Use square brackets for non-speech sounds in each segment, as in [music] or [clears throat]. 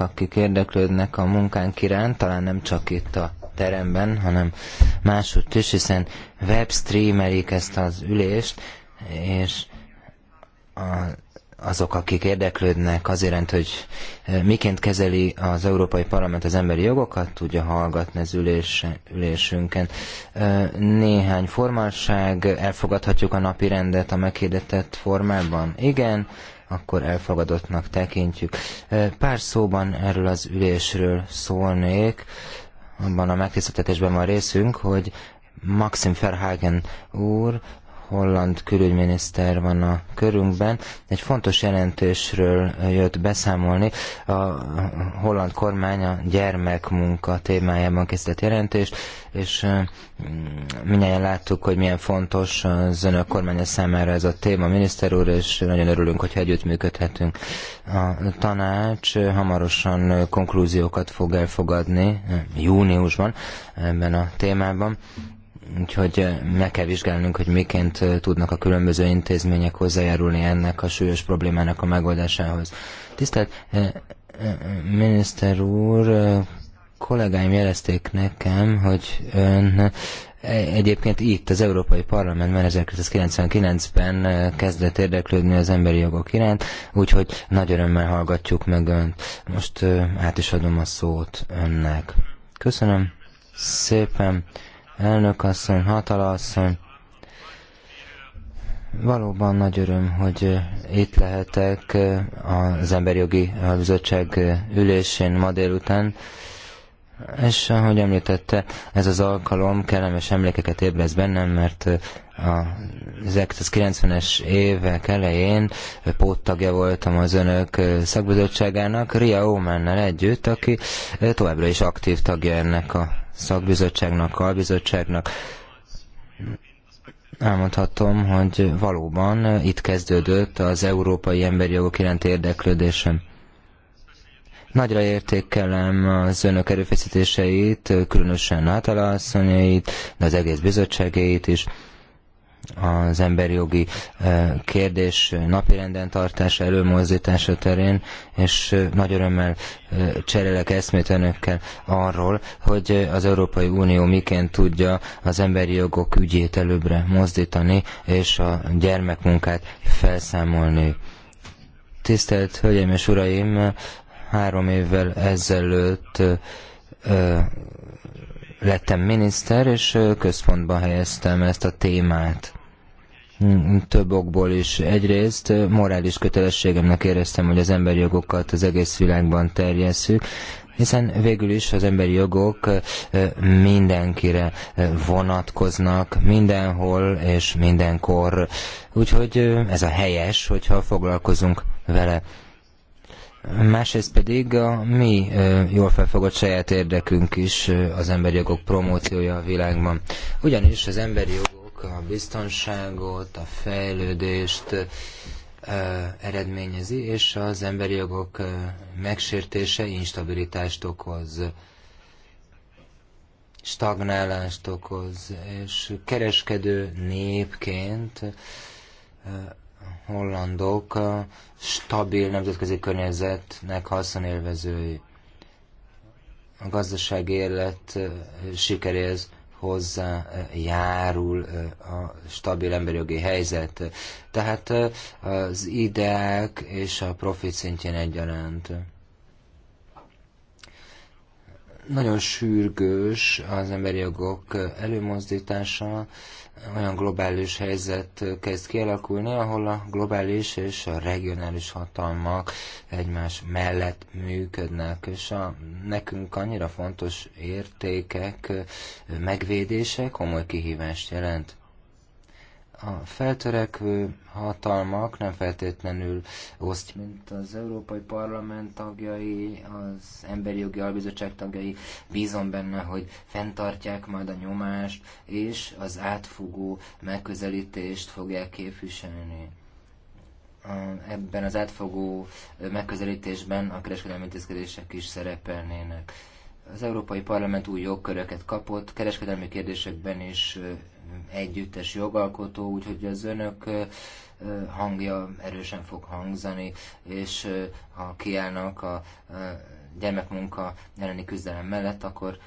akik érdeklődnek a munkánk iránt, talán nem csak itt a teremben, hanem máshogy is, hiszen webstreamelik ezt az ülést, és a, azok, akik érdeklődnek az iránt, hogy miként kezeli az Európai Parlament az emberi jogokat, tudja hallgatni az ülés, ülésünken. Néhány formalság, elfogadhatjuk a napi rendet a meghirdetett formában? Igen, akkor elfogadottnak tekintjük. Pár szóban erről az ülésről szólnék, abban a megtiszteltetésben van részünk, hogy Maxim Ferhagen úr, holland külügyminiszter van a körünkben. Egy fontos jelentésről jött beszámolni. A holland kormány a gyermekmunka témájában készített jelentést, és mindjárt láttuk, hogy milyen fontos az önök kormánya számára ez a téma, miniszter úr, és nagyon örülünk, hogy együttműködhetünk. A tanács hamarosan konklúziókat fog elfogadni júniusban ebben a témában Úgyhogy meg kell vizsgálnunk, hogy miként tudnak a különböző intézmények hozzájárulni ennek a súlyos problémának a megoldásához. Tisztelt miniszter úr, kollégáim jelezték nekem, hogy ön egyébként itt az Európai Parlamentben 1999-ben kezdett érdeklődni az emberi jogok iránt, úgyhogy nagy örömmel hallgatjuk meg önt. Most át is adom a szót önnek. Köszönöm szépen elnök asszony, Hatala asszony. Valóban nagy öröm, hogy eh, itt lehetek eh, az Emberjogi Bizottság eh, ülésén ma délután, és ahogy említette, ez az alkalom kellemes emlékeket ébreszt bennem, mert a 1990-es évek elején póttagja voltam az önök szakbizottságának, Ria Omennel együtt, aki továbbra is aktív tagja ennek a szakbizottságnak, albizottságnak. Elmondhatom, hogy valóban itt kezdődött az európai emberi jogok iránt érdeklődésem. Nagyra értékelem az önök erőfeszítéseit, különösen Natala asszonyait, de az egész bizottságét is az emberi jogi e, kérdés napirenden tartása, előmozdítása terén, és nagy örömmel e, cserélek eszmét önökkel arról, hogy az Európai Unió miként tudja az emberi jogok ügyét előbbre mozdítani, és a gyermekmunkát felszámolni. Tisztelt Hölgyeim és Uraim, három évvel ezelőtt e, lettem miniszter, és központba helyeztem ezt a témát. Mm, több okból is. Egyrészt eh, morális kötelességemnek éreztem, hogy az emberi jogokat az egész világban terjesszük, hiszen végül is az emberi jogok eh, mindenkire eh, vonatkoznak, mindenhol és mindenkor. Úgyhogy ez a helyes, hogyha foglalkozunk vele. Másrészt pedig a mi jól felfogott saját érdekünk is az emberi jogok promóciója a világban. Ugyanis az emberi jogok a biztonságot, a fejlődést eredményezi, és az emberi jogok megsértése instabilitást okoz stagnálást okoz, és kereskedő népként hollandok a stabil nemzetközi környezetnek haszonélvezői. A gazdasági élet sikeréhez hozzájárul a stabil emberi jogi helyzet. Tehát az ideák és a profit szintjén egyaránt. Nagyon sürgős az emberi jogok előmozdítása, olyan globális helyzet kezd kialakulni, ahol a globális és a regionális hatalmak egymás mellett működnek, és a nekünk annyira fontos értékek megvédése komoly kihívást jelent a feltörekvő hatalmak nem feltétlenül oszt, mint az Európai Parlament tagjai, az Emberi Jogi Albizottság tagjai, bízom benne, hogy fenntartják majd a nyomást, és az átfogó megközelítést fogják képviselni. Ebben az átfogó megközelítésben a kereskedelmi intézkedések is szerepelnének. Az Európai Parlament új jogköröket kapott, kereskedelmi kérdésekben is együttes jogalkotó, úgyhogy az önök hangja erősen fog hangzani, és ha kiállnak a gyermekmunka elleni küzdelem mellett, akkor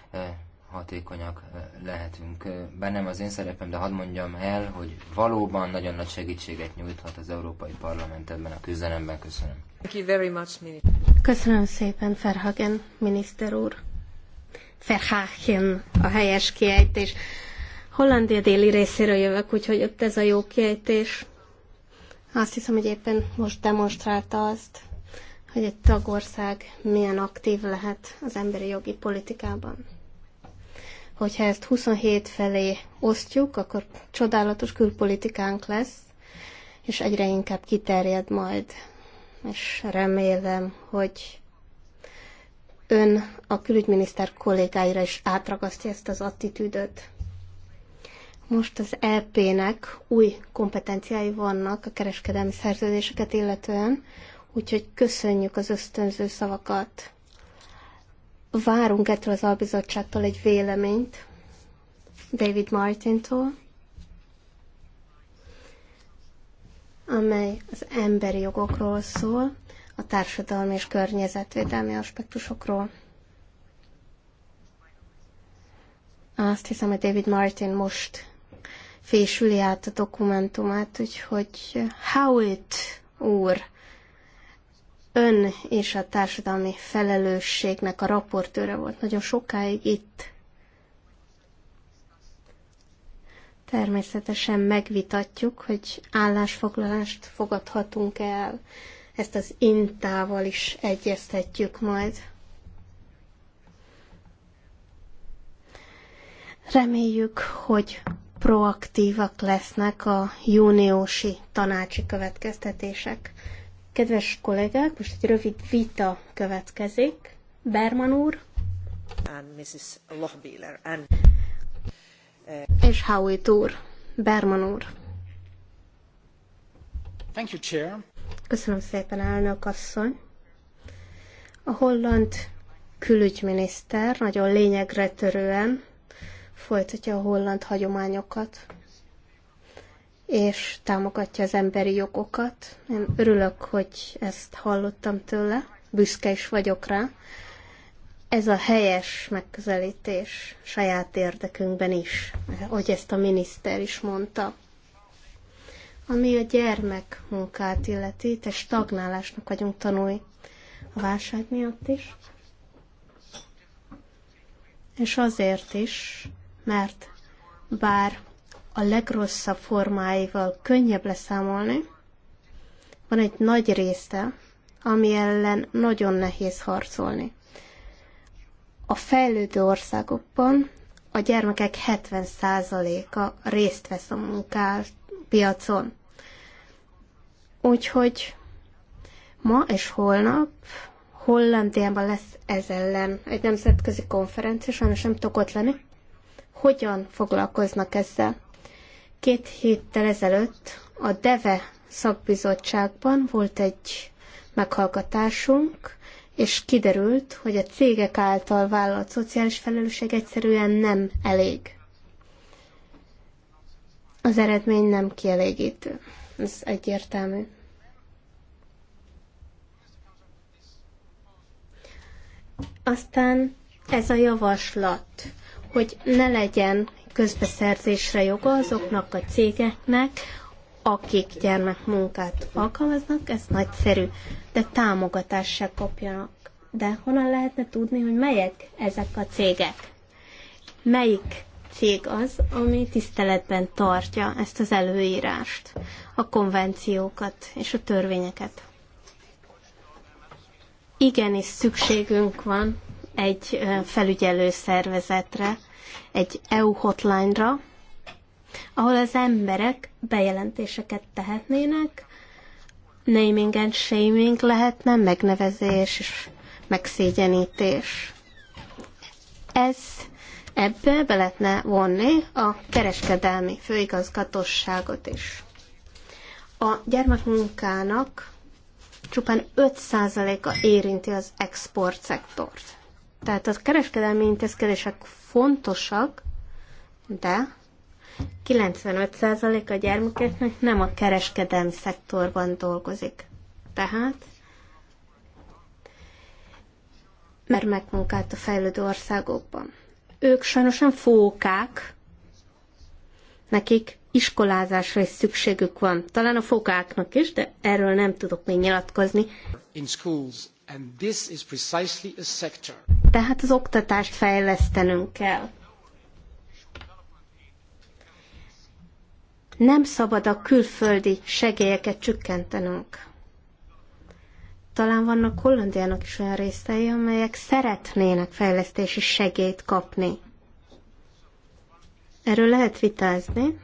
hatékonyak lehetünk. Bár nem az én szerepem, de hadd mondjam el, hogy valóban nagyon nagy segítséget nyújthat az Európai Parlament ebben a küzdelemben. Köszönöm. Thank you very much, Köszönöm szépen, Ferhagen miniszter úr. Ferhagen, a helyes kiejtés. Hollandia déli részéről jövök, úgyhogy ott ez a jó kiejtés. Azt hiszem, hogy éppen most demonstrálta azt, hogy egy tagország milyen aktív lehet az emberi jogi politikában. Hogyha ezt 27 felé osztjuk, akkor csodálatos külpolitikánk lesz, és egyre inkább kiterjed majd. És remélem, hogy ön a külügyminiszter kollégáira is átragasztja ezt az attitűdöt. Most az EP-nek új kompetenciái vannak a kereskedelmi szerződéseket illetően, úgyhogy köszönjük az ösztönző szavakat. Várunk ettől az albizottságtól egy véleményt David Martintól, amely az emberi jogokról szól, a társadalmi és környezetvédelmi aspektusokról. Azt hiszem, hogy David Martin most fésüli át a dokumentumát, úgyhogy Howitt úr, ön és a társadalmi felelősségnek a raportőre volt nagyon sokáig itt. Természetesen megvitatjuk, hogy állásfoglalást fogadhatunk el. Ezt az intával is egyeztetjük majd. Reméljük, hogy proaktívak lesznek a júniusi tanácsi következtetések. Kedves kollégák, most egy rövid vita következik. Berman úr. And Mrs. Lochbieler. And... Eh, És Howitt úr. Berman úr. Thank you, Chair. Köszönöm szépen, elnök asszony. A holland külügyminiszter nagyon lényegre törően folytatja a holland hagyományokat, és támogatja az emberi jogokat. Én örülök, hogy ezt hallottam tőle, büszke is vagyok rá. Ez a helyes megközelítés saját érdekünkben is, hogy ezt a miniszter is mondta. Ami a gyermek munkát illeti, te stagnálásnak vagyunk tanulni a válság miatt is, és azért is, mert bár a legrosszabb formáival könnyebb leszámolni, van egy nagy része, ami ellen nagyon nehéz harcolni. A fejlődő országokban a gyermekek 70%-a részt vesz a munkápiacon. Úgyhogy ma és holnap Hollandiában lesz ez ellen egy nemzetközi konferencia, sajnos nem tudok ott lenni, hogyan foglalkoznak ezzel. Két héttel ezelőtt a DEVE szakbizottságban volt egy meghallgatásunk, és kiderült, hogy a cégek által vállalt szociális felelősség egyszerűen nem elég. Az eredmény nem kielégítő. Ez egyértelmű. Aztán ez a javaslat hogy ne legyen közbeszerzésre joga azoknak a cégeknek, akik gyermekmunkát alkalmaznak, ez nagyszerű, de támogatást se kapjanak. De honnan lehetne tudni, hogy melyek ezek a cégek? Melyik cég az, ami tiszteletben tartja ezt az előírást, a konvenciókat és a törvényeket? Igenis szükségünk van egy felügyelő szervezetre, egy EU hotline-ra, ahol az emberek bejelentéseket tehetnének, naming and shaming lehetne, megnevezés és megszégyenítés. Ez ebbe be lehetne vonni a kereskedelmi főigazgatóságot is. A gyermekmunkának csupán 5%-a érinti az szektort. Tehát a kereskedelmi intézkedések fontosak, de 95% a gyermekeknek nem a kereskedelmi szektorban dolgozik. Tehát mert megmunkált a fejlődő országokban. Ők sajnos nem fókák, nekik iskolázásra is szükségük van. Talán a fokáknak is, de erről nem tudok még nyilatkozni. In schools And this is precisely a sector. Tehát az oktatást fejlesztenünk kell. Nem szabad a külföldi segélyeket csökkentenünk. Talán vannak Hollandiának is olyan részei, amelyek szeretnének fejlesztési segélyt kapni. Erről lehet vitázni.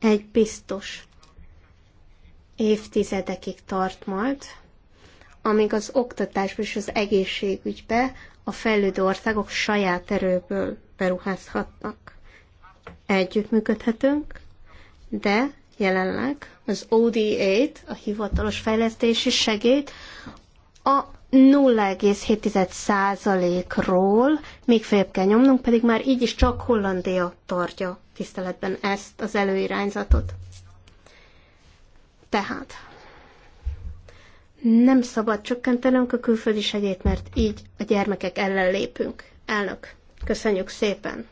Egy biztos évtizedekig tart majd, amíg az oktatásba és az egészségügybe a fejlődő országok saját erőből beruházhatnak. Együttműködhetünk, de jelenleg az ODA-t, a hivatalos fejlesztési segélyt a 0,7%-ról még fél kell nyomnunk, pedig már így is csak Hollandia tartja tiszteletben ezt az előirányzatot. Tehát nem szabad csökkentenünk a külföldi segélyt, mert így a gyermekek ellen lépünk. Elnök, köszönjük szépen.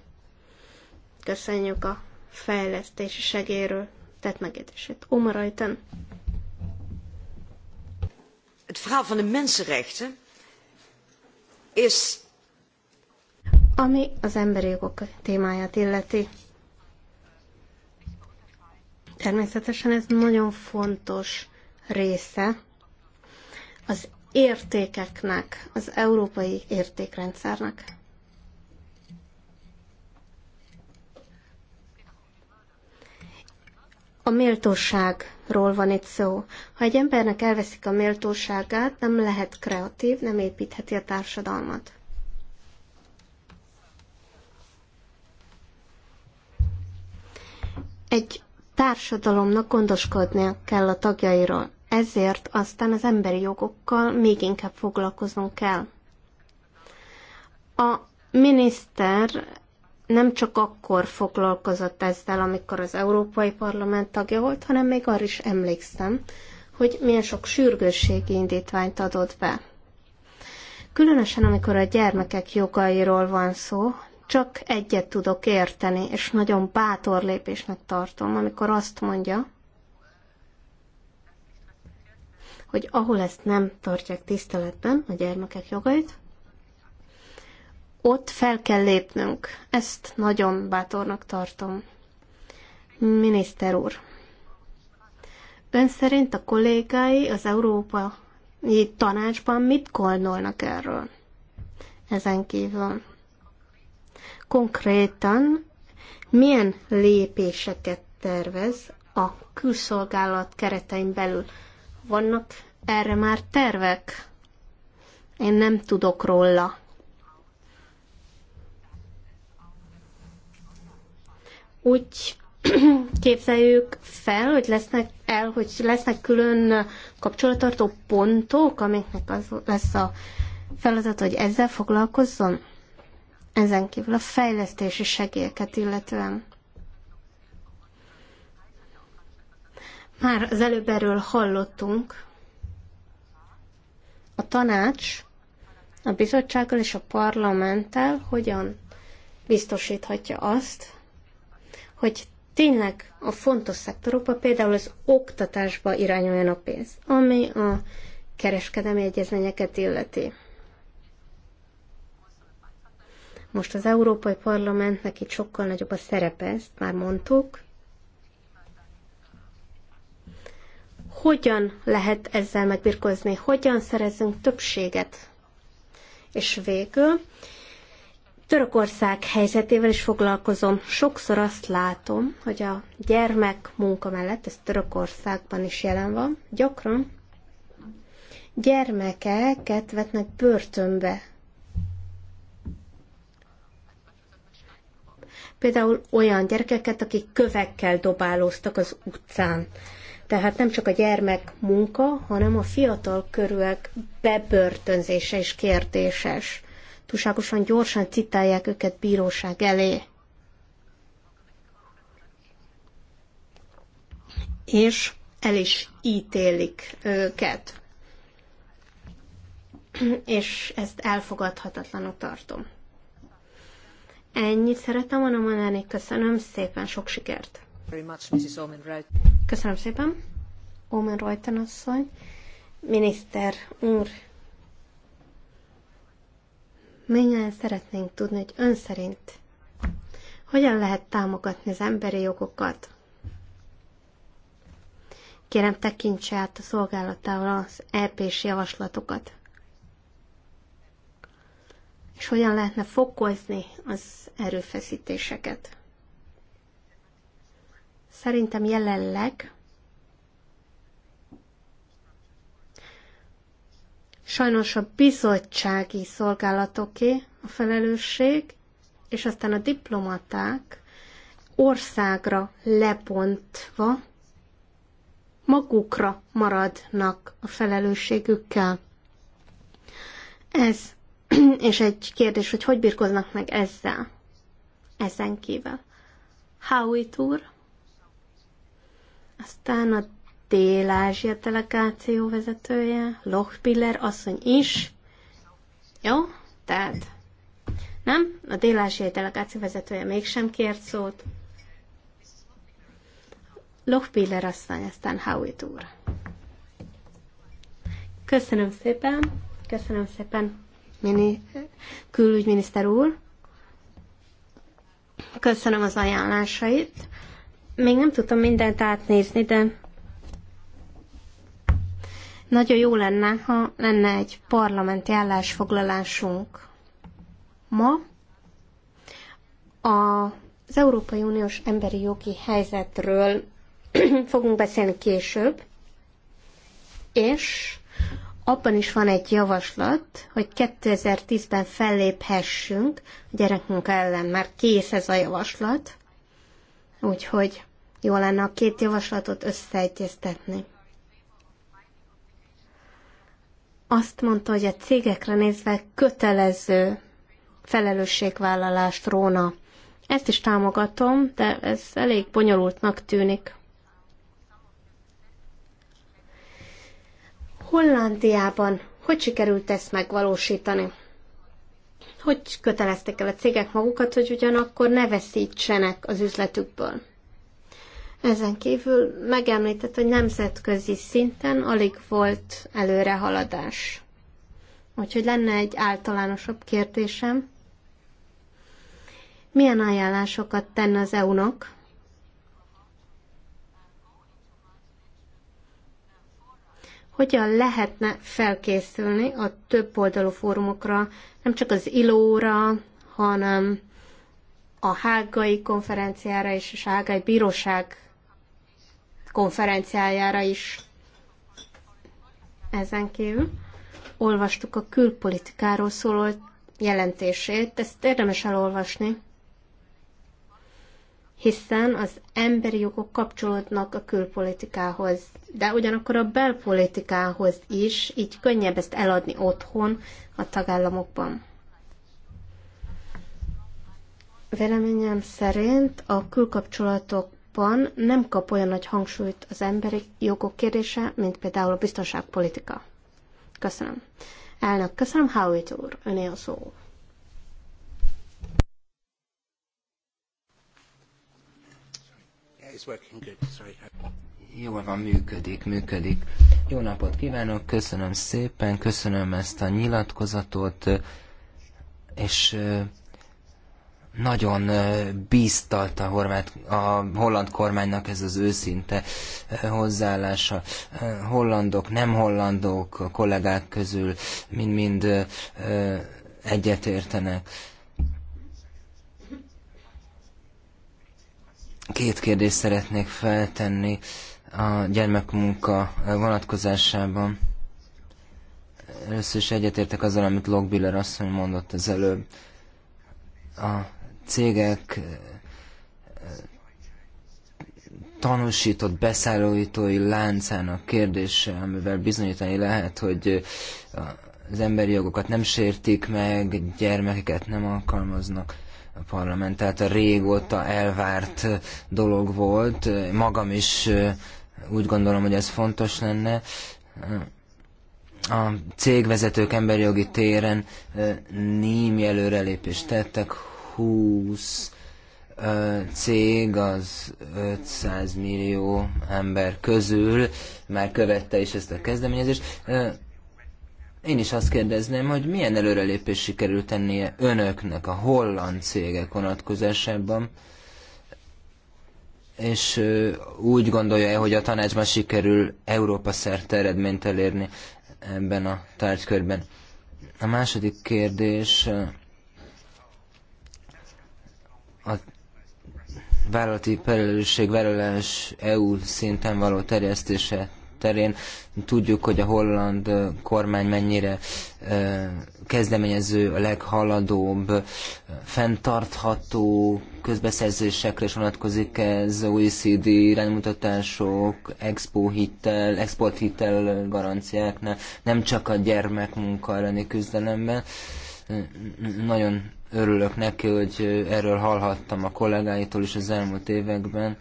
Köszönjük a fejlesztési segélyről tett megjegyzését. Oma rajten. Het verhaal van de mensenrechten is... Ami az emberi jogok témáját illeti. Természetesen ez nagyon fontos része az értékeknek, az európai értékrendszernek. A méltóságról van itt szó. Ha egy embernek elveszik a méltóságát, nem lehet kreatív, nem építheti a társadalmat. Egy társadalomnak gondoskodnia kell a tagjairól. Ezért aztán az emberi jogokkal még inkább foglalkoznunk kell. A miniszter nem csak akkor foglalkozott ezzel, amikor az Európai Parlament tagja volt, hanem még arra is emlékszem, hogy milyen sok sürgősségi indítványt adott be. Különösen, amikor a gyermekek jogairól van szó, csak egyet tudok érteni, és nagyon bátor lépésnek tartom, amikor azt mondja, hogy ahol ezt nem tartják tiszteletben, a gyermekek jogait, ott fel kell lépnünk. Ezt nagyon bátornak tartom. Miniszter úr, ön szerint a kollégái az Európai Tanácsban mit gondolnak erről? Ezen kívül. Konkrétan milyen lépéseket tervez a külszolgálat keretein belül vannak erre már tervek? Én nem tudok róla. Úgy [clears throat] képzeljük fel, hogy lesznek el, hogy lesznek külön kapcsolatartó pontok, amiknek az lesz a feladat, hogy ezzel foglalkozzon? Ezen kívül a fejlesztési segélyeket illetően. Már az előbb erről hallottunk. A tanács a bizottsággal és a parlamenttel hogyan biztosíthatja azt, hogy tényleg a fontos szektorokba, például az oktatásba irányuljon a pénz, ami a kereskedelmi egyezményeket illeti. Most az Európai Parlamentnek itt sokkal nagyobb a szerepe, ezt már mondtuk, Hogyan lehet ezzel megbirkózni, Hogyan szerezünk többséget? És végül Törökország helyzetével is foglalkozom. Sokszor azt látom, hogy a gyermek munka mellett, ez Törökországban is jelen van, gyakran gyermekeket vetnek börtönbe. Például olyan gyerekeket, akik kövekkel dobálóztak az utcán. Tehát nem csak a gyermek munka, hanem a fiatal körülök bebörtönzése is kérdéses. Túlságosan gyorsan citálják őket bíróság elé. És el is ítélik őket. És ezt elfogadhatatlanul tartom. Ennyit szeretem volna mondani, köszönöm szépen, sok sikert! Very much, Mrs. Köszönöm szépen. Omen Reuten asszony. Miniszter úr, mindjárt szeretnénk tudni, hogy ön szerint hogyan lehet támogatni az emberi jogokat? Kérem, tekintse át a szolgálatával az EP-s javaslatokat. És hogyan lehetne fokozni az erőfeszítéseket? Szerintem jelenleg sajnos a bizottsági szolgálatoké a felelősség, és aztán a diplomaták országra lepontva magukra maradnak a felelősségükkel. Ez, [clears throat] és egy kérdés, hogy hogy birkoznak meg ezzel, ezen kívül. it úr, aztán a Dél-Ázsia delegáció vezetője, Lochbiller asszony is. Jó? Tehát nem? A Dél-Ázsiai delegáció vezetője mégsem kért szót. Lochbiller asszony, aztán Howitt úr. Köszönöm szépen, köszönöm szépen, mini, külügyminiszter úr. Köszönöm az ajánlásait. Még nem tudtam mindent átnézni, de nagyon jó lenne, ha lenne egy parlamenti állásfoglalásunk. Ma a, az Európai Uniós emberi jogi helyzetről [clears throat] fogunk beszélni később, és abban is van egy javaslat, hogy 2010-ben felléphessünk a gyerekmunka ellen. Már kész ez a javaslat, úgyhogy jó lenne a két javaslatot összeegyeztetni. Azt mondta, hogy a cégekre nézve kötelező felelősségvállalást róna. Ezt is támogatom, de ez elég bonyolultnak tűnik. Hollandiában hogy sikerült ezt megvalósítani? Hogy kötelezték el a cégek magukat, hogy ugyanakkor ne veszítsenek az üzletükből? Ezen kívül megemlített, hogy nemzetközi szinten alig volt előrehaladás. Úgyhogy lenne egy általánosabb kérdésem. Milyen ajánlásokat tenne az EU-nak? Hogyan lehetne felkészülni a több oldalú fórumokra, nem csak az ILO-ra, hanem a hágai konferenciára és a hágai bíróság konferenciájára is. Ezen kívül olvastuk a külpolitikáról szóló jelentését, ezt érdemes elolvasni, hiszen az emberi jogok kapcsolódnak a külpolitikához, de ugyanakkor a belpolitikához is, így könnyebb ezt eladni otthon, a tagállamokban. Véleményem szerint a külkapcsolatok van, nem kap olyan nagy hangsúlyt az emberi jogok kérdése, mint például a biztonságpolitika. Köszönöm. Elnök, köszönöm, Howitt úr, öné a szó. Jól van, működik, működik. Jó napot kívánok, köszönöm szépen, köszönöm ezt a nyilatkozatot, és nagyon bíztat a, a holland kormánynak ez az őszinte hozzáállása. Hollandok, nem hollandok, a kollégák közül mind-mind egyetértenek. Két kérdést szeretnék feltenni a gyermekmunka vonatkozásában. Először is egyetértek azzal, amit Logbiller asszony mondott az előbb. A cégek eh, tanúsított beszállítói láncának kérdése, amivel bizonyítani lehet, hogy eh, az emberi jogokat nem sértik meg, gyermekeket nem alkalmaznak a parlament, tehát a régóta elvárt eh, dolog volt. Magam is úgy gondolom, hogy ez fontos lenne. A cégvezetők emberi jogi téren némi előrelépést tettek, 20 cég az 500 millió ember közül már követte is ezt a kezdeményezést. Én is azt kérdezném, hogy milyen előrelépés sikerült tennie önöknek a holland cégek vonatkozásában, és úgy gondolja-e, hogy a tanácsban sikerül Európa szerte eredményt elérni ebben a tárgykörben. A második kérdés vállalati vállalás EU szinten való terjesztése terén. Tudjuk, hogy a holland kormány mennyire kezdeményező, a leghaladóbb, fenntartható közbeszerzésekre is vonatkozik ez, OECD iránymutatások, expo hitel, export hitel garanciáknál, nem csak a gyermekmunka elleni küzdelemben. Nagyon Örülök neki, hogy erről hallhattam a kollégáitól is az elmúlt években.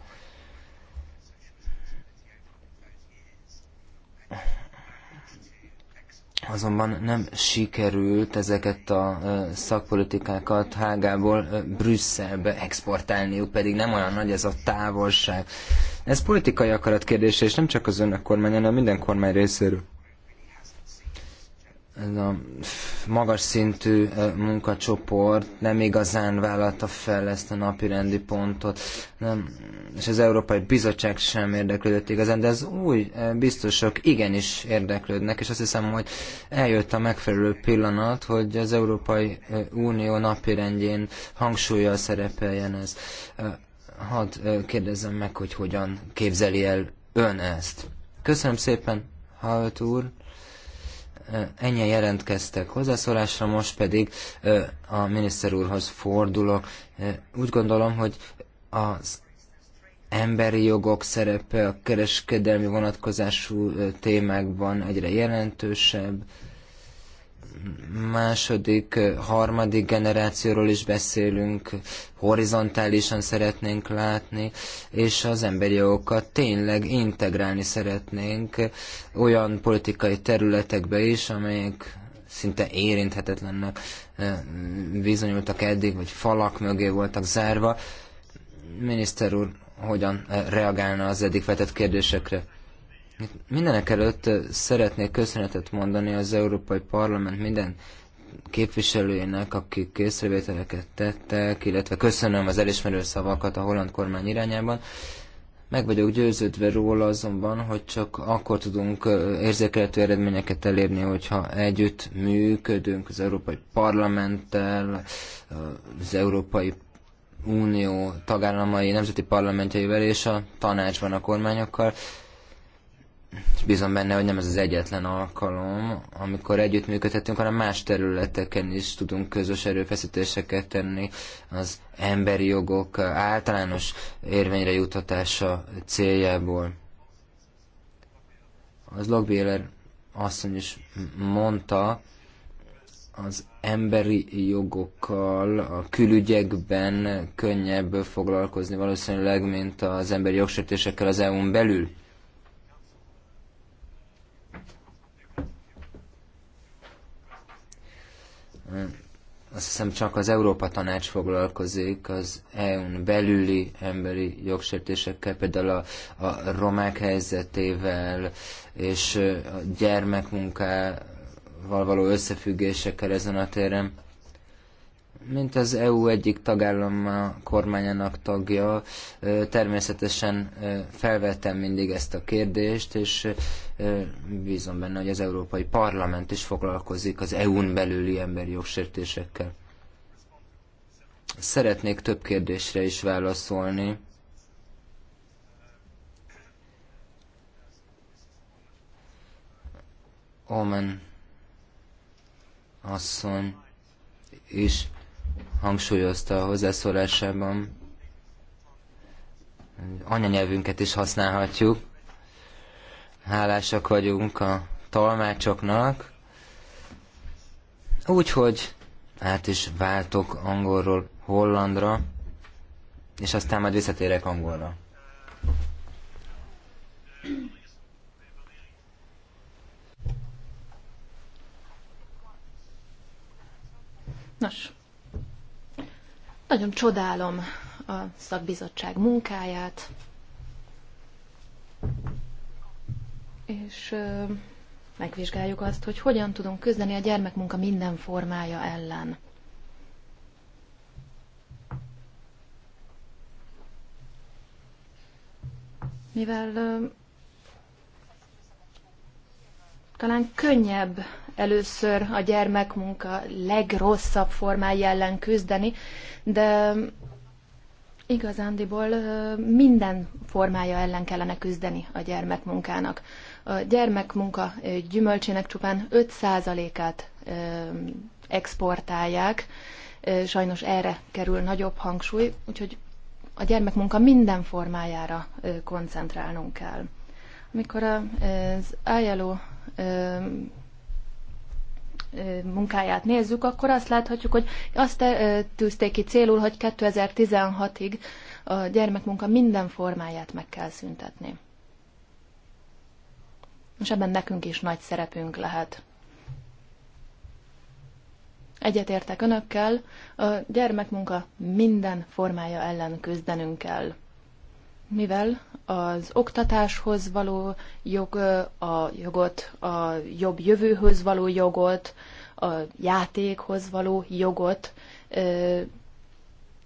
Azonban nem sikerült ezeket a szakpolitikákat Hágából Brüsszelbe exportálniuk, pedig nem olyan nagy ez a távolság. Ez politikai akarat kérdése, és nem csak az önök kormány, hanem minden kormány részéről ez a magas szintű e, munkacsoport nem igazán vállalta fel ezt a napirendi pontot, nem, és az Európai Bizottság sem érdeklődött igazán, de az új e, biztosok igenis érdeklődnek, és azt hiszem, hogy eljött a megfelelő pillanat, hogy az Európai e, Unió napirendjén rendjén hangsúlyjal szerepeljen ez. Hadd kérdezzem meg, hogy hogyan képzeli el ön ezt. Köszönöm szépen, Halt úr! ennyien jelentkeztek hozzászólásra, most pedig a miniszter úrhoz fordulok. Úgy gondolom, hogy az emberi jogok szerepe a kereskedelmi vonatkozású témákban egyre jelentősebb, második, harmadik generációról is beszélünk, horizontálisan szeretnénk látni, és az emberi jogokat tényleg integrálni szeretnénk olyan politikai területekbe is, amelyek szinte érinthetetlennek bizonyultak eddig, vagy falak mögé voltak zárva. Miniszter úr, hogyan reagálna az eddig vetett kérdésekre? Mindenek előtt szeretnék köszönetet mondani az Európai Parlament minden képviselőjének, akik észrevételeket tettek, illetve köszönöm az elismerő szavakat a holland kormány irányában. Meg vagyok győződve róla azonban, hogy csak akkor tudunk érzékelhető eredményeket elérni, hogyha együtt működünk az Európai Parlamenttel, az Európai Unió tagállamai nemzeti parlamentjeivel és a tanácsban a kormányokkal bízom benne, hogy nem ez az egyetlen alkalom, amikor együttműködhetünk, hanem más területeken is tudunk közös erőfeszítéseket tenni az emberi jogok általános érvényre juthatása céljából. Az Logbéler asszony is mondta, az emberi jogokkal a külügyekben könnyebb foglalkozni valószínűleg, mint az emberi jogsértésekkel az EU-n belül azt hiszem csak az Európa Tanács foglalkozik az EU-n belüli emberi jogsértésekkel, például a, a romák helyzetével és a gyermekmunkával való összefüggésekkel ezen a téren mint az EU egyik tagállama kormányának tagja, természetesen felvettem mindig ezt a kérdést, és bízom benne, hogy az Európai Parlament is foglalkozik az EU-n belüli emberi jogsértésekkel. Szeretnék több kérdésre is válaszolni. Omen asszony is hangsúlyozta a hozzászólásában, anyanyelvünket is használhatjuk. Hálásak vagyunk a talmácsoknak. Úgyhogy át is váltok angolról hollandra, és aztán majd visszatérek angolra. Nos, nagyon csodálom a szakbizottság munkáját, és megvizsgáljuk azt, hogy hogyan tudunk küzdeni a gyermekmunka minden formája ellen. Mivel talán könnyebb először a gyermekmunka legrosszabb formája ellen küzdeni, de igazándiból minden formája ellen kellene küzdeni a gyermekmunkának. A gyermekmunka gyümölcsének csupán 5%-át exportálják, sajnos erre kerül nagyobb hangsúly, úgyhogy a gyermekmunka minden formájára koncentrálnunk kell. Amikor az ILO munkáját nézzük, akkor azt láthatjuk, hogy azt tűzték ki célul, hogy 2016-ig a gyermekmunka minden formáját meg kell szüntetni. És ebben nekünk is nagy szerepünk lehet. Egyetértek önökkel, a gyermekmunka minden formája ellen küzdenünk kell mivel az oktatáshoz való jog, a jogot, a jobb jövőhöz való jogot, a játékhoz való jogot ö,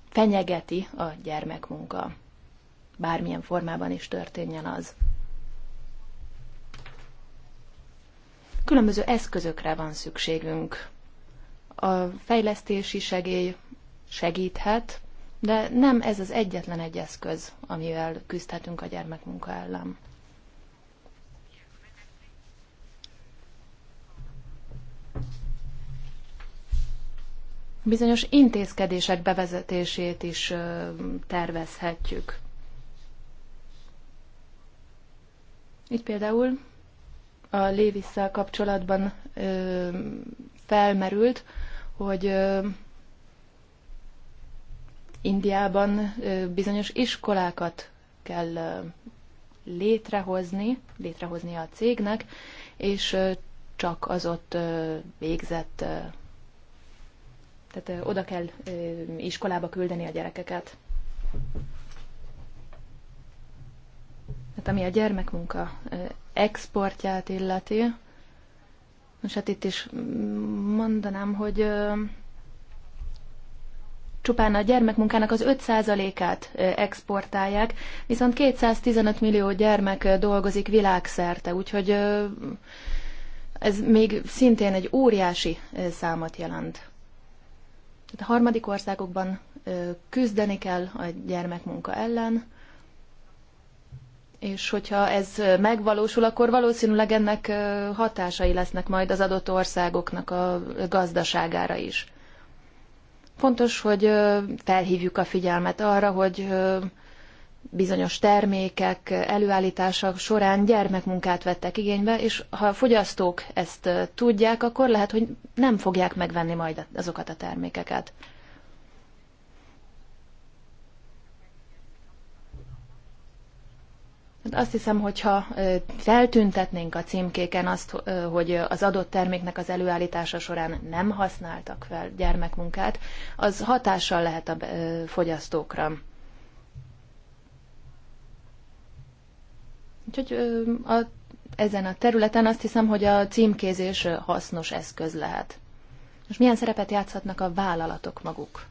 fenyegeti a gyermekmunka. Bármilyen formában is történjen az. Különböző eszközökre van szükségünk. A fejlesztési segély segíthet, de nem ez az egyetlen egy eszköz, amivel küzdhetünk a gyermekmunka ellen. Bizonyos intézkedések bevezetését is tervezhetjük. Így például a lévisszel kapcsolatban ö, felmerült, hogy ö, Indiában bizonyos iskolákat kell létrehozni, létrehozni a cégnek, és csak az ott végzett, tehát oda kell iskolába küldeni a gyerekeket. Hát ami a gyermekmunka exportját illeti, most hát itt is mondanám, hogy csupán a gyermekmunkának az 5%-át exportálják, viszont 215 millió gyermek dolgozik világszerte, úgyhogy ez még szintén egy óriási számot jelent. Tehát a harmadik országokban küzdeni kell a gyermekmunka ellen, és hogyha ez megvalósul, akkor valószínűleg ennek hatásai lesznek majd az adott országoknak a gazdaságára is. Fontos, hogy felhívjuk a figyelmet arra, hogy bizonyos termékek előállítása során gyermekmunkát vettek igénybe, és ha a fogyasztók ezt tudják, akkor lehet, hogy nem fogják megvenni majd azokat a termékeket. Hát azt hiszem, hogyha feltüntetnénk a címkéken azt, hogy az adott terméknek az előállítása során nem használtak fel gyermekmunkát, az hatással lehet a fogyasztókra. Úgyhogy a, ezen a területen azt hiszem, hogy a címkézés hasznos eszköz lehet. És milyen szerepet játszhatnak a vállalatok maguk?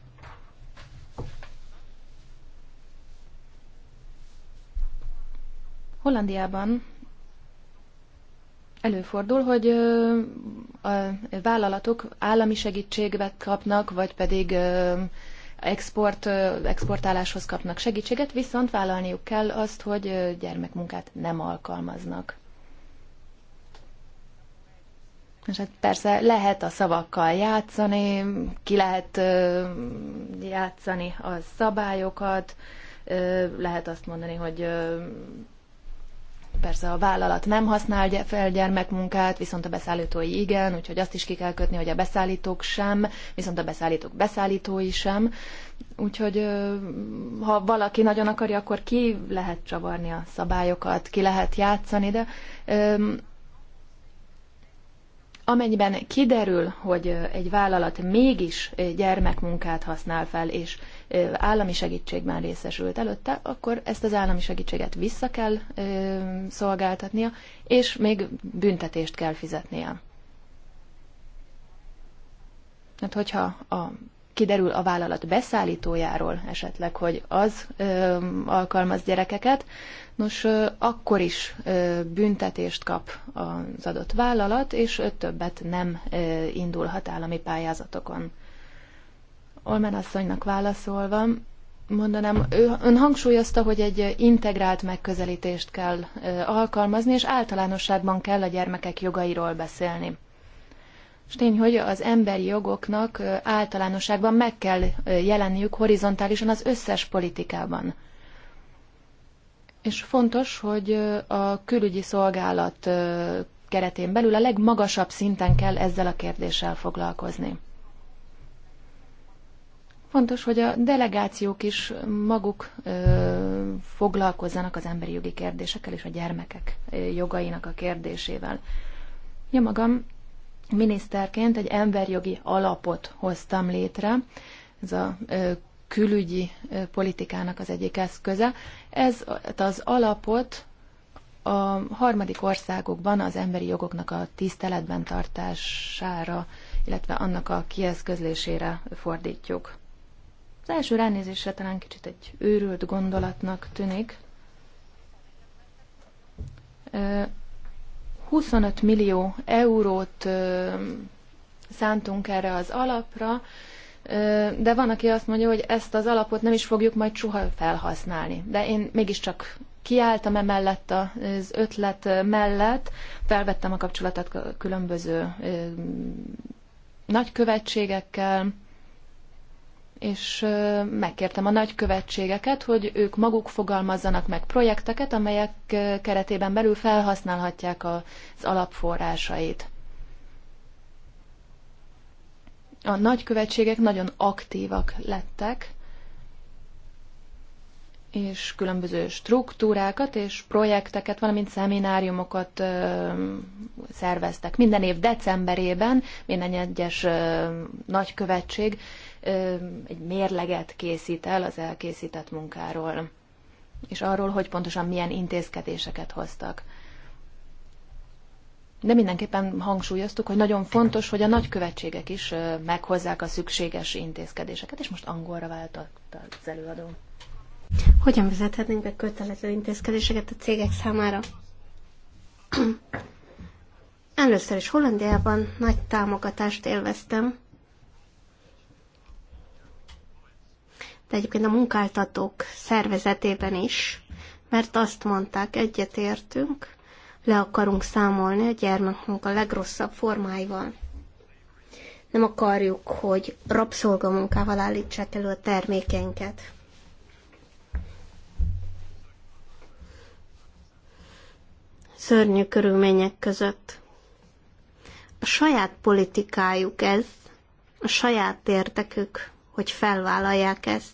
Hollandiában előfordul, hogy a vállalatok állami segítséget kapnak, vagy pedig export, exportáláshoz kapnak segítséget, viszont vállalniuk kell azt, hogy gyermekmunkát nem alkalmaznak. És hát persze lehet a szavakkal játszani, ki lehet játszani a szabályokat, lehet azt mondani, hogy Persze a vállalat nem használ fel gyermekmunkát, viszont a beszállítói igen, úgyhogy azt is ki kell kötni, hogy a beszállítók sem, viszont a beszállítók beszállítói sem. Úgyhogy ha valaki nagyon akarja, akkor ki lehet csavarni a szabályokat, ki lehet játszani, de Amennyiben kiderül, hogy egy vállalat mégis gyermekmunkát használ fel, és állami segítségben részesült előtte, akkor ezt az állami segítséget vissza kell szolgáltatnia, és még büntetést kell fizetnie. Hát hogyha a, kiderül a vállalat beszállítójáról esetleg, hogy az ö, alkalmaz gyerekeket, Nos, akkor is büntetést kap az adott vállalat, és többet nem indulhat állami pályázatokon. Olmen asszonynak válaszolva, mondanám, ő, ön hangsúlyozta, hogy egy integrált megközelítést kell alkalmazni, és általánosságban kell a gyermekek jogairól beszélni. És tény, hogy az emberi jogoknak általánosságban meg kell jelenniük horizontálisan az összes politikában. És fontos, hogy a külügyi szolgálat keretén belül a legmagasabb szinten kell ezzel a kérdéssel foglalkozni. Fontos, hogy a delegációk is maguk ö, foglalkozzanak az emberi jogi kérdésekkel és a gyermekek jogainak a kérdésével. Ja magam miniszterként egy emberjogi alapot hoztam létre, ez a külügyi politikának az egyik eszköze. Ez az alapot a harmadik országokban az emberi jogoknak a tiszteletben tartására, illetve annak a kieszközlésére fordítjuk. Az első ránézésre talán kicsit egy őrült gondolatnak tűnik. 25 millió eurót szántunk erre az alapra, de van, aki azt mondja, hogy ezt az alapot nem is fogjuk majd soha felhasználni. De én mégiscsak kiálltam emellett az ötlet mellett, felvettem a kapcsolatot különböző nagykövetségekkel, és megkértem a nagykövetségeket, hogy ők maguk fogalmazzanak meg projekteket, amelyek keretében belül felhasználhatják az alapforrásait a nagykövetségek nagyon aktívak lettek, és különböző struktúrákat és projekteket, valamint szemináriumokat ö, szerveztek. Minden év decemberében minden egyes ö, nagykövetség ö, egy mérleget készít el az elkészített munkáról, és arról, hogy pontosan milyen intézkedéseket hoztak de mindenképpen hangsúlyoztuk, hogy nagyon fontos, hogy a nagykövetségek is meghozzák a szükséges intézkedéseket, és most angolra váltott az előadó. Hogyan vezethetnénk be kötelező intézkedéseket a cégek számára? [clears throat] Először is Hollandiában nagy támogatást élveztem, de egyébként a munkáltatók szervezetében is, mert azt mondták, egyetértünk, le akarunk számolni a a legrosszabb formáival. Nem akarjuk, hogy rabszolgamunkával állítsák elő a termékeinket. Szörnyű körülmények között. A saját politikájuk ez, a saját érdekük, hogy felvállalják ezt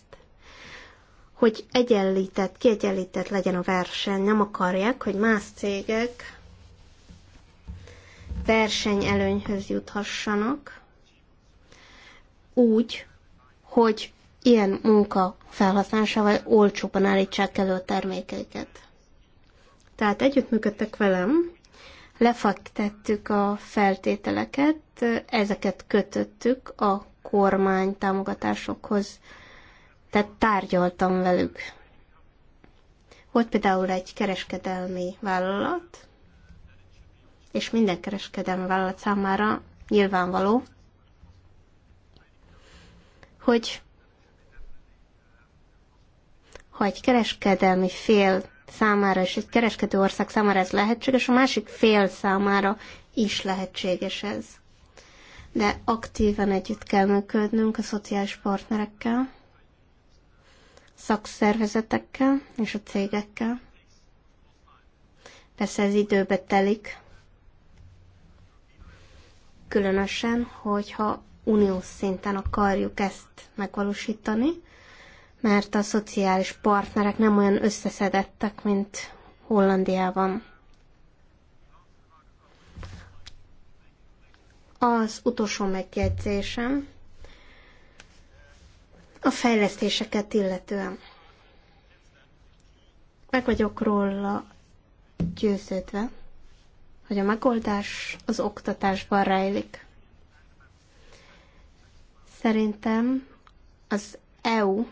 hogy egyenlített, kiegyenlített legyen a verseny. Nem akarják, hogy más cégek versenyelőnyhöz juthassanak úgy, hogy ilyen munka felhasználásával olcsóban állítsák elő a termékeiket. Tehát együttműködtek velem, lefektettük a feltételeket, ezeket kötöttük a kormány támogatásokhoz tehát tárgyaltam velük. Volt például egy kereskedelmi vállalat, és minden kereskedelmi vállalat számára nyilvánvaló, hogy ha egy kereskedelmi fél számára és egy kereskedő ország számára ez lehetséges, a másik fél számára is lehetséges ez. De aktívan együtt kell működnünk a szociális partnerekkel szakszervezetekkel és a cégekkel. Persze ez időbe telik, különösen, hogyha uniós szinten akarjuk ezt megvalósítani, mert a szociális partnerek nem olyan összeszedettek, mint Hollandiában. Az utolsó megjegyzésem, a fejlesztéseket illetően. Meg vagyok róla győződve, hogy a megoldás az oktatásban rejlik. Szerintem az EU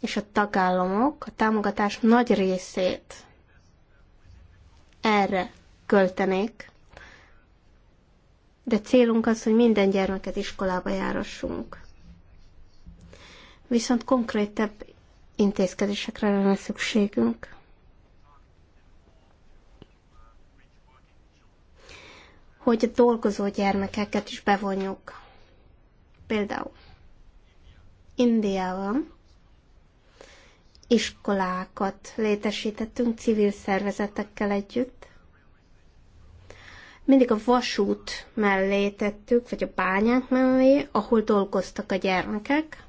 és a tagállamok a támogatás nagy részét erre költenék, de célunk az, hogy minden gyermeket iskolába járassunk viszont konkrétebb intézkedésekre lenne szükségünk. hogy a dolgozó gyermekeket is bevonjuk. Például Indiában iskolákat létesítettünk civil szervezetekkel együtt. Mindig a vasút mellé tettük, vagy a bányák mellé, ahol dolgoztak a gyermekek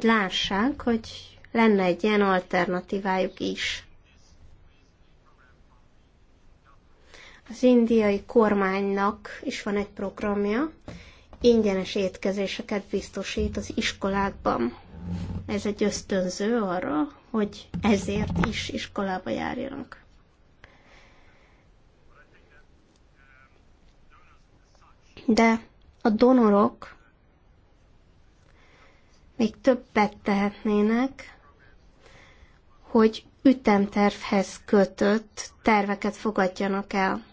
hogy lássák, hogy lenne egy ilyen alternatívájuk is. Az indiai kormánynak is van egy programja, ingyenes étkezéseket biztosít az iskolákban. Ez egy ösztönző arra, hogy ezért is iskolába járjanak. De a donorok még többet tehetnének, hogy ütemtervhez kötött terveket fogadjanak el.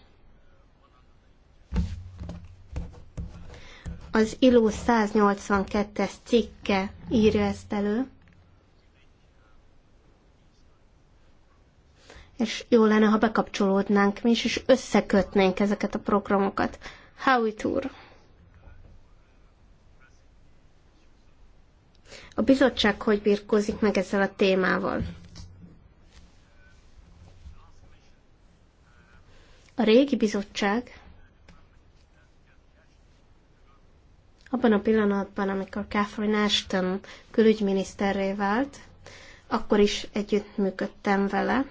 Az ILO 182-es cikke írja ezt elő, és jó lenne, ha bekapcsolódnánk mi is, és összekötnénk ezeket a programokat. Howie Tour. A bizottság hogy birkózik meg ezzel a témával? A régi bizottság abban a pillanatban, amikor Catherine Ashton külügyminiszterré vált, akkor is együttműködtem vele.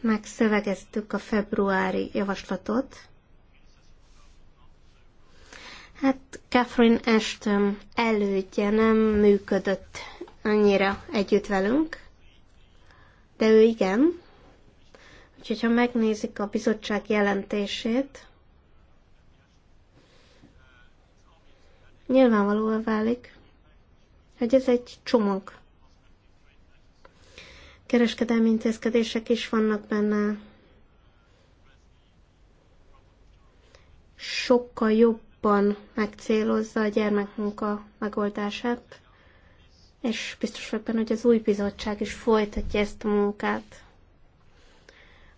Megszövegeztük a februári javaslatot, Catherine Ashton elődje nem működött annyira együtt velünk, de ő igen. Úgyhogy, ha megnézik a bizottság jelentését, nyilvánvalóan válik, hogy ez egy csomag. Kereskedelmi intézkedések is vannak benne. Sokkal jobb jobban megcélozza a gyermekmunka megoldását, és biztos vagyok benne, hogy az új bizottság is folytatja ezt a munkát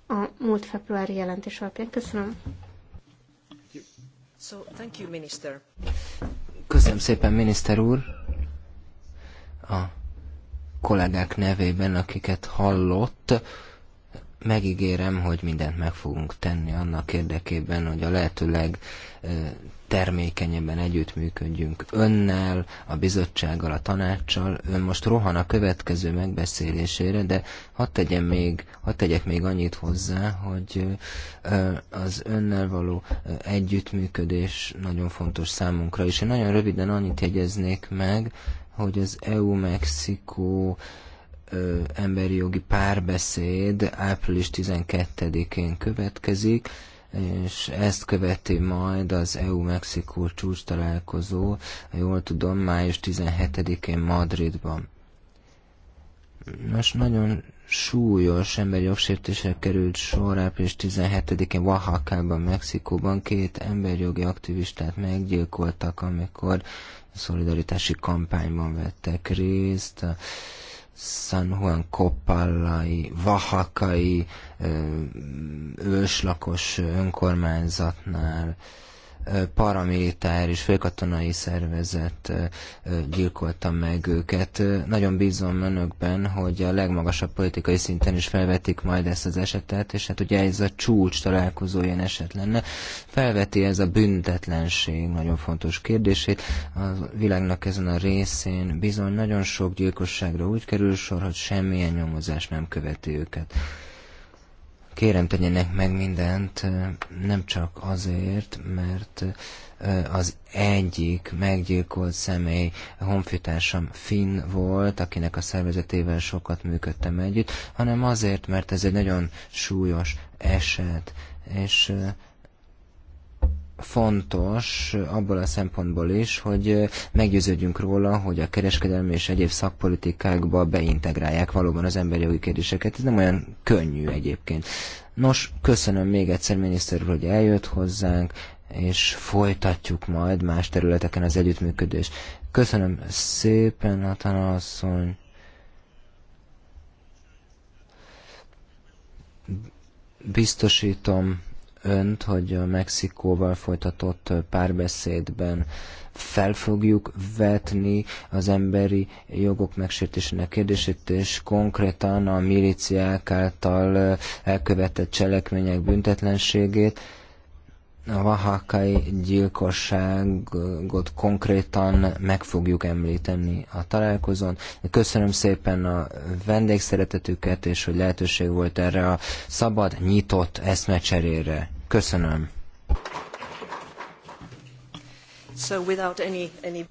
a múlt februári jelentés alapján. Köszönöm. So, thank you, minister. Köszönöm szépen, miniszter úr. A kollégák nevében, akiket hallott, megígérem, hogy mindent meg fogunk tenni annak érdekében, hogy a lehetőleg termékenyebben együttműködjünk önnel, a bizottsággal, a tanácssal. Ön most rohan a következő megbeszélésére, de hadd, tegyem még, hadd tegyek még annyit hozzá, hogy az önnel való együttműködés nagyon fontos számunkra, és én nagyon röviden annyit jegyeznék meg, hogy az EU-Mexikó ö, emberi jogi párbeszéd április 12-én következik, és ezt követi majd az EU-Mexikó csúcs találkozó, ha jól tudom, május 17-én Madridban. Most nagyon súlyos emberi jogsértésre került sor április 17-én Oaxaca-ban, Mexikóban két emberjogi aktivistát meggyilkoltak, amikor a szolidaritási kampányban vettek részt. A San Juan Copallai, Vahakai őslakos önkormányzatnál paramilitár és főkatonai szervezet gyilkolta meg őket. Nagyon bízom önökben, hogy a legmagasabb politikai szinten is felvetik majd ezt az esetet, és hát ugye ez a csúcs találkozó ilyen eset lenne. Felveti ez a büntetlenség nagyon fontos kérdését. A világnak ezen a részén bizony nagyon sok gyilkosságra úgy kerül sor, hogy semmilyen nyomozás nem követi őket. Kérem, tegyenek meg mindent, nem csak azért, mert az egyik meggyilkolt személy honfitársam Finn volt, akinek a szervezetével sokat működtem együtt, hanem azért, mert ez egy nagyon súlyos eset, és fontos abból a szempontból is, hogy meggyőződjünk róla, hogy a kereskedelmi és egyéb szakpolitikákba beintegrálják valóban az emberi jogi kérdéseket. Ez nem olyan könnyű egyébként. Nos, köszönöm még egyszer miniszter úr, hogy eljött hozzánk, és folytatjuk majd más területeken az együttműködést. Köszönöm szépen, Natana asszony. Biztosítom önt, hogy a Mexikóval folytatott párbeszédben fel fogjuk vetni az emberi jogok megsértésének kérdését, és konkrétan a miliciák által elkövetett cselekmények büntetlenségét, a vahákai gyilkosságot konkrétan meg fogjuk említeni a találkozón. Köszönöm szépen a vendégszeretetüket, és hogy lehetőség volt erre a szabad, nyitott eszmecserére. Köszönöm. So without any, any...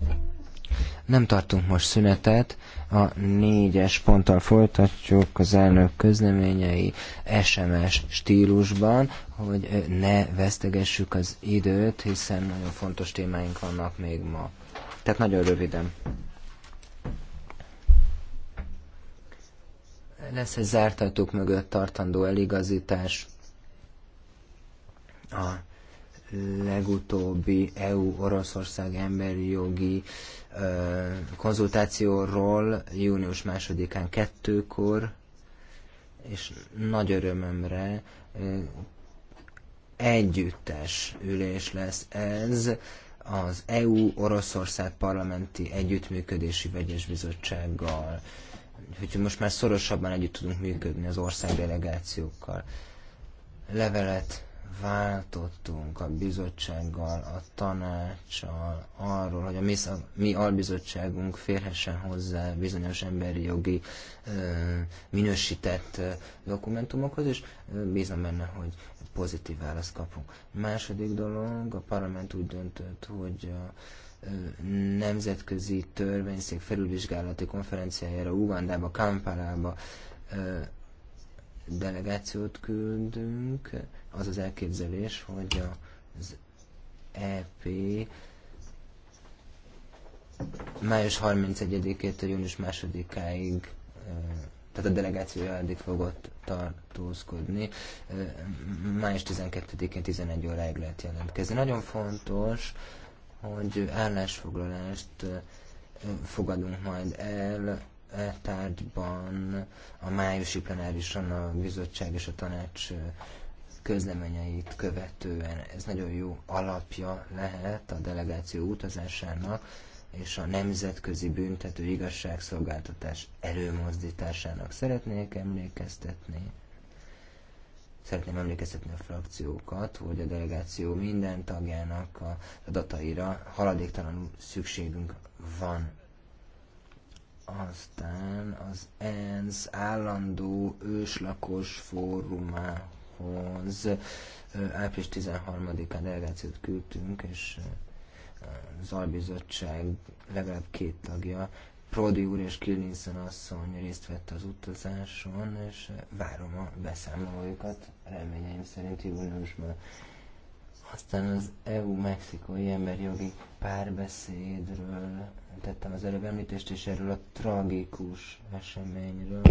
Nem tartunk most szünetet, a négyes ponttal folytatjuk az elnök közleményei SMS stílusban, hogy ne vesztegessük az időt, hiszen nagyon fontos témáink vannak még ma. Tehát nagyon röviden. Lesz egy zártatók mögött tartandó eligazítás a legutóbbi EU-Oroszország emberi jogi konzultációról június másodikán kettőkor, és nagy örömömre együttes ülés lesz ez az EU-Oroszország parlamenti együttműködési vegyes bizottsággal. Úgyhogy most már szorosabban együtt tudunk működni az ország delegációkkal. Levelet váltottunk a bizottsággal, a tanácssal arról, hogy a mi, a mi albizottságunk férhessen hozzá bizonyos emberi jogi ö, minősített ö, dokumentumokhoz, és bízom benne, hogy pozitív választ kapunk. Második dolog, a parlament úgy döntött, hogy a, nemzetközi törvényszék felülvizsgálati konferenciájára Ugandába, Kampalába delegációt küldünk, az az elképzelés, hogy az EP május 31-től június 2 ig tehát a delegációja eddig fogott tartózkodni, május 12-én 11 óráig lehet jelentkezni. Nagyon fontos, hogy állásfoglalást fogadunk majd el e tárgyban a májusi plenárison a bizottság és a tanács közleményeit követően. Ez nagyon jó alapja lehet a delegáció utazásának és a nemzetközi büntető igazságszolgáltatás előmozdításának. Szeretnék emlékeztetni szeretném emlékeztetni a frakciókat, hogy a delegáció minden tagjának a adataira haladéktalanul szükségünk van. Aztán az ENSZ állandó őslakos fórumához az Április 13-án delegációt küldtünk, és az albizottság legalább két tagja, Prodi úr és Kilinszen asszony részt vett az utazáson, és várom a beszámolójukat, reményeim szerint júniusban. Aztán az EU-Mexikói emberjogi párbeszédről tettem az előbb említést, és erről a tragikus eseményről.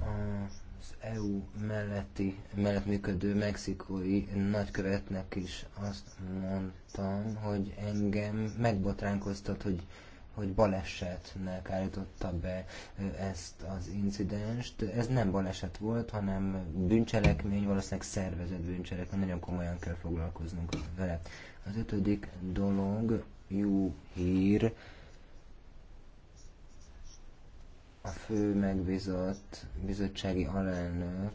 A az EU melletti, mellett működő mexikói nagykövetnek is azt mondtam, hogy engem megbotránkoztat, hogy, hogy balesetnek állította be ezt az incidenst. Ez nem baleset volt, hanem bűncselekmény, valószínűleg szervezett bűncselekmény, nagyon komolyan kell foglalkoznunk vele. Az ötödik dolog, jó hír, a fő megbízott bizottsági alelnök,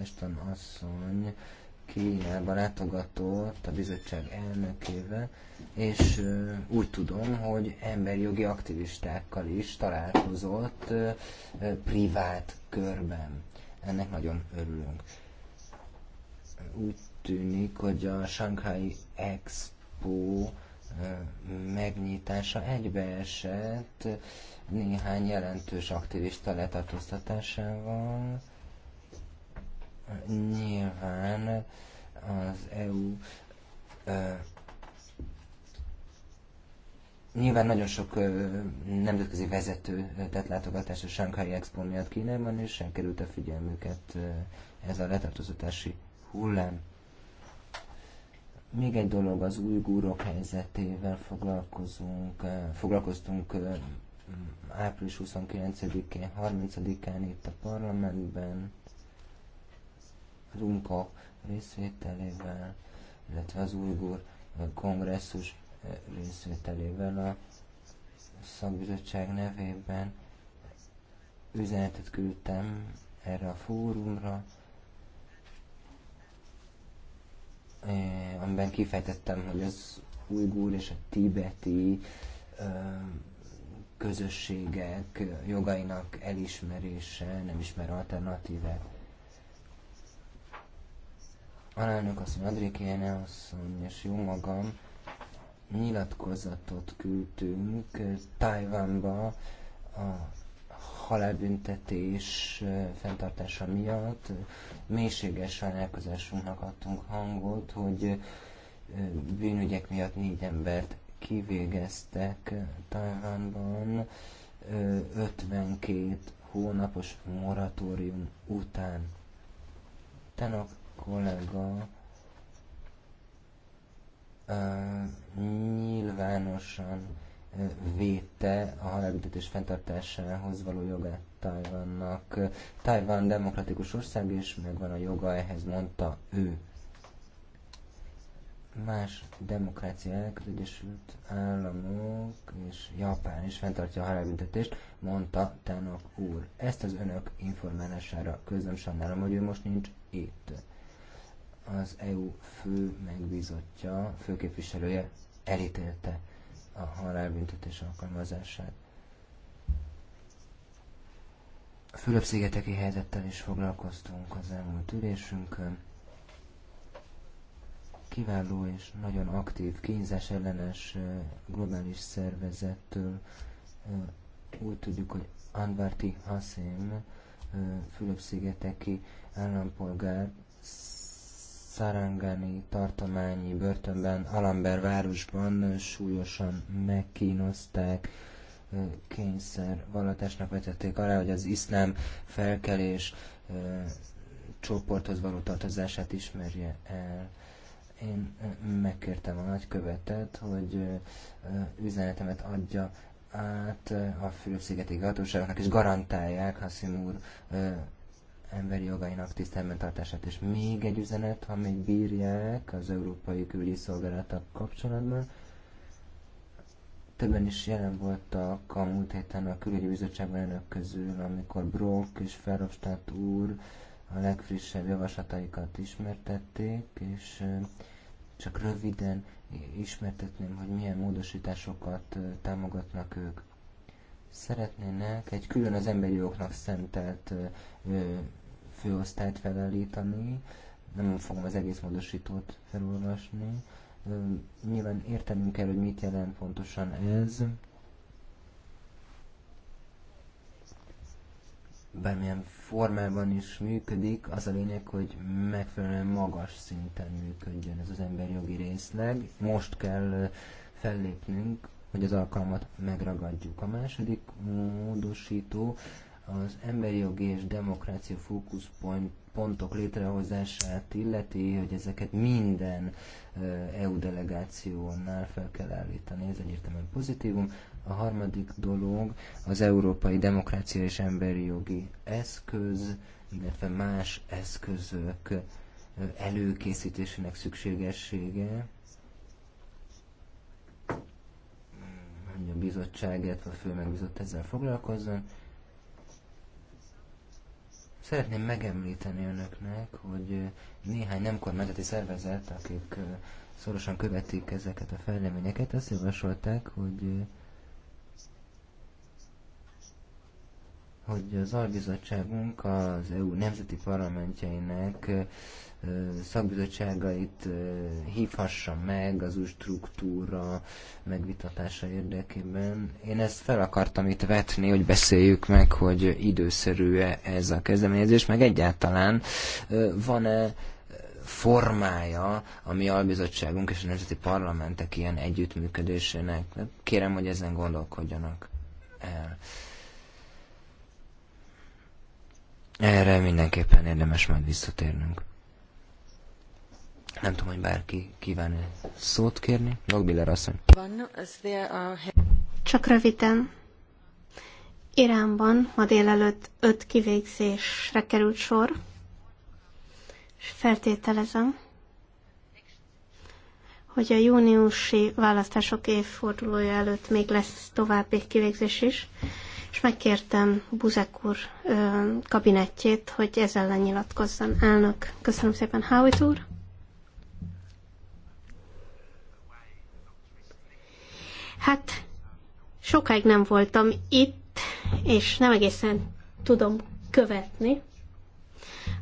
Eston asszony, Kínába látogatott a bizottság elnökével, és úgy tudom, hogy emberjogi aktivistákkal is találkozott privát körben. Ennek nagyon örülünk. Úgy tűnik, hogy a Shanghai Expo megnyitása egybeesett néhány jelentős aktivista letartóztatásával. Nyilván az EU Nyilván nagyon sok ö, nemzetközi vezető tett látogatást a Shanghai Expo miatt Kínában, és került a figyelmüket ö, ez a letartóztatási hullám. Még egy dolog, az újgúrok helyzetével foglalkozunk, eh, foglalkoztunk eh, április 29-én, 30-án itt a parlamentben, Rumka részvételével, illetve az újgur kongresszus eh, részvételével a szakbizottság nevében üzenetet küldtem erre a fórumra, Eh, amiben kifejtettem, hogy az ujgur és a tibeti közösségek jogainak elismerése nem ismer alternatívát. Alelnök mondja, Adrik asszony és jó magam nyilatkozatot küldtünk Tajvánba a halálbüntetés fenntartása miatt mélységes sajnálkozásunknak adtunk hangot, hogy bűnügyek miatt négy embert kivégeztek Tajvánban, 52 hónapos moratórium után. Tenok kollega nyilvánosan védte a halálbüntetés fenntartásához való jogát Tajvannak. Tajvan demokratikus ország, és megvan a joga ehhez, mondta ő. Más demokráciák, az Egyesült Államok és Japán is fenntartja a halálbüntetést, mondta Tanok úr. Ezt az önök informálására közlöm, sajnálom, hogy ő most nincs itt. Az EU fő megbízottja, főképviselője elítélte a halálbüntetés alkalmazását. A Fülöp-szigeteki helyzettel is foglalkoztunk az elmúlt ülésünkön. Kiváló és nagyon aktív kínzás ellenes globális szervezettől úgy tudjuk, hogy Anvarti Hasim Fülöp-szigeteki állampolgár Szarangani tartományi börtönben, Alamber városban súlyosan megkínozták, kényszer vallatásnak vetették alá, hogy az iszlám felkelés csoporthoz való tartozását ismerje el. Én megkértem a nagykövetet, hogy üzenetemet adja át a fülöp hatóságoknak, és garantálják Hasim úr emberi jogainak tisztelmen tartását. És még egy üzenet, ha még bírják az Európai Külügyi Szolgálatok kapcsolatban, többen is jelen voltak a múlt héten a külügyi bizottságban önök közül, amikor Brock és Ferhofstadt úr a legfrissebb javaslataikat ismertették, és csak röviden ismertetném, hogy milyen módosításokat támogatnak ők. Szeretnének egy külön az emberi jogoknak szentelt főosztályt felállítani, nem fogom az egész módosítót felolvasni. Nyilván értenünk kell, hogy mit jelent pontosan ez. Bármilyen formában is működik, az a lényeg, hogy megfelelően magas szinten működjön ez az emberjogi részleg. Most kell fellépnünk, hogy az alkalmat megragadjuk. A második módosító az emberi jogi és demokrácia fókuszpont pontok létrehozását illeti, hogy ezeket minden EU delegációnál fel kell állítani. Ez egyértelműen pozitívum. A harmadik dolog az Európai Demokrácia és Emberi Jogi Eszköz, illetve más eszközök előkészítésének szükségessége, a bizottság, illetve a főmegbizott ezzel foglalkozzon Szeretném megemlíteni önöknek, hogy néhány nem kormányzati szervezet, akik szorosan követik ezeket a fejleményeket, azt javasolták, hogy hogy az albizottságunk az EU nemzeti parlamentjeinek szakbizottságait hívhassa meg az új struktúra megvitatása érdekében. Én ezt fel akartam itt vetni, hogy beszéljük meg, hogy időszerű-e ez a kezdeményezés, meg egyáltalán van-e formája a mi albizottságunk és a nemzeti parlamentek ilyen együttműködésének. Kérem, hogy ezen gondolkodjanak el. Erre mindenképpen érdemes majd visszatérnünk. Nem tudom, hogy bárki kíván szót kérni. Logbiller asszony. Csak röviden. Iránban ma délelőtt öt kivégzésre került sor, és feltételezem, hogy a júniusi választások évfordulója előtt még lesz további kivégzés is, és megkértem Buzek úr ö, kabinettjét, hogy ezzel nyilatkozzon elnök. Köszönöm szépen, Howitt úr! Hát sokáig nem voltam itt, és nem egészen tudom követni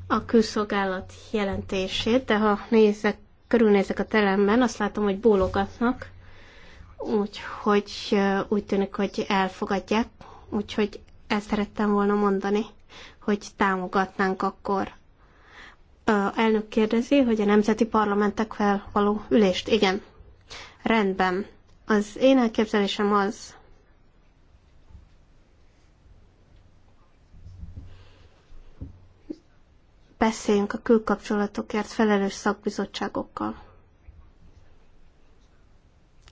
a külszolgálat jelentését, de ha nézek, körülnézek a teremben, azt látom, hogy bólogatnak, úgyhogy úgy tűnik, hogy elfogadják, úgyhogy ezt szerettem volna mondani, hogy támogatnánk akkor. A elnök kérdezi, hogy a nemzeti parlamentek való ülést. Igen. Rendben. Az én elképzelésem az, beszéljünk a külkapcsolatokért felelős szakbizottságokkal.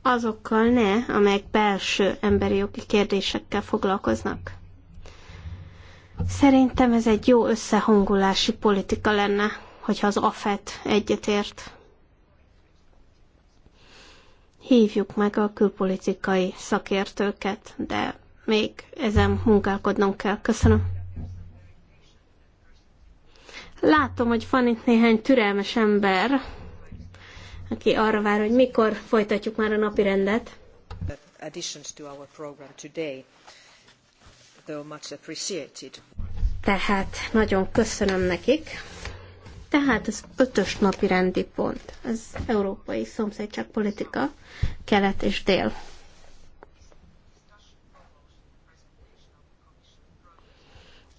Azokkal ne, amelyek belső emberi jogi kérdésekkel foglalkoznak. Szerintem ez egy jó összehangolási politika lenne, hogyha az AFET egyetért hívjuk meg a külpolitikai szakértőket, de még ezen munkálkodnom kell. Köszönöm. Látom, hogy van itt néhány türelmes ember, aki arra vár, hogy mikor folytatjuk már a napi rendet. Tehát nagyon köszönöm nekik. Tehát az ötös napi rendi pont, az európai politika kelet és dél.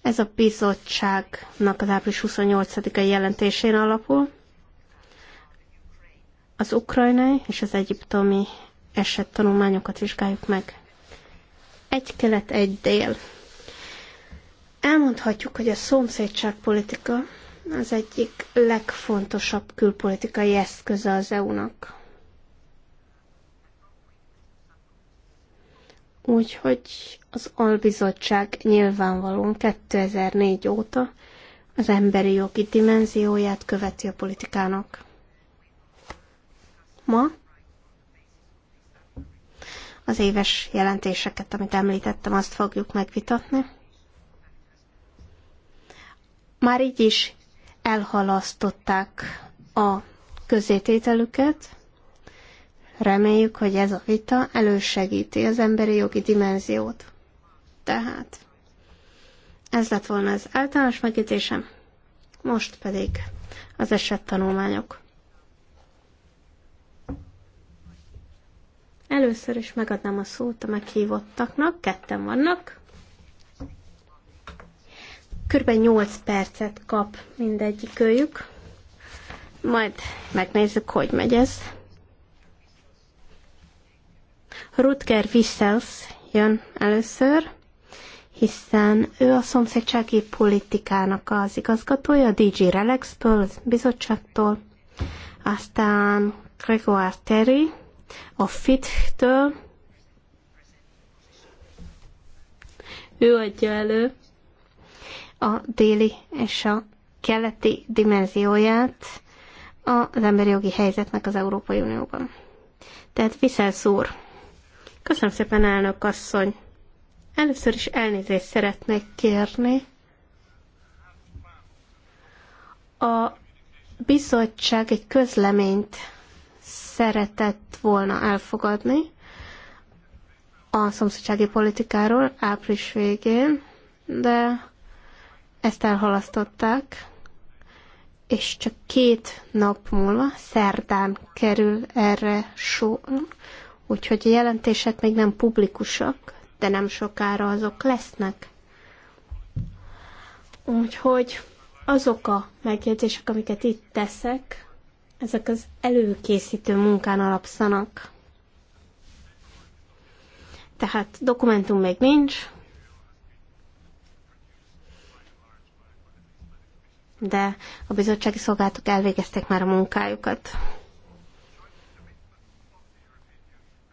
Ez a bizottságnak az április 28-ai jelentésén alapul. Az ukrajnai és az egyiptomi esettanulmányokat vizsgáljuk meg. Egy kelet, egy dél. Elmondhatjuk, hogy a szomszédságpolitika politika az egyik legfontosabb külpolitikai eszköze az EU-nak. Úgyhogy az albizottság nyilvánvalóan 2004 óta az emberi jogi dimenzióját követi a politikának. Ma az éves jelentéseket, amit említettem, azt fogjuk megvitatni. Már így is elhalasztották a közétételüket. Reméljük, hogy ez a vita elősegíti az emberi jogi dimenziót. Tehát ez lett volna az általános megítésem, most pedig az esettanulmányok. Először is megadnám a szót a meghívottaknak, ketten vannak. Körben 8 percet kap mindegyik őjük. Majd megnézzük, hogy megy ez. Rutger Wissels jön először, hiszen ő a szomszédsági politikának az igazgatója, a DG Relexből, a bizottságtól, aztán Gregor Terry, a FIT-től, ő adja elő a déli és a keleti dimenzióját az emberi jogi helyzetnek az Európai Unióban. Tehát viszel úr, köszönöm szépen elnök asszony. Először is elnézést szeretnék kérni. A bizottság egy közleményt szeretett volna elfogadni a szomszédsági politikáról április végén, de ezt elhalasztották, és csak két nap múlva, szerdán kerül erre sor, úgyhogy a jelentések még nem publikusak, de nem sokára azok lesznek. Úgyhogy azok a megjegyzések, amiket itt teszek, ezek az előkészítő munkán alapszanak. Tehát dokumentum még nincs, de a bizottsági szolgálatok elvégezték már a munkájukat.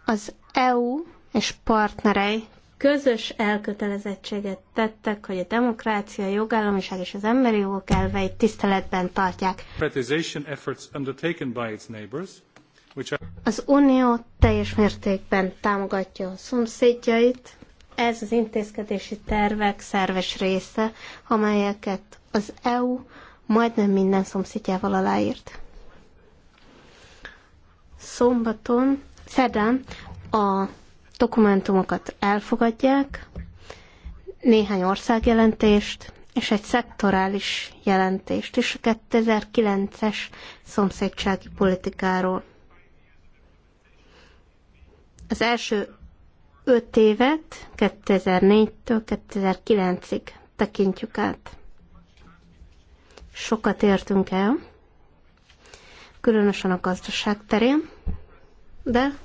Az EU és partnerei közös elkötelezettséget tettek, hogy a demokrácia, a jogállamiság és az emberi jogok elveit tiszteletben tartják. Az Unió teljes mértékben támogatja a szomszédjait. Ez az intézkedési tervek szerves része, amelyeket az EU majdnem minden szomszédjával aláírt. Szombaton, szerdán a dokumentumokat elfogadják, néhány országjelentést, és egy szektorális jelentést is a 2009-es szomszédsági politikáról. Az első öt évet 2004-től 2009-ig tekintjük át. Sokat értünk el, különösen a gazdaság terén, de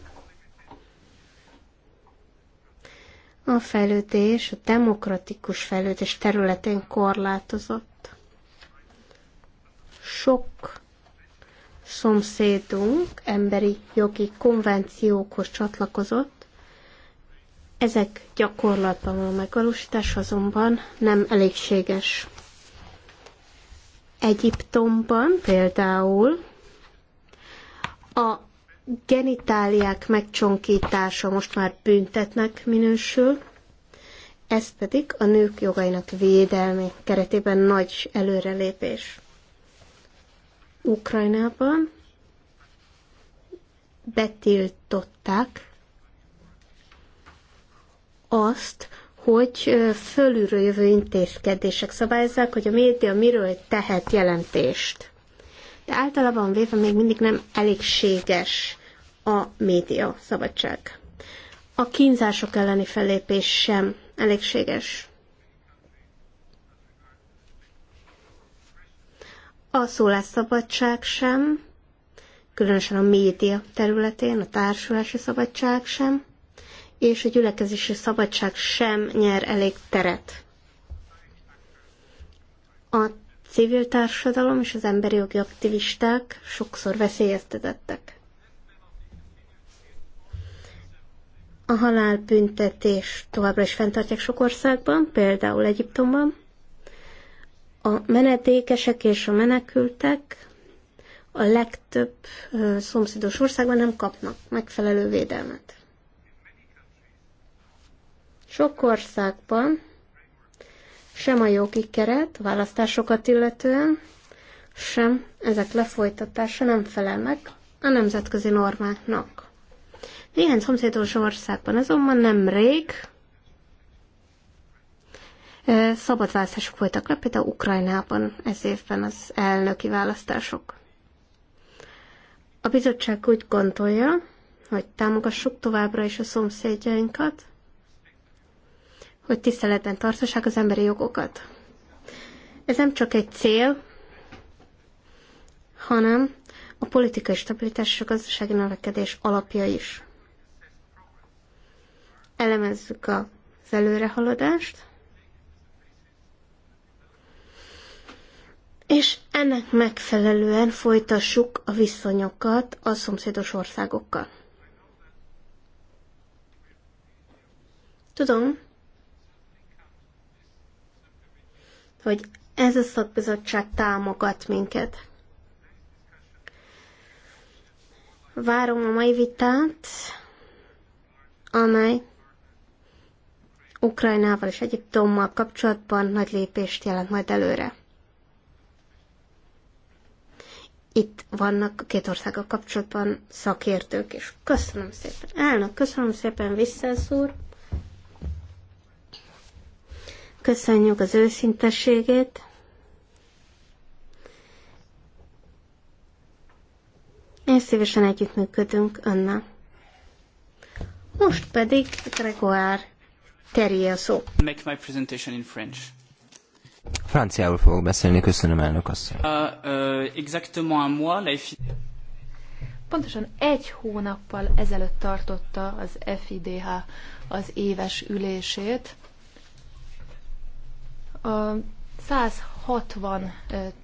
a fejlődés, a demokratikus fejlődés területén korlátozott. Sok szomszédunk emberi jogi konvenciókhoz csatlakozott, ezek gyakorlatban a megvalósítás azonban nem elégséges. Egyiptomban például a genitáliák megcsonkítása most már büntetnek minősül, ez pedig a nők jogainak védelmi keretében nagy előrelépés. Ukrajnában betiltották azt, hogy fölülről jövő intézkedések szabályozzák, hogy a média miről tehet jelentést. De általában véve még mindig nem elégséges a média szabadság. A kínzások elleni fellépés sem elégséges. A szólásszabadság sem, különösen a média területén, a társulási szabadság sem és a gyülekezési szabadság sem nyer elég teret. A civil társadalom és az emberi jogi aktivisták sokszor veszélyeztetettek. A halálbüntetés továbbra is fenntartják sok országban, például Egyiptomban. A menetékesek és a menekültek a legtöbb szomszédos országban nem kapnak megfelelő védelmet. Sok országban sem a jogi keret választásokat illetően, sem ezek lefolytatása nem felel meg a nemzetközi normáknak. Néhány szomszédos országban azonban nem rég szabad választások folytak le, például Ukrajnában ez évben az elnöki választások. A bizottság úgy gondolja, hogy támogassuk továbbra is a szomszédjainkat, hogy tiszteletben tartsák az emberi jogokat. Ez nem csak egy cél, hanem a politikai stabilitás és a gazdasági növekedés alapja is. Elemezzük az előrehaladást, és ennek megfelelően folytassuk a viszonyokat a szomszédos országokkal. Tudom, hogy ez a szakbizottság támogat minket. Várom a mai vitát, amely Ukrajnával és Egyiptommal kapcsolatban nagy lépést jelent majd előre. Itt vannak a két országok kapcsolatban szakértők is. Köszönöm szépen. Elnök, köszönöm szépen, visszaszúr. Köszönjük az őszintességét. Én szívesen együttműködünk önnel. Most pedig Gregoire terje a szó. Make my presentation in French. Franciául fogok beszélni, köszönöm elnök asszony. Uh, uh, Pontosan egy hónappal ezelőtt tartotta az FIDH az éves ülését, a 160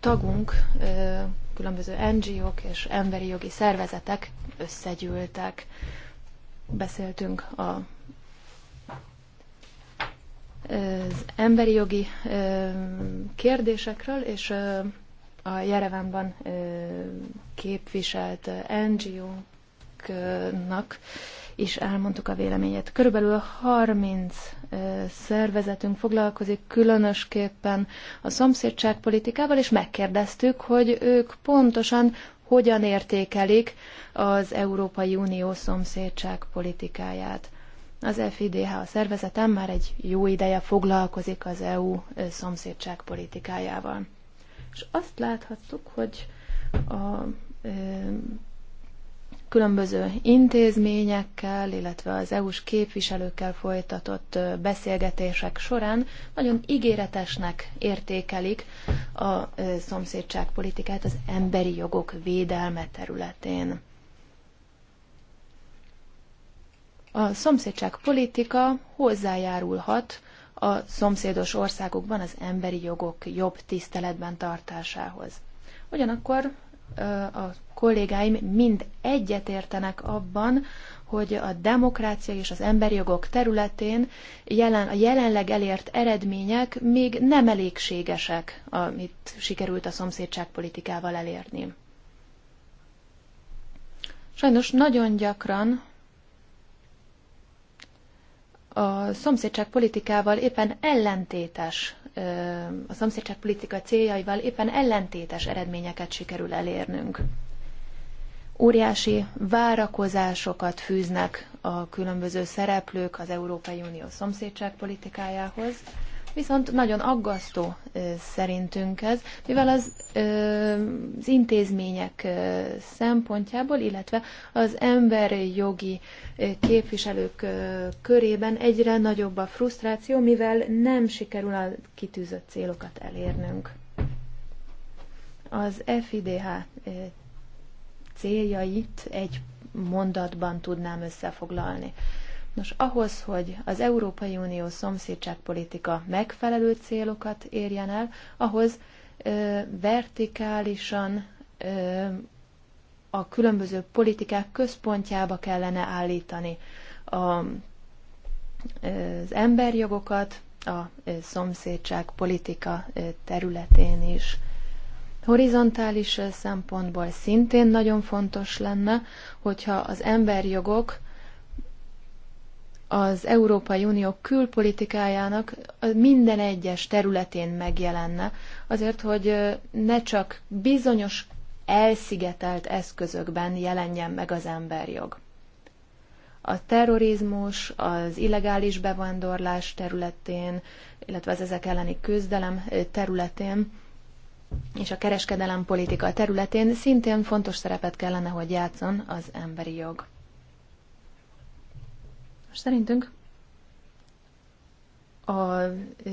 tagunk, különböző NGO-k és emberi jogi szervezetek összegyűltek. Beszéltünk a az emberi jogi kérdésekről, és a Jerevánban képviselt NGO-knak is elmondtuk a véleményet. Körülbelül 30 szervezetünk foglalkozik különösképpen a szomszédságpolitikával, és megkérdeztük, hogy ők pontosan hogyan értékelik az Európai Unió szomszédságpolitikáját. Az FIDH a szervezetem már egy jó ideje foglalkozik az EU szomszédságpolitikájával. És azt láthattuk, hogy a különböző intézményekkel, illetve az EU-s képviselőkkel folytatott beszélgetések során nagyon ígéretesnek értékelik a szomszédságpolitikát az emberi jogok védelme területén. A szomszédságpolitika hozzájárulhat a szomszédos országokban az emberi jogok jobb tiszteletben tartásához. Ugyanakkor a kollégáim mind egyetértenek abban, hogy a demokrácia és az emberi jogok területén jelen, a jelenleg elért eredmények még nem elégségesek, amit sikerült a szomszédságpolitikával elérni. Sajnos nagyon gyakran a szomszédságpolitikával éppen ellentétes a szomszédságpolitika céljaival éppen ellentétes eredményeket sikerül elérnünk. Óriási várakozásokat fűznek a különböző szereplők az Európai Unió szomszédságpolitikájához, politikájához, viszont nagyon aggasztó szerintünk ez, mivel az, az intézmények szempontjából, illetve az emberi jogi képviselők körében egyre nagyobb a frusztráció, mivel nem sikerül a kitűzött célokat elérnünk. Az FIDH céljait egy mondatban tudnám összefoglalni. Nos, ahhoz, hogy az Európai Unió szomszédságpolitika megfelelő célokat érjen el, ahhoz ö, vertikálisan ö, a különböző politikák központjába kellene állítani a, az emberjogokat a szomszédság politika területén is. Horizontális szempontból szintén nagyon fontos lenne, hogyha az emberjogok az Európai Unió külpolitikájának minden egyes területén megjelenne, azért, hogy ne csak bizonyos elszigetelt eszközökben jelenjen meg az emberjog. A terrorizmus, az illegális bevándorlás területén, illetve az ezek elleni küzdelem területén, és a kereskedelem politika területén szintén fontos szerepet kellene, hogy játszon az emberi jog. Szerintünk a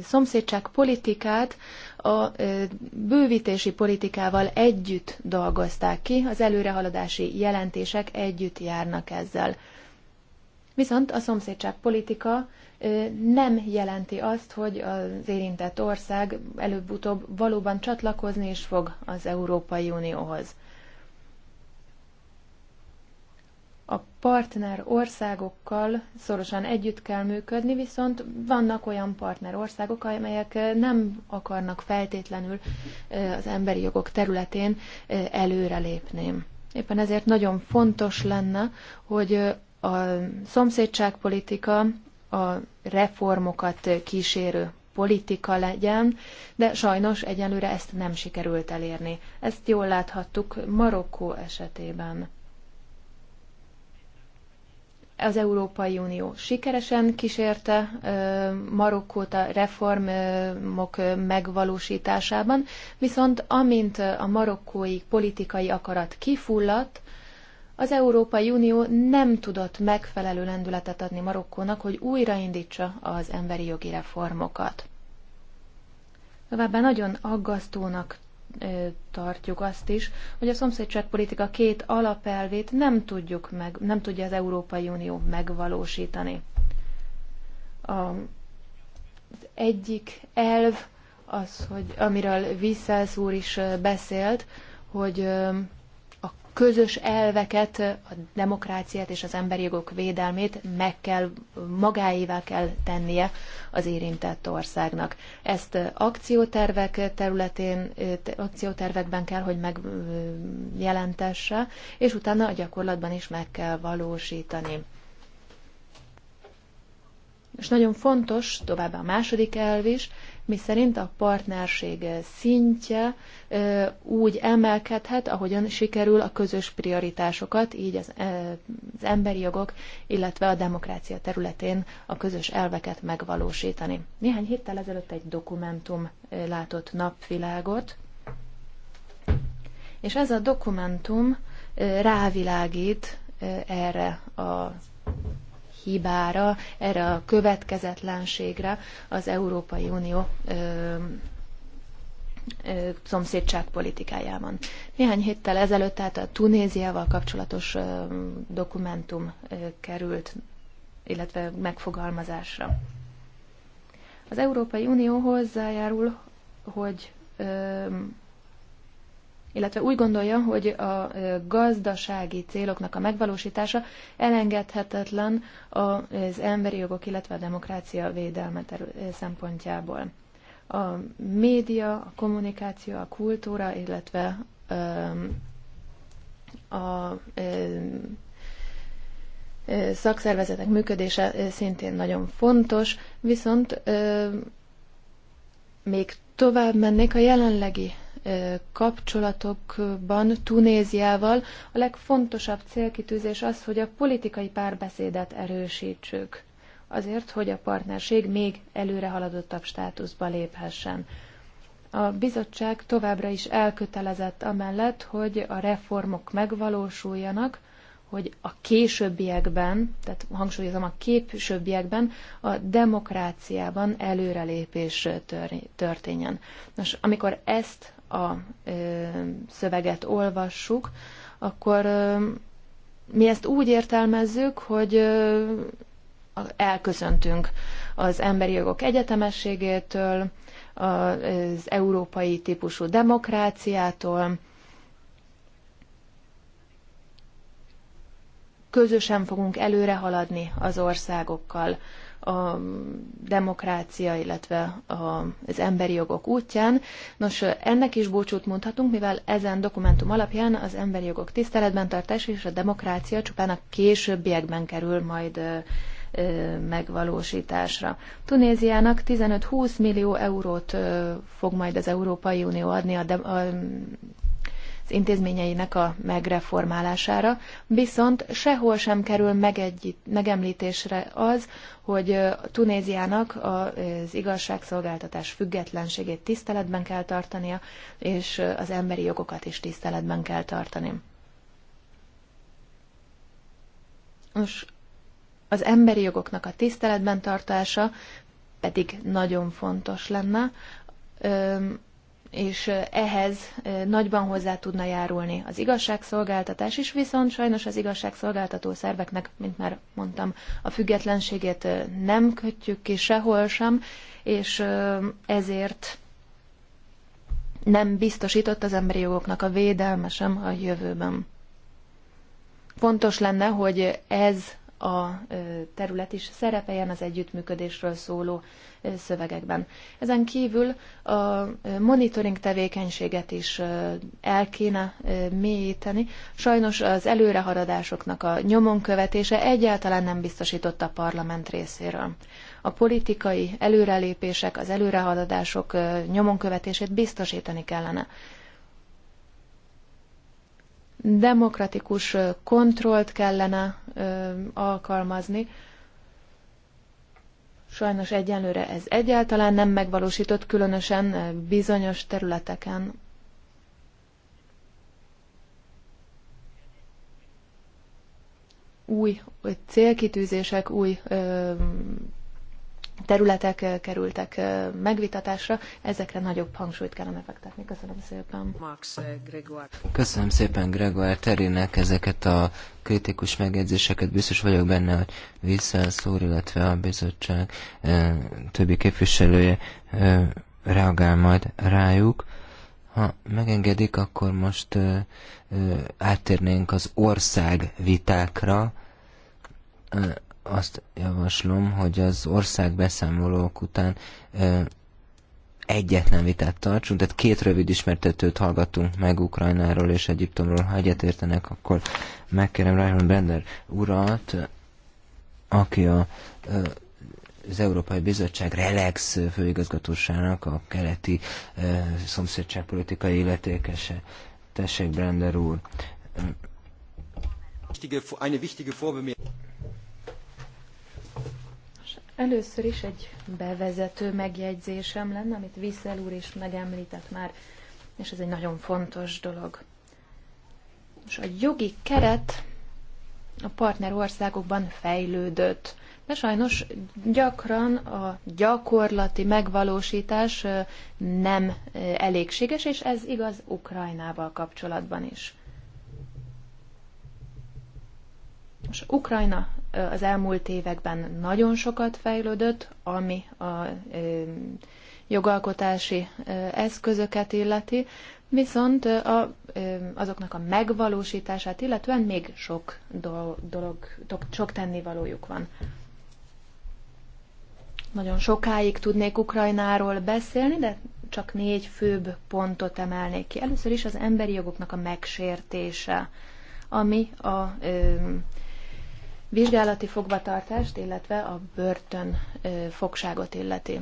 szomszédság politikát a bővítési politikával együtt dolgozták ki, az előrehaladási jelentések együtt járnak ezzel. Viszont a politika nem jelenti azt, hogy az érintett ország előbb-utóbb valóban csatlakozni is fog az Európai Unióhoz. a partner országokkal szorosan együtt kell működni, viszont vannak olyan partner országok, amelyek nem akarnak feltétlenül az emberi jogok területén előrelépni. Éppen ezért nagyon fontos lenne, hogy a szomszédságpolitika a reformokat kísérő politika legyen, de sajnos egyelőre ezt nem sikerült elérni. Ezt jól láthattuk Marokkó esetében az Európai Unió sikeresen kísérte Marokkót a reformok megvalósításában, viszont amint a marokkói politikai akarat kifulladt, az Európai Unió nem tudott megfelelő lendületet adni Marokkónak, hogy újraindítsa az emberi jogi reformokat. Továbbá nagyon aggasztónak tartjuk azt is, hogy a szomszédságpolitika két alapelvét nem tudjuk meg, nem tudja az Európai Unió megvalósítani. A, egyik elv az, hogy amiről Visszelsz úr is beszélt, hogy közös elveket, a demokráciát és az emberi jogok védelmét meg kell, magáévá kell tennie az érintett országnak. Ezt akciótervek területén, akciótervekben kell, hogy megjelentesse, és utána a gyakorlatban is meg kell valósítani. És nagyon fontos, továbbá a második elv is, szerint a partnerség szintje úgy emelkedhet, ahogyan sikerül a közös prioritásokat, így az, az emberi jogok, illetve a demokrácia területén a közös elveket megvalósítani. Néhány héttel ezelőtt egy dokumentum látott napvilágot, és ez a dokumentum rávilágít erre a hibára, erre a következetlenségre az Európai Unió ö, szomszédság politikájában. Néhány héttel ezelőtt tehát a Tunéziával kapcsolatos ö, dokumentum ö, került, illetve megfogalmazásra. Az Európai Unió hozzájárul, hogy ö, illetve úgy gondolja, hogy a gazdasági céloknak a megvalósítása elengedhetetlen az emberi jogok, illetve a demokrácia védelme szempontjából. A média, a kommunikáció, a kultúra, illetve a szakszervezetek működése szintén nagyon fontos, viszont még tovább mennék a jelenlegi kapcsolatokban Tunéziával a legfontosabb célkitűzés az, hogy a politikai párbeszédet erősítsük, azért, hogy a partnerség még előre haladottabb státuszba léphessen. A bizottság továbbra is elkötelezett amellett, hogy a reformok megvalósuljanak, hogy a későbbiekben, tehát hangsúlyozom a későbbiekben, a demokráciában előrelépés történjen. Nos, amikor ezt a szöveget olvassuk, akkor mi ezt úgy értelmezzük, hogy elköszöntünk az emberi jogok egyetemességétől, az európai típusú demokráciától, közösen fogunk előre haladni az országokkal a demokrácia, illetve az emberi jogok útján. Nos, ennek is búcsút mondhatunk, mivel ezen dokumentum alapján az emberi jogok tiszteletben tartása és a demokrácia csupán a későbbiekben kerül majd megvalósításra. Tunéziának 15-20 millió eurót fog majd az Európai Unió adni a, de- a intézményeinek a megreformálására, viszont sehol sem kerül megemlítésre az, hogy Tunéziának az igazságszolgáltatás függetlenségét tiszteletben kell tartania, és az emberi jogokat is tiszteletben kell tartani. Nos, az emberi jogoknak a tiszteletben tartása pedig nagyon fontos lenne és ehhez nagyban hozzá tudna járulni az igazságszolgáltatás is, viszont sajnos az igazságszolgáltató szerveknek, mint már mondtam, a függetlenségét nem kötjük ki sehol sem, és ezért nem biztosított az emberi jogoknak a védelme sem a jövőben. Fontos lenne, hogy ez a terület is szerepeljen az együttműködésről szóló szövegekben. Ezen kívül a monitoring tevékenységet is el kéne mélyíteni. Sajnos az előreharadásoknak a nyomon követése egyáltalán nem biztosított a parlament részéről. A politikai előrelépések, az előrehaladások nyomon követését biztosítani kellene demokratikus kontrollt kellene alkalmazni. Sajnos egyenlőre ez egyáltalán nem megvalósított, különösen bizonyos területeken. Új célkitűzések, új területek kerültek megvitatásra, ezekre nagyobb hangsúlyt kellene fektetni. Köszönöm szépen. Köszönöm szépen Gregor Terinek ezeket a kritikus megjegyzéseket. Biztos vagyok benne, hogy visszaszúr, illetve a bizottság többi képviselője reagál majd rájuk. Ha megengedik, akkor most átérnénk az ország vitákra azt javaslom, hogy az ország beszámolók után ö, egyetlen vitát tartsunk, tehát két rövid ismertetőt hallgatunk meg Ukrajnáról és Egyiptomról. Ha egyetértenek, akkor megkérem Ryan Bender urat, aki a, ö, az Európai Bizottság Relax főigazgatósának a keleti ö, szomszédságpolitikai illetékese. Tessék, Brender úr! Eine wichtige Vorbemerkung. Először is egy bevezető megjegyzésem lenne, amit Viszel úr is megemlített már, és ez egy nagyon fontos dolog. És a jogi keret a partner országokban fejlődött, de sajnos gyakran a gyakorlati megvalósítás nem elégséges, és ez igaz Ukrajnával kapcsolatban is. Most Ukrajna az elmúlt években nagyon sokat fejlődött, ami a jogalkotási eszközöket illeti, viszont a, azoknak a megvalósítását illetően még sok dolog, dolog sok tennivalójuk van. Nagyon sokáig tudnék Ukrajnáról beszélni, de csak négy főbb pontot emelnék ki. Először is az emberi jogoknak a megsértése, ami a ö, vizsgálati fogvatartást, illetve a börtön fogságot illeti.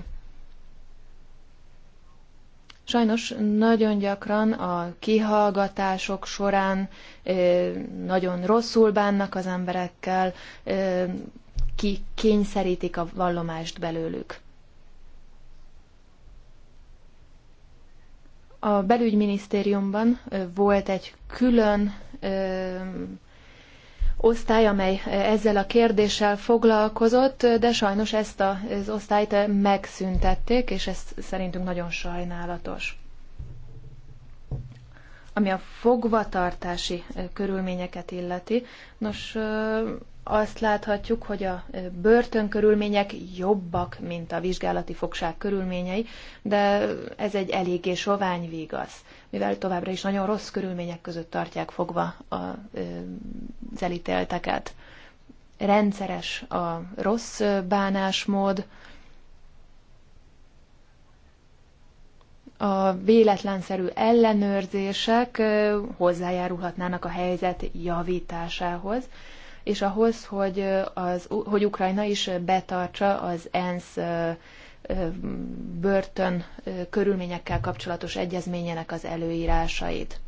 Sajnos nagyon gyakran a kihallgatások során nagyon rosszul bánnak az emberekkel, ki kényszerítik a vallomást belőlük. A belügyminisztériumban volt egy külön osztály, amely eh, ezzel a kérdéssel foglalkozott, eh, de sajnos ezt az osztályt eh, megszüntették, és ez szerintünk nagyon sajnálatos. Ami a fogvatartási körülményeket illeti, nos, azt láthatjuk, hogy a börtönkörülmények jobbak, mint a vizsgálati fogság körülményei, de ez egy eléggé sovány vigasz, mivel továbbra is nagyon rossz körülmények között tartják fogva az elítélteket. Rendszeres a rossz bánásmód, a véletlenszerű ellenőrzések hozzájárulhatnának a helyzet javításához és ahhoz, hogy, az, hogy Ukrajna is betartsa az ENSZ börtön körülményekkel kapcsolatos egyezményének az előírásait.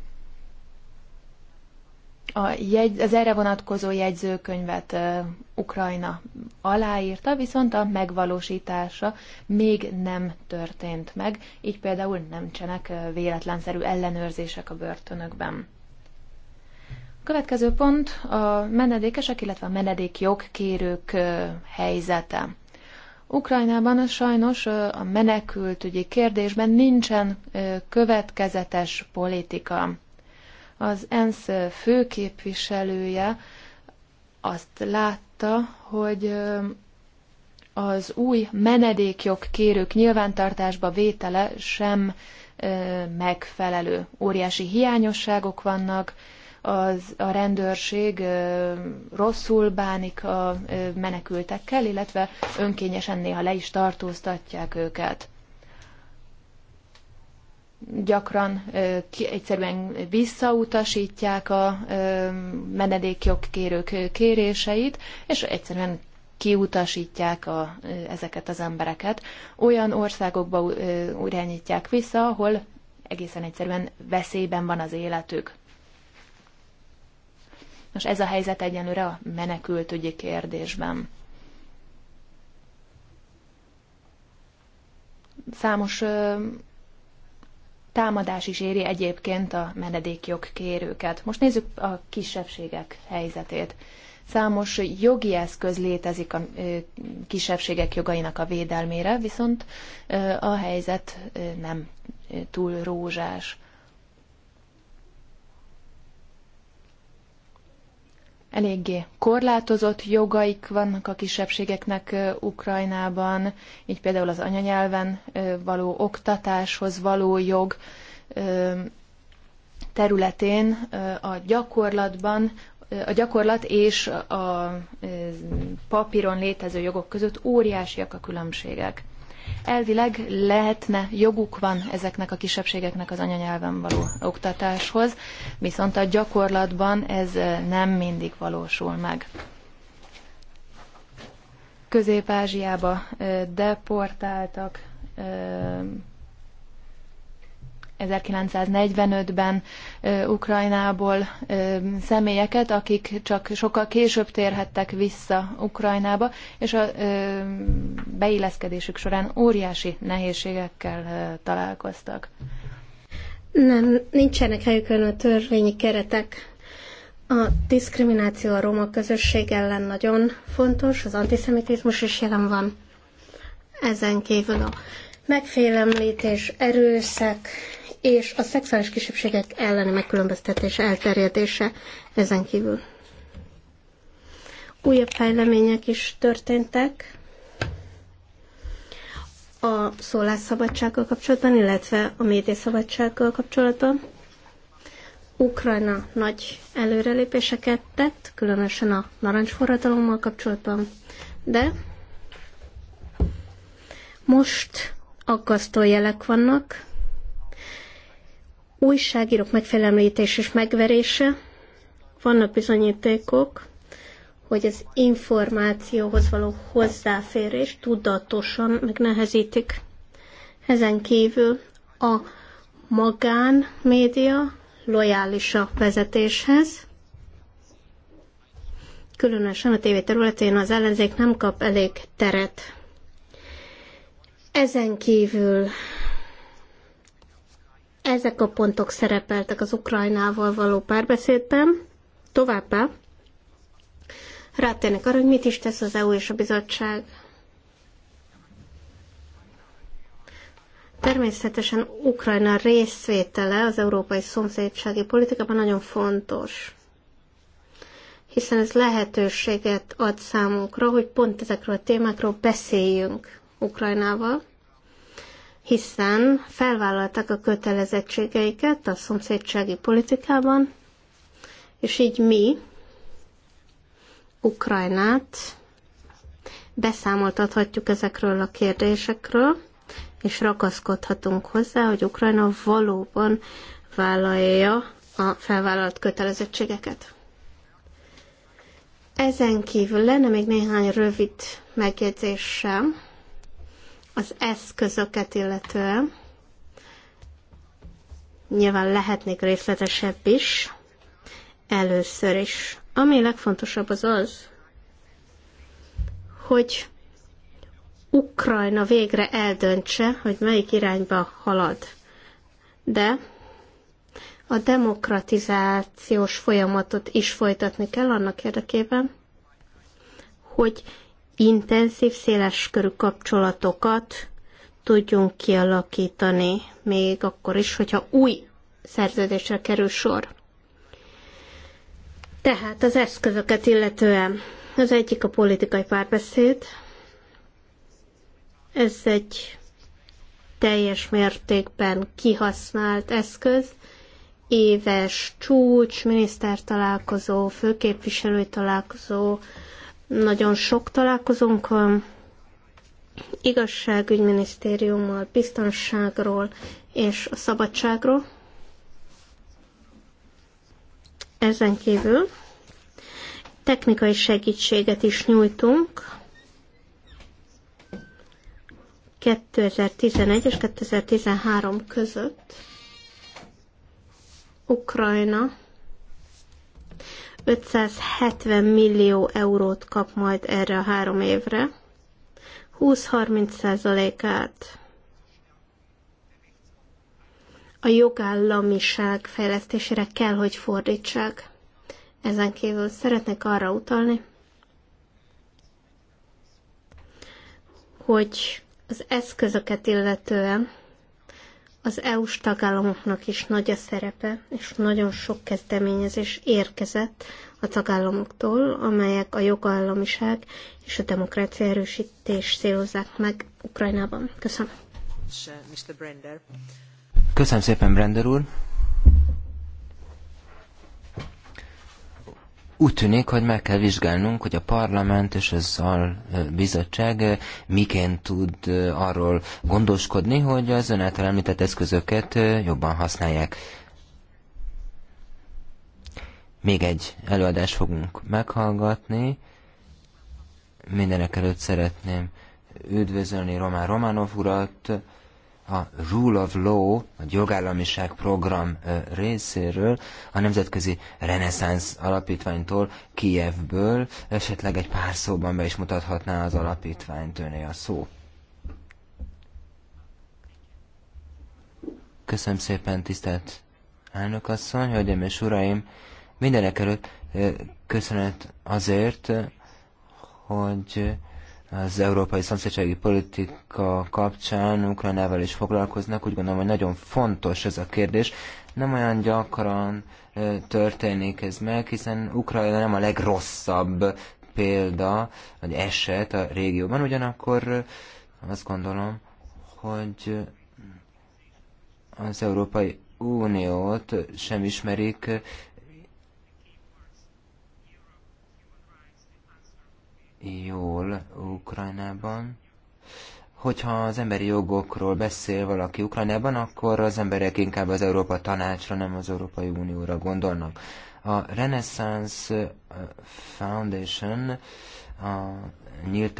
A jegy, az erre vonatkozó jegyzőkönyvet Ukrajna aláírta, viszont a megvalósítása még nem történt meg, így például nem csenek véletlenszerű ellenőrzések a börtönökben. Következő pont a menedékesek, illetve a menedékjogkérők helyzete. Ukrajnában sajnos a menekültügyi kérdésben nincsen következetes politika. Az ENSZ főképviselője azt látta, hogy az új menedékjog kérők nyilvántartásba vétele sem megfelelő. Óriási hiányosságok vannak, az, a rendőrség rosszul bánik a menekültekkel, illetve önkényesen néha le is tartóztatják őket. Gyakran egyszerűen visszautasítják a menedékjogkérők kéréseit, és egyszerűen kiutasítják a, ezeket az embereket. Olyan országokba irányítják vissza, ahol egészen egyszerűen veszélyben van az életük. Nos, ez a helyzet egyenlőre a menekültügyi kérdésben. Számos támadás is éri egyébként a menedékjog kérőket. Most nézzük a kisebbségek helyzetét. Számos jogi eszköz létezik a kisebbségek jogainak a védelmére, viszont a helyzet nem túl rózsás. eléggé korlátozott jogaik vannak a kisebbségeknek Ukrajnában, így például az anyanyelven való oktatáshoz való jog területén a gyakorlatban a gyakorlat és a papíron létező jogok között óriásiak a különbségek. Elvileg lehetne, joguk van ezeknek a kisebbségeknek az anyanyelven való oktatáshoz, viszont a gyakorlatban ez eh, nem mindig valósul meg. Közép-Ázsiába eh, deportáltak eh, 1945-ben Ukrajnából személyeket, akik csak sokkal később térhettek vissza Ukrajnába, és a beilleszkedésük során óriási nehézségekkel találkoztak. Nem, nincsenek helyükön a törvényi keretek. A diszkrimináció a roma közösség ellen nagyon fontos, az antiszemitizmus is jelen van. Ezen kívül a megfélemlítés, erőszak és a szexuális kisebbségek elleni megkülönböztetés elterjedése ezen kívül. Újabb fejlemények is történtek a szólásszabadsággal kapcsolatban, illetve a médiaszabadsággal kapcsolatban. Ukrajna nagy előrelépéseket tett, különösen a narancsforradalommal kapcsolatban, de most aggasztó jelek vannak. Újságírók megfelemlítés és megverése. Vannak bizonyítékok, hogy az információhoz való hozzáférés tudatosan megnehezítik. Ezen kívül a magánmédia lojális a vezetéshez, különösen a tévé területén az ellenzék nem kap elég teret. Ezen kívül ezek a pontok szerepeltek az Ukrajnával való párbeszédben. Továbbá rátérnek arra, hogy mit is tesz az EU és a bizottság. Természetesen Ukrajna részvétele az európai szomszédsági politikában nagyon fontos, hiszen ez lehetőséget ad számunkra, hogy pont ezekről a témákról beszéljünk. Ukrajnával, hiszen felvállalták a kötelezettségeiket a szomszédsági politikában, és így mi Ukrajnát beszámoltathatjuk ezekről a kérdésekről, és ragaszkodhatunk hozzá, hogy Ukrajna valóban vállalja a felvállalt kötelezettségeket. Ezen kívül lenne még néhány rövid megjegyzésem az eszközöket illetően. Nyilván lehetnék részletesebb is, először is. Ami legfontosabb az az, hogy Ukrajna végre eldöntse, hogy melyik irányba halad. De a demokratizációs folyamatot is folytatni kell annak érdekében, hogy intenzív, széleskörű kapcsolatokat tudjunk kialakítani, még akkor is, hogyha új szerződésre kerül sor. Tehát az eszközöket illetően az egyik a politikai párbeszéd. Ez egy teljes mértékben kihasznált eszköz. Éves csúcs, minisztertalálkozó, főképviselői találkozó, nagyon sok találkozónk van, igazságügyminisztériummal, biztonságról és a szabadságról. Ezen kívül technikai segítséget is nyújtunk 2011 és 2013 között Ukrajna 570 millió eurót kap majd erre a három évre, 20-30 százalékát a jogállamiság fejlesztésére kell, hogy fordítsák. Ezen kívül szeretnék arra utalni, hogy az eszközöket illetően az EU-s tagállamoknak is nagy a szerepe, és nagyon sok kezdeményezés érkezett a tagállamoktól, amelyek a jogállamiság és a demokrácia erősítés célozzák meg Ukrajnában. Köszönöm. Köszönöm szépen, Brender úr. úgy tűnik, hogy meg kell vizsgálnunk, hogy a parlament és az bizottság miként tud arról gondoskodni, hogy az ön által említett eszközöket jobban használják. Még egy előadást fogunk meghallgatni. Mindenek előtt szeretném üdvözölni Román Románov urat, a Rule of Law, a jogállamiság program részéről, a Nemzetközi Reneszánsz Alapítványtól, Kijevből, esetleg egy pár szóban be is mutathatná az alapítványt, öné a szó. Köszönöm szépen, tisztelt elnökasszony, hölgyeim és uraim! Mindenek előtt köszönet azért, hogy az európai szomszédsági politika kapcsán Ukrajnával is foglalkoznak. Úgy gondolom, hogy nagyon fontos ez a kérdés. Nem olyan gyakran történik ez meg, hiszen Ukrajna nem a legrosszabb példa, vagy eset a régióban. Ugyanakkor azt gondolom, hogy az Európai Uniót sem ismerik jól Ukrajnában. Hogyha az emberi jogokról beszél valaki Ukrajnában, akkor az emberek inkább az Európa Tanácsra, nem az Európai Unióra gondolnak. A Renaissance eh, Foundation a nyílt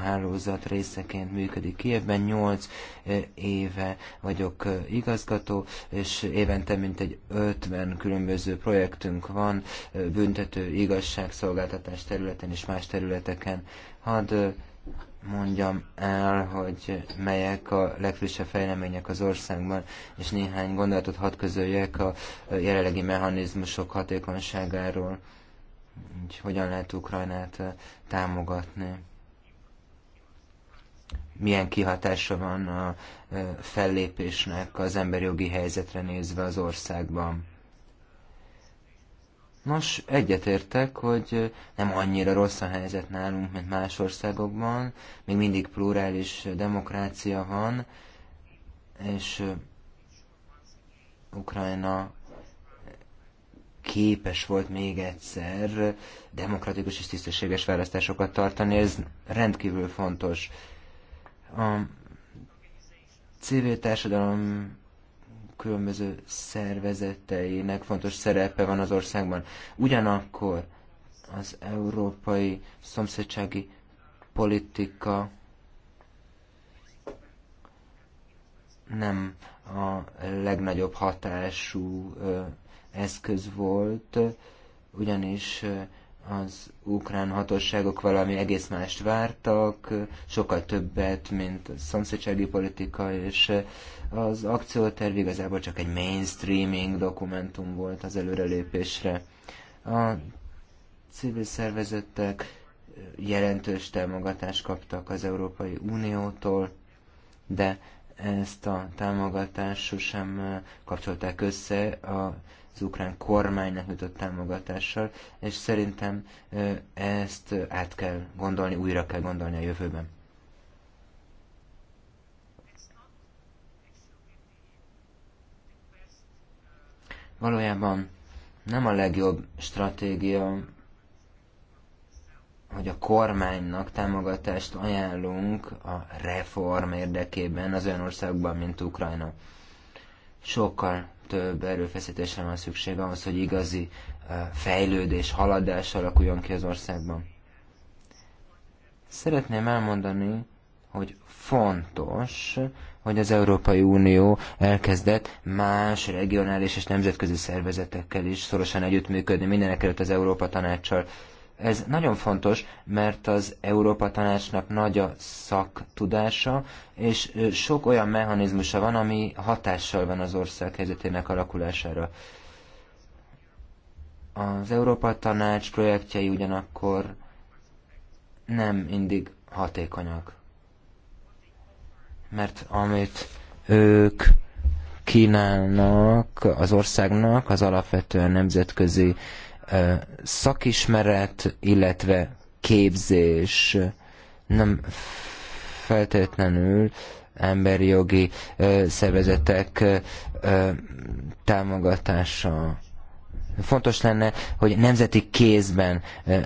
hálózat részeként működik Kievben. Nyolc eh, éve vagyok eh, igazgató, és évente mintegy 50 különböző projektünk van, eh, büntető igazságszolgáltatás területen és más területeken. Hadd mondjam el, hogy melyek a legfrissebb fejlemények az országban, és néhány gondolatot hadd közöljek a jelenlegi mechanizmusok hatékonyságáról hogy hogyan lehet Ukrajnát eh, támogatni. Milyen kihatása van a eh, fellépésnek az emberi jogi helyzetre nézve az országban. Nos, egyetértek, hogy eh, nem annyira rossz a helyzet nálunk, mint más országokban, még mindig plurális demokrácia van, és Ukrajna képes volt még egyszer demokratikus és tisztességes választásokat tartani, ez rendkívül fontos. A civil társadalom különböző szervezeteinek fontos szerepe van az országban. Ugyanakkor az európai szomszédsági politika nem a legnagyobb hatású eszköz volt, ugyanis az ukrán hatóságok valami egész mást vártak, sokkal többet, mint a szomszédsági politika, és az akcióterv igazából csak egy mainstreaming dokumentum volt az előrelépésre. A civil szervezetek jelentős támogatást kaptak az Európai Uniótól, de ezt a támogatást sosem kapcsolták össze a az ukrán kormánynak nyújtott támogatással, és szerintem ezt át kell gondolni, újra kell gondolni a jövőben. Valójában nem a legjobb stratégia, hogy a kormánynak támogatást ajánlunk a reform érdekében az olyan országban, mint Ukrajna. Sokkal több erőfeszítésre van szükség ahhoz, hogy igazi fejlődés, haladás alakuljon ki az országban. Szeretném elmondani, hogy fontos, hogy az Európai Unió elkezdett más regionális és nemzetközi szervezetekkel is szorosan együttműködni, mindenekelőtt az Európa Tanácssal ez nagyon fontos, mert az Európa Tanácsnak nagy a szaktudása, és sok olyan mechanizmusa van, ami hatással van az ország helyzetének alakulására. Az Európa Tanács projektjei ugyanakkor nem mindig hatékonyak. Mert amit ők kínálnak az országnak, az alapvetően nemzetközi szakismeret, illetve képzés nem feltétlenül emberi jogi szervezetek támogatása. Fontos lenne, hogy nemzeti kézben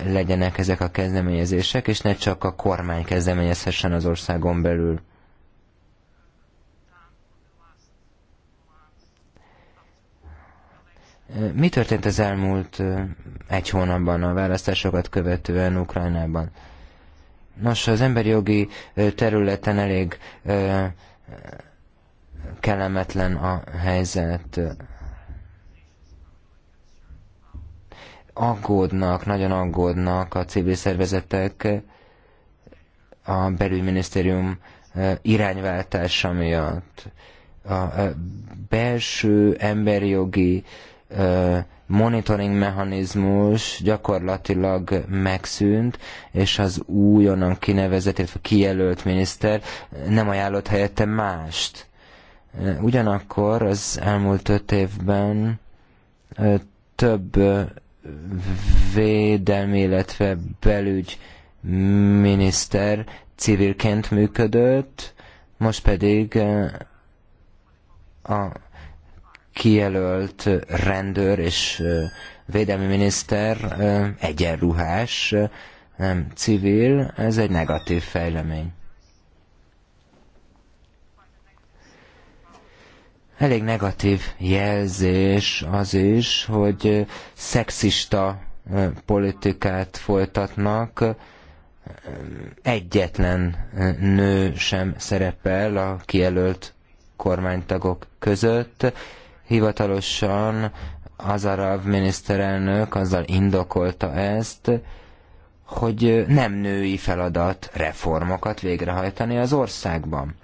legyenek ezek a kezdeményezések, és ne csak a kormány kezdeményezhessen az országon belül. Mi történt az elmúlt egy hónapban a választásokat követően Ukrajnában? Nos, az emberi jogi területen elég kellemetlen a helyzet. Aggódnak, nagyon aggódnak a civil szervezetek a belügyminisztérium irányváltása miatt. A belső emberi jogi monitoring mechanizmus gyakorlatilag megszűnt, és az újonnan kinevezett, illetve kijelölt miniszter nem ajánlott helyette mást. Ugyanakkor az elmúlt öt évben több védelmi, illetve belügy miniszter civilként működött, most pedig a kijelölt rendőr és védelmi miniszter egyenruhás, nem civil, ez egy negatív fejlemény. Elég negatív jelzés az is, hogy szexista politikát folytatnak, egyetlen nő sem szerepel a kijelölt kormánytagok között, Hivatalosan az arab miniszterelnök azzal indokolta ezt, hogy nem női feladat reformokat végrehajtani az országban.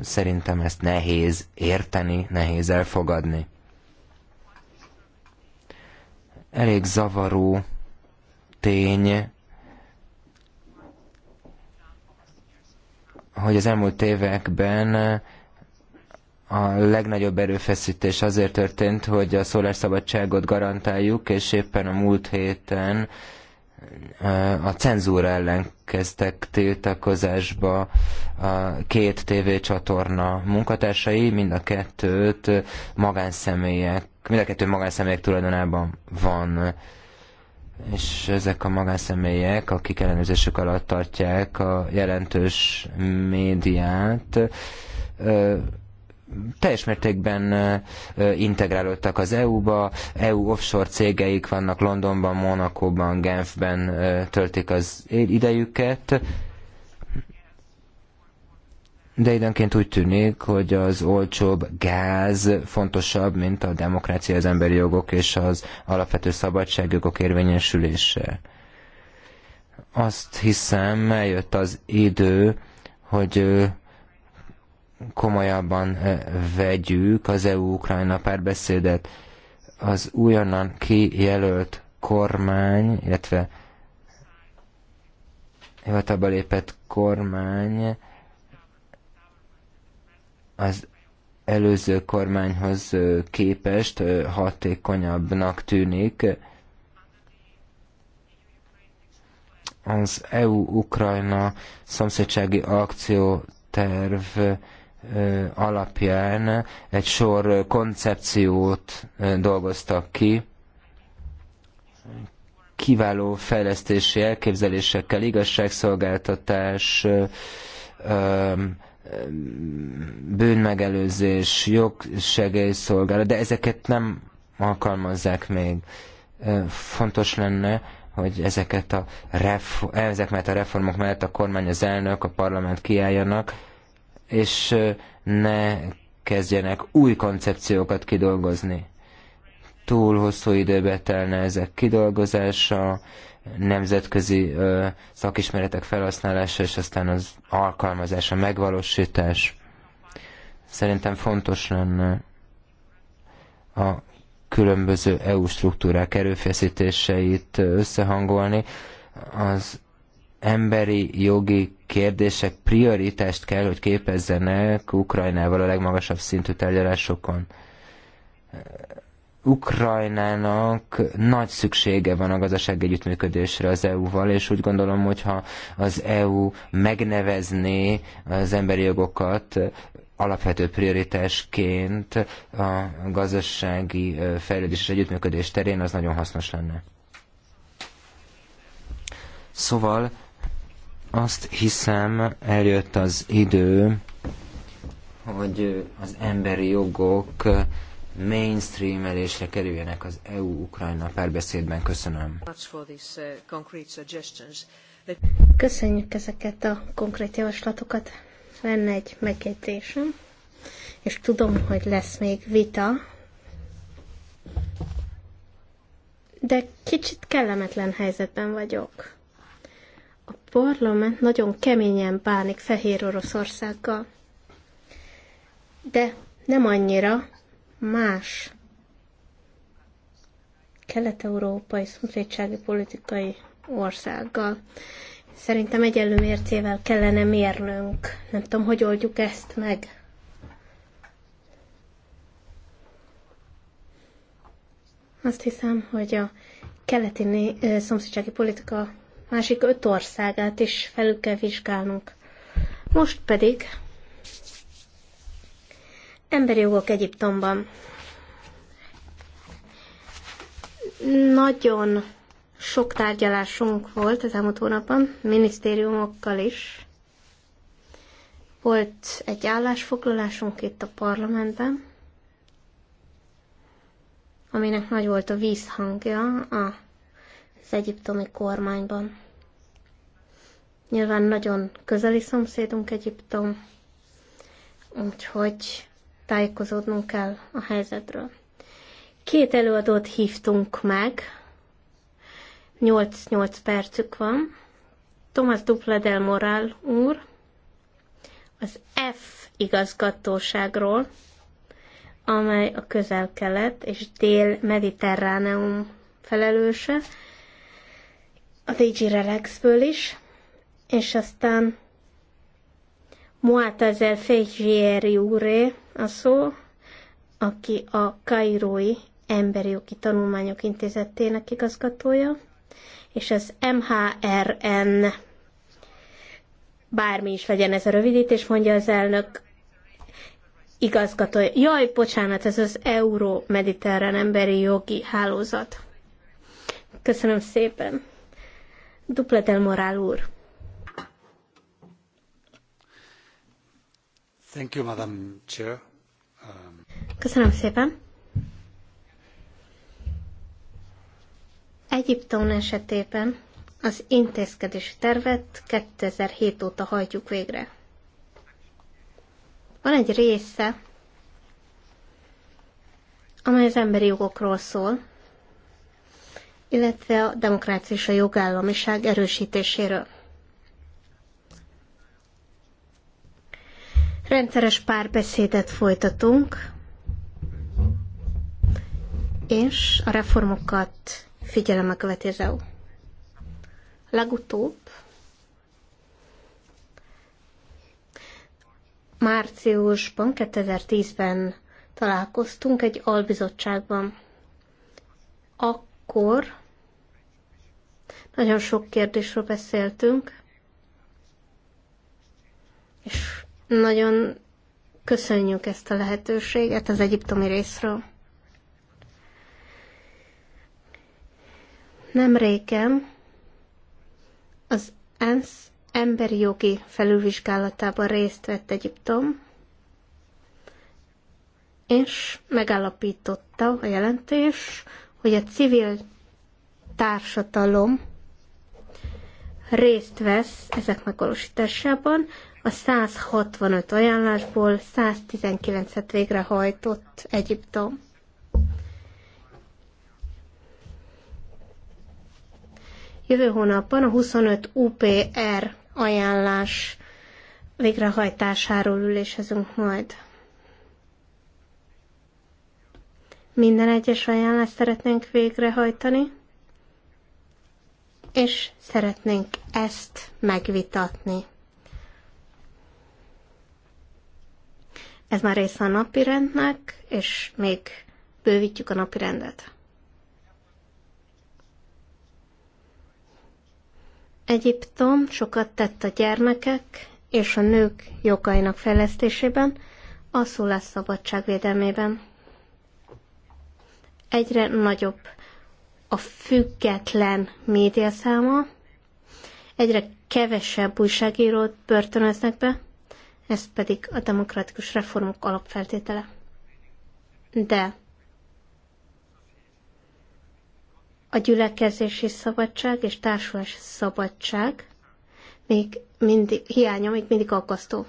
Szerintem ezt nehéz érteni, nehéz elfogadni. Elég zavaró tény, hogy az elmúlt években a legnagyobb erőfeszítés azért történt, hogy a szólásszabadságot garantáljuk, és éppen a múlt héten a cenzúra ellen kezdtek tiltakozásba a két tévécsatorna munkatársai, mind a kettőt magánszemélyek, mind a kettő magánszemélyek tulajdonában van. És ezek a magánszemélyek, akik ellenőrzésük alatt tartják a jelentős médiát, teljes mértékben integrálódtak az EU-ba, EU offshore cégeik vannak Londonban, Monakóban, Genfben töltik az idejüket, de időnként úgy tűnik, hogy az olcsóbb gáz fontosabb, mint a demokrácia, az emberi jogok és az alapvető szabadságjogok érvényesülése. Azt hiszem, eljött az idő, hogy komolyabban eh, vegyük az EU-Ukrajna párbeszédet. Az újonnan kijelölt kormány, illetve hivatalba lépett kormány az előző kormányhoz eh, képest eh, hatékonyabbnak tűnik. Az EU-Ukrajna szomszédsági akcióterv alapján egy sor koncepciót dolgoztak ki, kiváló fejlesztési elképzelésekkel, igazságszolgáltatás, bűnmegelőzés, jogsegélyszolgálat, de ezeket nem alkalmazzák még. Fontos lenne, hogy ezeket a, reform, ezek mellett a reformok mellett a kormány, az elnök, a parlament kiálljanak, és ne kezdjenek új koncepciókat kidolgozni. Túl hosszú időbe telne ezek kidolgozása, nemzetközi ö, szakismeretek felhasználása, és aztán az alkalmazása, megvalósítás. Szerintem fontos lenne a különböző EU struktúrák erőfeszítéseit összehangolni. Az emberi jogi kérdések prioritást kell, hogy képezzenek Ukrajnával a legmagasabb szintű tárgyalásokon. Ukrajnának nagy szüksége van a gazdaság együttműködésre az EU-val, és úgy gondolom, hogyha az EU megnevezné az emberi jogokat alapvető prioritásként a gazdasági fejlődés és együttműködés terén, az nagyon hasznos lenne. Szóval azt hiszem, eljött az idő, hogy az emberi jogok elésre kerüljenek az EU-Ukrajna párbeszédben. Köszönöm. Uh, Köszönjük ezeket a konkrét javaslatokat. Lenne egy megjegyzésem, és tudom, hogy lesz még vita, de kicsit kellemetlen helyzetben vagyok a parlament nagyon keményen bánik Fehér Oroszországgal, de nem annyira más kelet-európai szomszédsági politikai országgal. Szerintem egyenlő mércével kellene mérnünk. Nem tudom, hogy oldjuk ezt meg. Azt hiszem, hogy a keleti né- szomszédsági politika másik öt országát is felül kell vizsgálnunk. Most pedig emberi jogok Egyiptomban. Nagyon sok tárgyalásunk volt az elmúlt hónapban, minisztériumokkal is. Volt egy állásfoglalásunk itt a parlamentben, aminek nagy volt a vízhangja az egyiptomi kormányban. Nyilván nagyon közeli szomszédunk Egyiptom, úgyhogy tájékozódnunk kell a helyzetről. Két előadót hívtunk meg, 8-8 percük van. Thomas Dupla del Moral úr, az F igazgatóságról, amely a közel-kelet és dél-mediterráneum felelőse, a DG Relaxből is, és aztán Muatazer Fejzsieri úré a szó, aki a Kairói Emberi Jogi Tanulmányok Intézetének igazgatója, és az MHRN bármi is legyen ez a rövidítés, mondja az elnök igazgatója. Jaj, bocsánat, ez az Euró-Mediterrán Emberi Jogi Hálózat. Köszönöm szépen. Dupletel Morál úr. Thank you, Madam Chair. Um... Köszönöm szépen. Egyiptom esetében az intézkedési tervet 2007 óta hajtjuk végre. Van egy része, amely az emberi jogokról szól, illetve a demokrácia és a jogállamiság erősítéséről. Rendszeres párbeszédet folytatunk, és a reformokat figyelemmel követi az EU. Legutóbb márciusban, 2010-ben találkoztunk egy albizottságban. Akkor nagyon sok kérdésről beszéltünk, és nagyon köszönjük ezt a lehetőséget az egyiptomi részről. Nem rékem. az ENSZ emberi jogi felülvizsgálatában részt vett Egyiptom, és megállapította a jelentés, hogy a civil társadalom részt vesz ezek megvalósításában, a 165 ajánlásból 119-et végrehajtott Egyiptom. Jövő hónapban a 25 UPR ajánlás végrehajtásáról ülésezünk majd. Minden egyes ajánlást szeretnénk végrehajtani, és szeretnénk ezt megvitatni. Ez már része a napirendnek, és még bővítjük a napirendet. Egyiptom sokat tett a gyermekek és a nők jogainak fejlesztésében, a szabadság védelmében. Egyre nagyobb a független média száma, egyre kevesebb újságírót börtönöznek be, ez pedig a demokratikus reformok alapfeltétele. De a gyülekezési szabadság és társulás szabadság még mindig, hiánya még mindig aggasztó.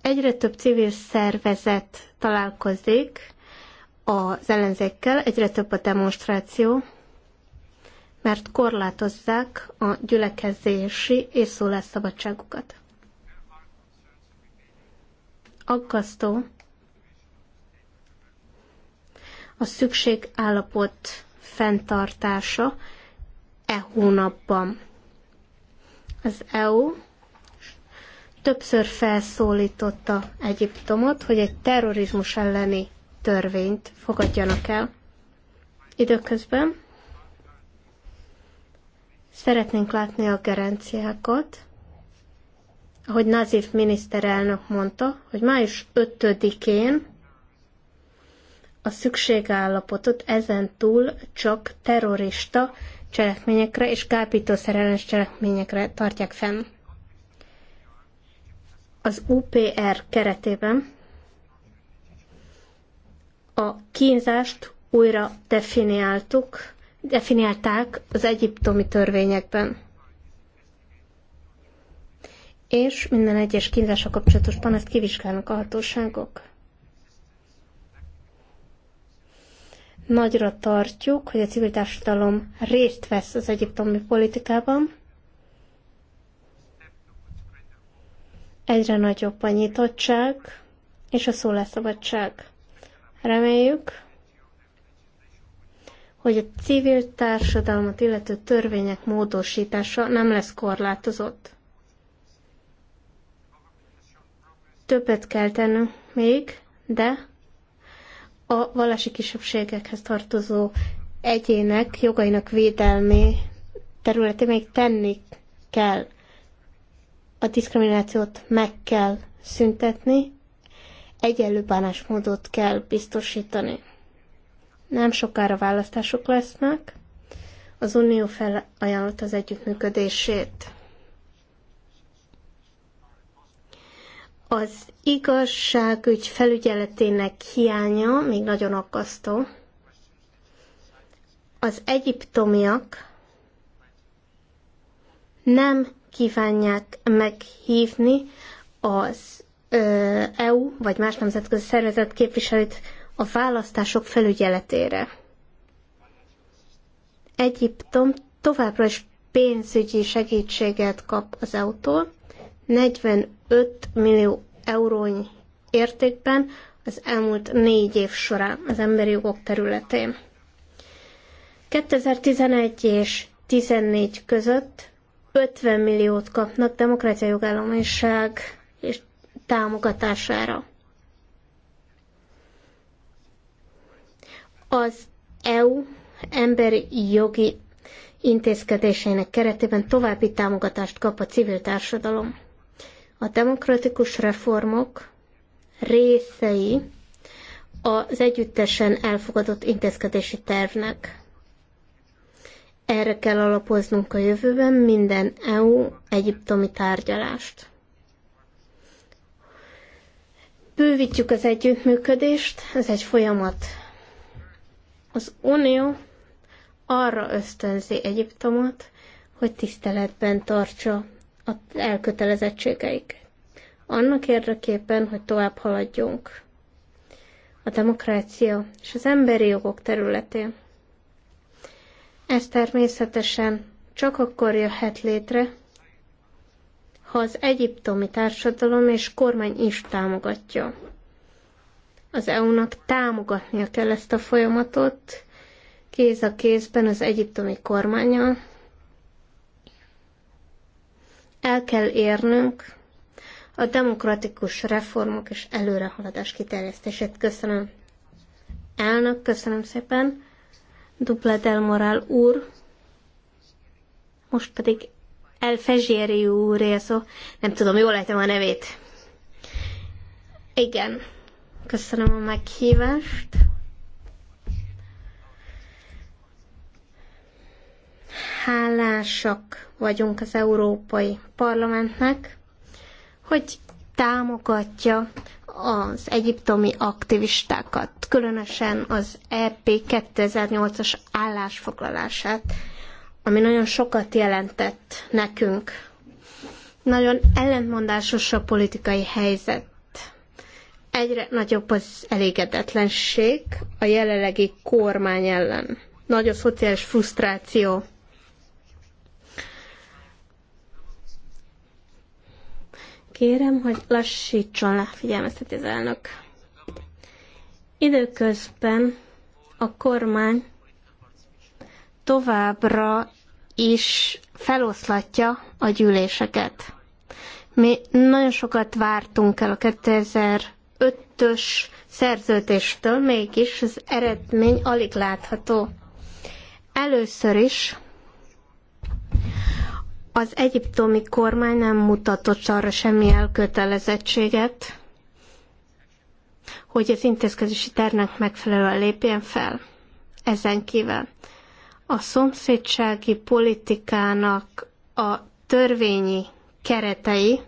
Egyre több civil szervezet találkozik az ellenzékkel, egyre több a demonstráció, mert korlátozzák a gyülekezési és szólásszabadságukat. Aggasztó a szükségállapot fenntartása e hónapban. Az EU többször felszólította Egyiptomot, hogy egy terrorizmus elleni törvényt fogadjanak el. Időközben Szeretnénk látni a garanciákat, ahogy Nazif miniszterelnök mondta, hogy május 5-én a szükségállapotot ezen túl csak terrorista cselekményekre és kábítószerellenes cselekményekre tartják fenn. Az UPR keretében a kínzást újra definiáltuk definiálták az egyiptomi törvényekben. És minden egyes kínzásra kapcsolatos panaszt kivizsgálnak a hatóságok. Nagyra tartjuk, hogy a civil társadalom részt vesz az egyiptomi politikában. Egyre nagyobb a nyitottság és a szólásszabadság. Reméljük, hogy a civil társadalmat illető törvények módosítása nem lesz korlátozott. Többet kell tennünk még, de a vallási kisebbségekhez tartozó egyének jogainak védelmi területe még tenni kell. A diszkriminációt meg kell szüntetni, egyenlő bánásmódot kell biztosítani. Nem sokára választások lesznek. Az Unió felajánlott az együttműködését. Az igazságügy felügyeletének hiánya még nagyon akasztó. Az egyiptomiak nem kívánják meghívni az EU vagy más nemzetközi szervezet képviselőt a választások felügyeletére. Egyiptom továbbra is pénzügyi segítséget kap az EU-tól, 45 millió eurónyi értékben az elmúlt négy év során az emberi jogok területén. 2011 és 14 között 50 milliót kapnak demokrácia, jogállamiság és támogatására. Az EU emberi jogi intézkedéseinek keretében további támogatást kap a civil társadalom. A demokratikus reformok részei az együttesen elfogadott intézkedési tervnek. Erre kell alapoznunk a jövőben minden EU-egyiptomi tárgyalást. Bővítjük az együttműködést, ez egy folyamat, az Unió arra ösztönzi Egyiptomot, hogy tiszteletben tartsa az elkötelezettségeik. Annak érdekében, hogy tovább haladjunk a demokrácia és az emberi jogok területén. Ez természetesen csak akkor jöhet létre, ha az egyiptomi társadalom és kormány is támogatja. Az EU-nak támogatnia kell ezt a folyamatot, kéz a kézben az egyiptomi kormányal. El kell érnünk a demokratikus reformok és előrehaladás kiterjesztését. Köszönöm. Elnök, köszönöm szépen. Dupla Del Moral úr. Most pedig El Fezséri úr, szó. Nem tudom, jól lehetem a nevét. Igen. Köszönöm a meghívást. Hálásak vagyunk az Európai Parlamentnek, hogy támogatja az egyiptomi aktivistákat, különösen az EP 2008-as állásfoglalását, ami nagyon sokat jelentett nekünk. Nagyon ellentmondásos a politikai helyzet Egyre nagyobb az elégedetlenség a jelenlegi kormány ellen. Nagy a szociális frusztráció. Kérem, hogy lassítson le, figyelmezteti az elnök. Időközben a kormány továbbra is feloszlatja a gyűléseket. Mi nagyon sokat vártunk el a 2000 ötös szerződéstől mégis az eredmény alig látható. Először is az egyiptomi kormány nem mutatott arra semmi elkötelezettséget, hogy az intézkedési tervnek megfelelően lépjen fel. Ezen kívül a szomszédsági politikának a törvényi keretei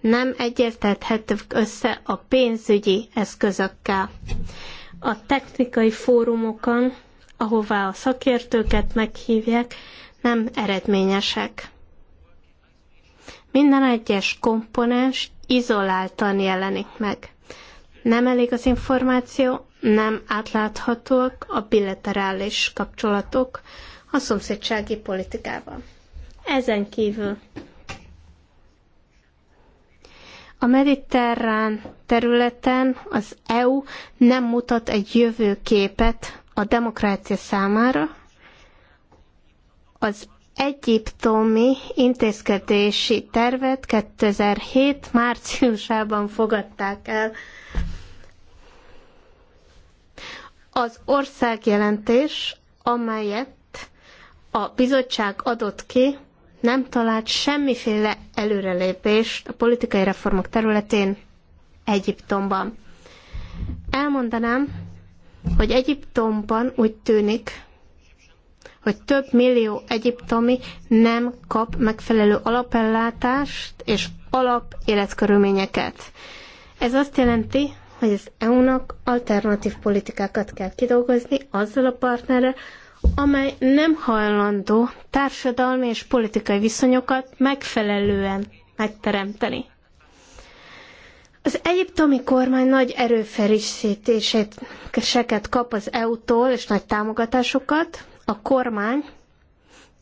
nem egyeztethetők össze a pénzügyi eszközökkel. A technikai fórumokon, ahová a szakértőket meghívják, nem eredményesek. Minden egyes komponens izoláltan jelenik meg. Nem elég az információ, nem átláthatóak a bilaterális kapcsolatok a szomszédsági politikában. Ezen kívül a mediterrán területen az EU nem mutat egy jövőképet a demokrácia számára. Az egyiptomi intézkedési tervet 2007 márciusában fogadták el. Az országjelentés, amelyet a bizottság adott ki, nem talált semmiféle előrelépést a politikai reformok területén Egyiptomban. Elmondanám, hogy Egyiptomban úgy tűnik, hogy több millió egyiptomi nem kap megfelelő alapellátást és alap életkörülményeket. Ez azt jelenti, hogy az EU-nak alternatív politikákat kell kidolgozni azzal a partnerrel, amely nem hajlandó társadalmi és politikai viszonyokat megfelelően megteremteni. Az egyiptomi kormány nagy erőfeszítéseket kap az EU-tól, és nagy támogatásokat. A kormány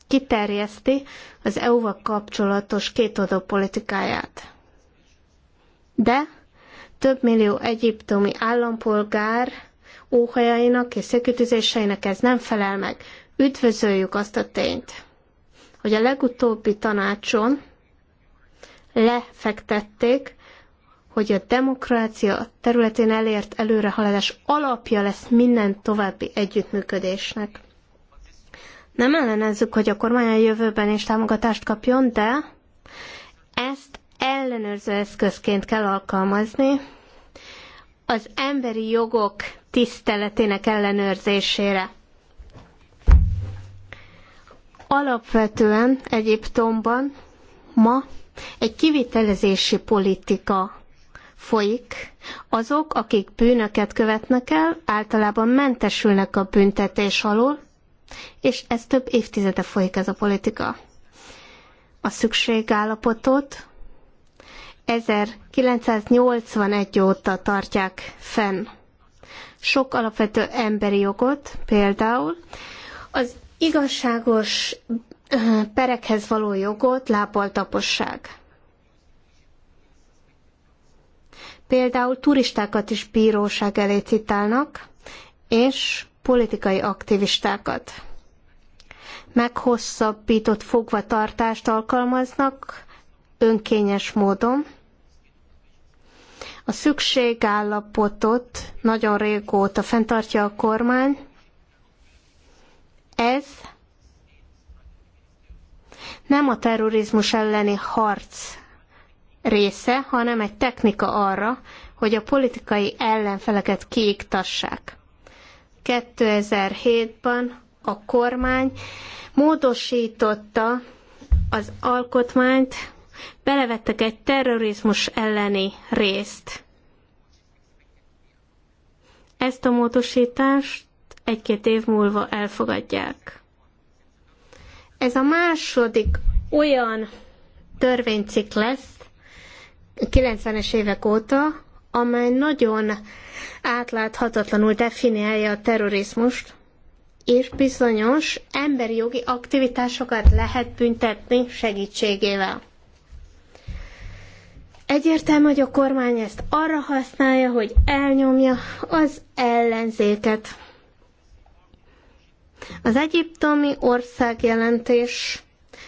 kiterjeszti az EU-val kapcsolatos kétoldalú politikáját. De több millió egyiptomi állampolgár óhajainak és célkitűzéseinek ez nem felel meg. Üdvözöljük azt a tényt, hogy a legutóbbi tanácson lefektették, hogy a demokrácia területén elért előrehaladás alapja lesz minden további együttműködésnek. Nem ellenezzük, hogy a kormány a jövőben is támogatást kapjon, de ezt ellenőrző eszközként kell alkalmazni. Az emberi jogok tiszteletének ellenőrzésére. Alapvetően Egyiptomban ma egy kivitelezési politika folyik. Azok, akik bűnöket követnek el, általában mentesülnek a büntetés alól, és ez több évtizede folyik ez a politika. A szükségállapotot 1981 óta tartják fenn sok alapvető emberi jogot, például az igazságos perekhez való jogot lábbal Például turistákat is bíróság elé citálnak, és politikai aktivistákat. Meghosszabbított fogvatartást alkalmaznak önkényes módon, a szükségállapotot nagyon régóta fenntartja a kormány. Ez nem a terrorizmus elleni harc része, hanem egy technika arra, hogy a politikai ellenfeleket kiiktassák. 2007-ben a kormány módosította az alkotmányt, belevettek egy terrorizmus elleni részt. Ezt a módosítást egy-két év múlva elfogadják. Ez a második olyan törvénycikk lesz 90-es évek óta, amely nagyon átláthatatlanul definiálja a terrorizmust, és bizonyos emberi jogi aktivitásokat lehet büntetni segítségével. Egyértelmű, hogy a kormány ezt arra használja, hogy elnyomja az ellenzéket. Az egyiptomi országjelentés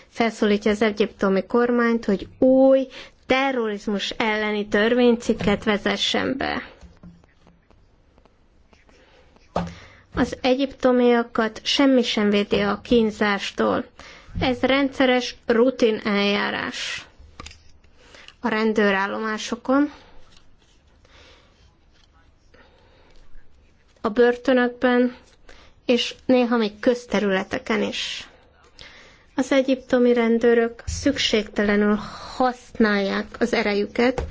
felszólítja az egyiptomi kormányt, hogy új terrorizmus elleni törvénycikket vezessen be. Az egyiptomiakat semmi sem védi a kínzástól. Ez rendszeres rutin eljárás a rendőrállomásokon, a börtönökben, és néha még közterületeken is. Az egyiptomi rendőrök szükségtelenül használják az erejüket.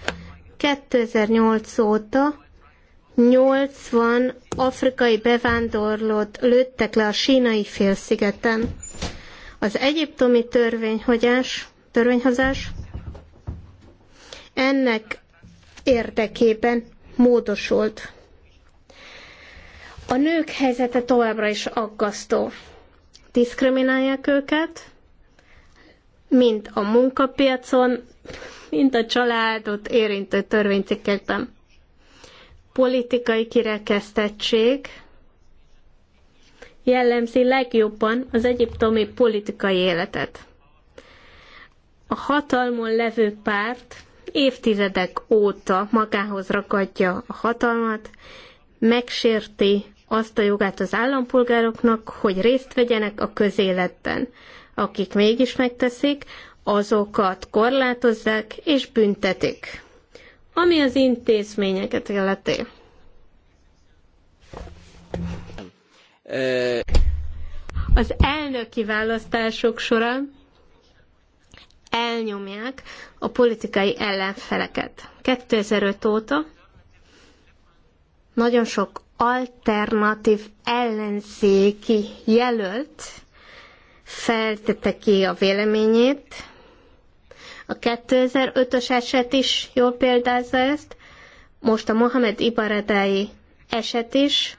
2008 óta 80 afrikai bevándorlót lőttek le a sínai félszigeten. Az egyiptomi törvényhogyás, törvényhozás ennek érdekében módosult. A nők helyzete továbbra is aggasztó. Diszkriminálják őket, mint a munkapiacon, mint a családot érintő törvénycikkekben. Politikai kirekesztettség jellemzi legjobban az egyiptomi politikai életet. A hatalmon levő párt évtizedek óta magához ragadja a hatalmat, megsérti azt a jogát az állampolgároknak, hogy részt vegyenek a közéletben. Akik mégis megteszik, azokat korlátozzák és büntetik. Ami az intézményeket illeti. Az elnöki választások során elnyomják a politikai ellenfeleket. 2005 óta nagyon sok alternatív ellenzéki jelölt feltette ki a véleményét. A 2005-ös eset is jól példázza ezt, most a Mohamed Ibaradái eset is,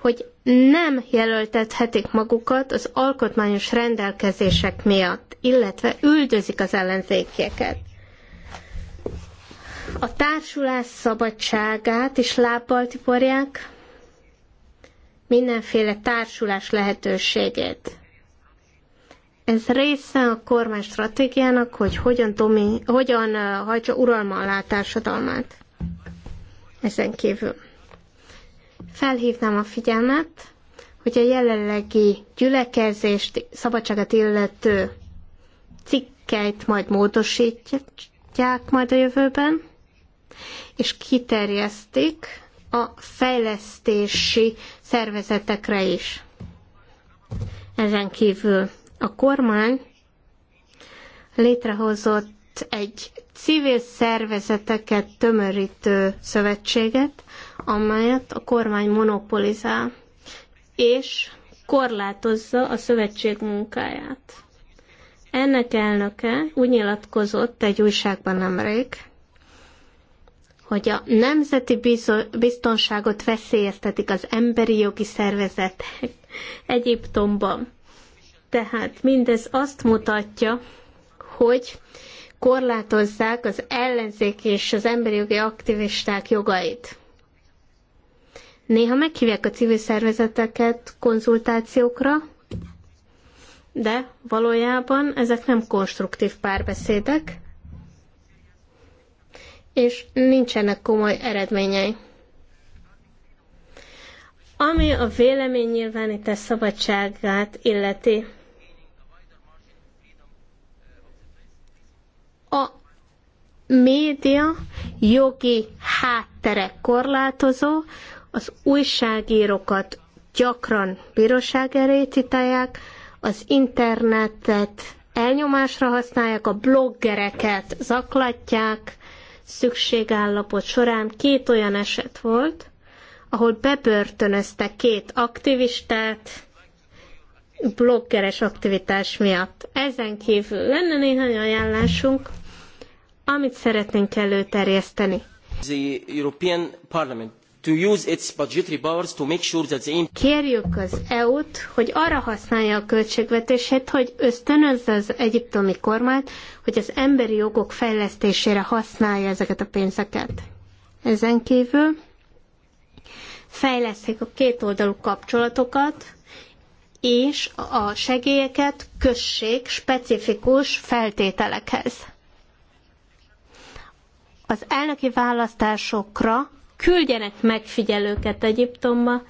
hogy nem jelöltethetik magukat az alkotmányos rendelkezések miatt, illetve üldözik az ellenzékieket. A társulás szabadságát is lábbal tiporják, mindenféle társulás lehetőségét. Ez része a kormány stratégiának, hogy hogyan, domi, hogyan hajtsa uralma alá a társadalmát. Ezen kívül. Felhívnám a figyelmet, hogy a jelenlegi gyülekezést, szabadságot illető cikkeit majd módosítják majd a jövőben, és kiterjesztik a fejlesztési szervezetekre is. Ezen kívül a kormány létrehozott egy civil szervezeteket tömörítő szövetséget, amelyet a kormány monopolizál, és korlátozza a szövetség munkáját. Ennek elnöke úgy nyilatkozott egy újságban nemrég, hogy a nemzeti biztonságot veszélyeztetik az emberi jogi szervezetek Egyiptomban. Tehát mindez azt mutatja, hogy korlátozzák az ellenzék és az emberi jogi aktivisták jogait. Néha meghívják a civil szervezeteket konzultációkra, de valójában ezek nem konstruktív párbeszédek, és nincsenek komoly eredményei. Ami a vélemény nyilvánítás szabadságát illeti, a média jogi háttere korlátozó, az újságírókat gyakran bíróság elé citálják, az internetet elnyomásra használják, a bloggereket zaklatják, szükségállapot során két olyan eset volt, ahol bebörtönözte két aktivistát, bloggeres aktivitás miatt. Ezen kívül lenne néhány ajánlásunk, amit szeretnénk előterjeszteni. The European Parliament to use its budgetary powers to make sure that the Kérjük az EU-t, hogy arra használja a költségvetését, hogy ösztönözze az egyiptomi kormányt, hogy az emberi jogok fejlesztésére használja ezeket a pénzeket. Ezen kívül fejleszték a kétoldalú kapcsolatokat, és a segélyeket kössék specifikus feltételekhez. Az elnöki választásokra küldjenek megfigyelőket Egyiptomba,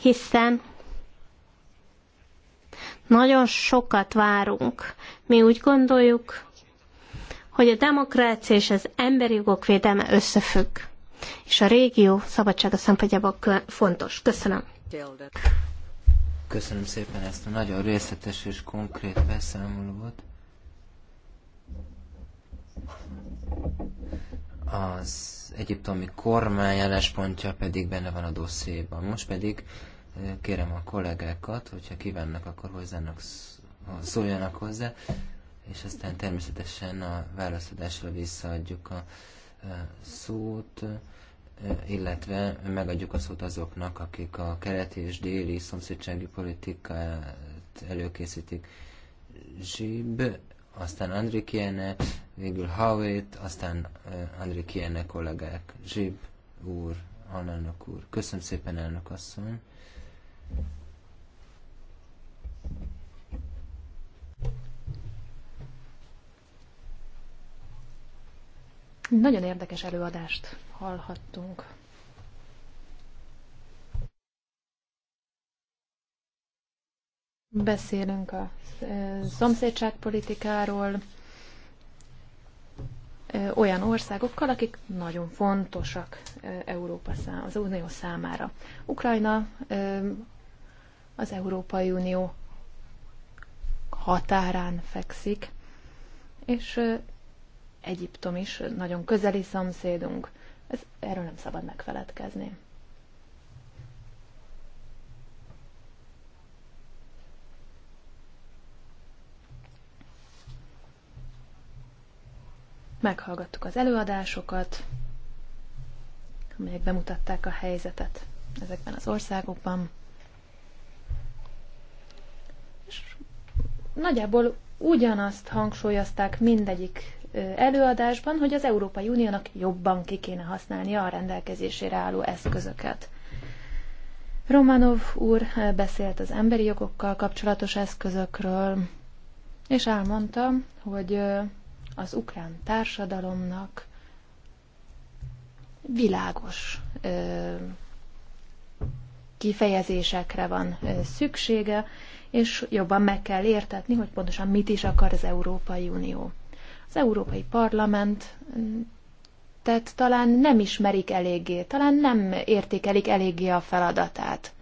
hiszen nagyon sokat várunk. Mi úgy gondoljuk, hogy a demokrácia és az emberi jogok védelme összefügg, és a régió szabadsága szempontjából fontos. Köszönöm. Köszönöm szépen ezt a nagyon részletes és konkrét beszámolót. Az egyiptomi kormány álláspontja pedig benne van a dosszéban. Most pedig kérem a kollégákat, hogyha kívánnak, akkor hozzának, szóljanak hozzá, és aztán természetesen a válaszadásra visszaadjuk a szót, illetve megadjuk a szót azoknak, akik a keleti és déli szomszédsági politikát előkészítik. Zsib aztán Kiene, végül Howitt, aztán Kiene kollégák, Zsib úr, alelnök úr. Köszönöm szépen, elnök asszony. Nagyon érdekes előadást hallhattunk. Beszélünk a szomszédságpolitikáról, olyan országokkal, akik nagyon fontosak Európa szám, az Unió számára. Ukrajna az Európai Unió határán fekszik, és Egyiptom is nagyon közeli szomszédunk. Ez, erről nem szabad megfeledkezni. Meghallgattuk az előadásokat, amelyek bemutatták a helyzetet ezekben az országokban. És nagyjából ugyanazt hangsúlyozták mindegyik előadásban, hogy az Európai Uniónak jobban ki kéne használnia a rendelkezésére álló eszközöket. Romanov úr beszélt az emberi jogokkal kapcsolatos eszközökről, és elmondta, hogy az ukrán társadalomnak világos ö, kifejezésekre van szüksége, és jobban meg kell értetni, hogy pontosan mit is akar az Európai Unió. Az Európai Parlament tehát talán nem ismerik eléggé, talán nem értékelik eléggé a feladatát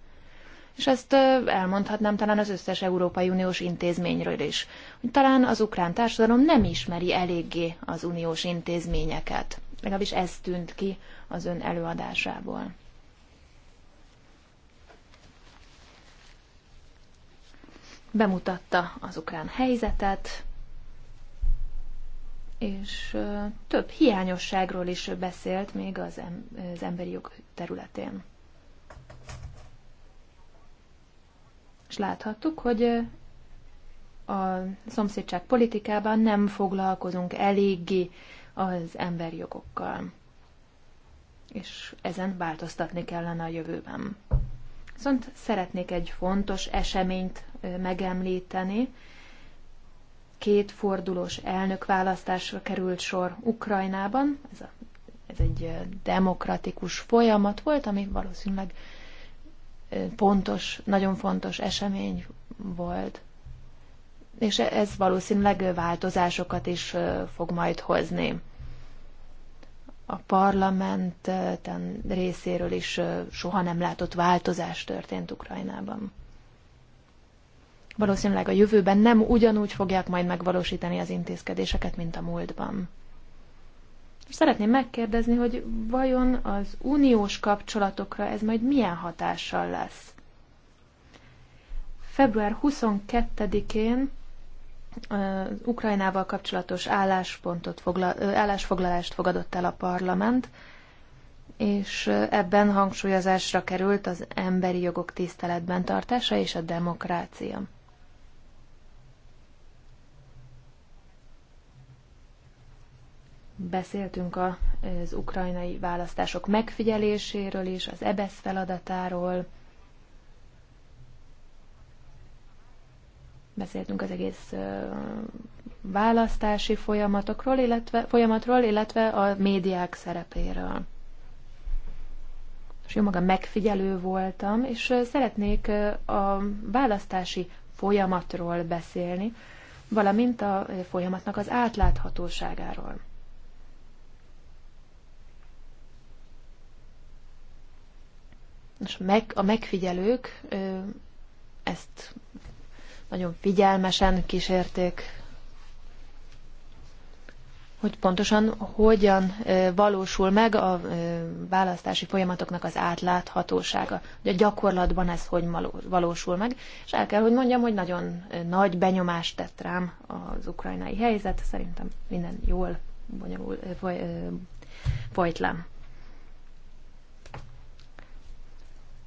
és ezt elmondhatnám talán az összes Európai Uniós intézményről is, hogy talán az ukrán társadalom nem ismeri eléggé az uniós intézményeket. Legalábbis ez tűnt ki az ön előadásából. Bemutatta az ukrán helyzetet, és több hiányosságról is beszélt még az, az emberi jog területén. és láthattuk, hogy a szomszédság politikában nem foglalkozunk eléggé az emberjogokkal. És ezen változtatni kellene a jövőben. Viszont szeretnék egy fontos eseményt megemlíteni. Két fordulós elnökválasztásra került sor Ukrajnában. Ez, a, ez egy demokratikus folyamat volt, ami valószínűleg pontos, nagyon fontos esemény volt. És ez valószínűleg változásokat is fog majd hozni. A parlament részéről is soha nem látott változás történt Ukrajnában. Valószínűleg a jövőben nem ugyanúgy fogják majd megvalósítani az intézkedéseket, mint a múltban szeretném megkérdezni, hogy vajon az uniós kapcsolatokra ez majd milyen hatással lesz? Február 22-én az Ukrajnával kapcsolatos álláspontot fogla, állásfoglalást fogadott el a parlament, és ebben hangsúlyozásra került az emberi jogok tiszteletben tartása és a demokrácia. Beszéltünk az ukrajnai választások megfigyeléséről is, az EBESZ feladatáról. Beszéltünk az egész választási folyamatokról, illetve, folyamatról, illetve a médiák szerepéről. És jó magam megfigyelő voltam, és szeretnék a választási folyamatról beszélni, valamint a folyamatnak az átláthatóságáról. és meg, a megfigyelők ezt nagyon figyelmesen kísérték, hogy pontosan hogyan valósul meg a választási folyamatoknak az átláthatósága, Ugye a gyakorlatban ez hogy valósul meg, és el kell, hogy mondjam, hogy nagyon nagy benyomást tett rám az ukrajnai helyzet, szerintem minden jól bonyolul, foly, folyt le.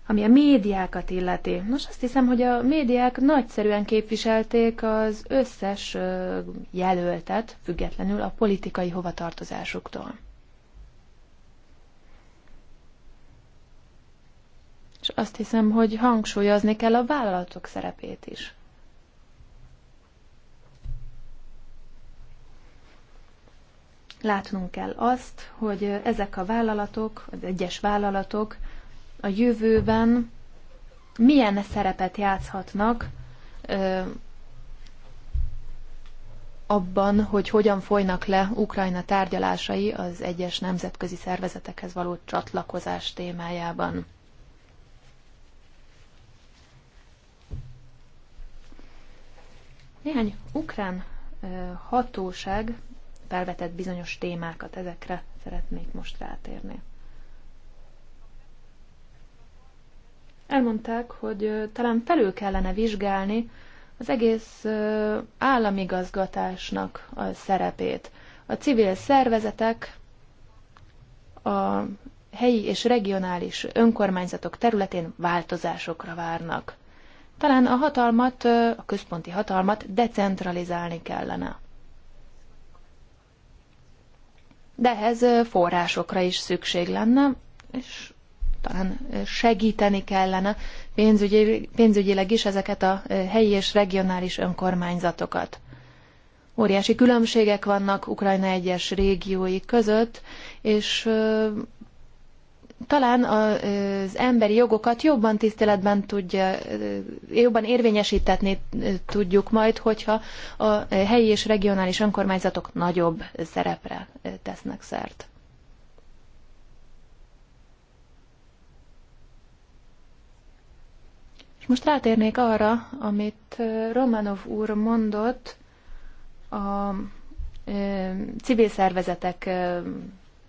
ami a médiákat illeti. Nos, azt hiszem, hogy a médiák nagyszerűen képviselték az összes jelöltet, függetlenül a politikai hovatartozásuktól. És azt hiszem, hogy hangsúlyozni kell a vállalatok szerepét is. Látnunk kell azt, hogy ezek a vállalatok, az egyes vállalatok a jövőben milyen szerepet játszhatnak ö, abban, hogy hogyan folynak le Ukrajna tárgyalásai az egyes nemzetközi szervezetekhez való csatlakozás témájában. Néhány ukrán hatóság felvetett bizonyos témákat, ezekre szeretnék most rátérni. elmondták, hogy talán felül kellene vizsgálni az egész államigazgatásnak a szerepét. A civil szervezetek, a helyi és regionális önkormányzatok területén változásokra várnak. Talán a hatalmat, a központi hatalmat decentralizálni kellene. De ehhez forrásokra is szükség lenne, és talán segíteni kellene pénzügyi, pénzügyileg is ezeket a helyi és regionális önkormányzatokat. Óriási különbségek vannak Ukrajna egyes régiói között, és talán az emberi jogokat jobban tiszteletben tudja, jobban érvényesítetni tudjuk majd, hogyha a helyi és regionális önkormányzatok nagyobb szerepre tesznek szert. Most rátérnék arra, amit Romanov úr mondott a civil szervezetek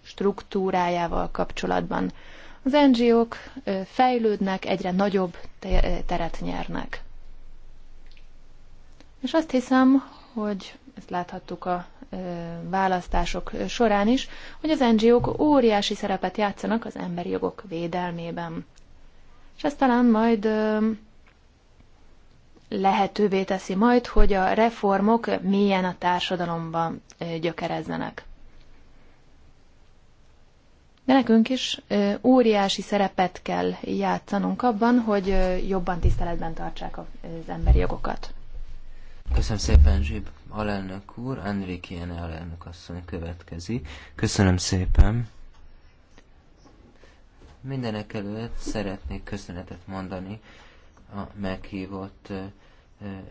struktúrájával kapcsolatban. Az NGO-k fejlődnek, egyre nagyobb teret nyernek. És azt hiszem, hogy ezt láthattuk a választások során is, hogy az NGO-k óriási szerepet játszanak az emberi jogok védelmében. És ezt talán majd lehetővé teszi majd, hogy a reformok mélyen a társadalomban gyökerezzenek. De nekünk is óriási szerepet kell játszanunk abban, hogy jobban tiszteletben tartsák az emberi jogokat. Köszönöm szépen, Zsib alelnök úr, Enrique Jene alelnök asszony következik. Köszönöm szépen. Mindenek előtt szeretnék köszönetet mondani a meghívott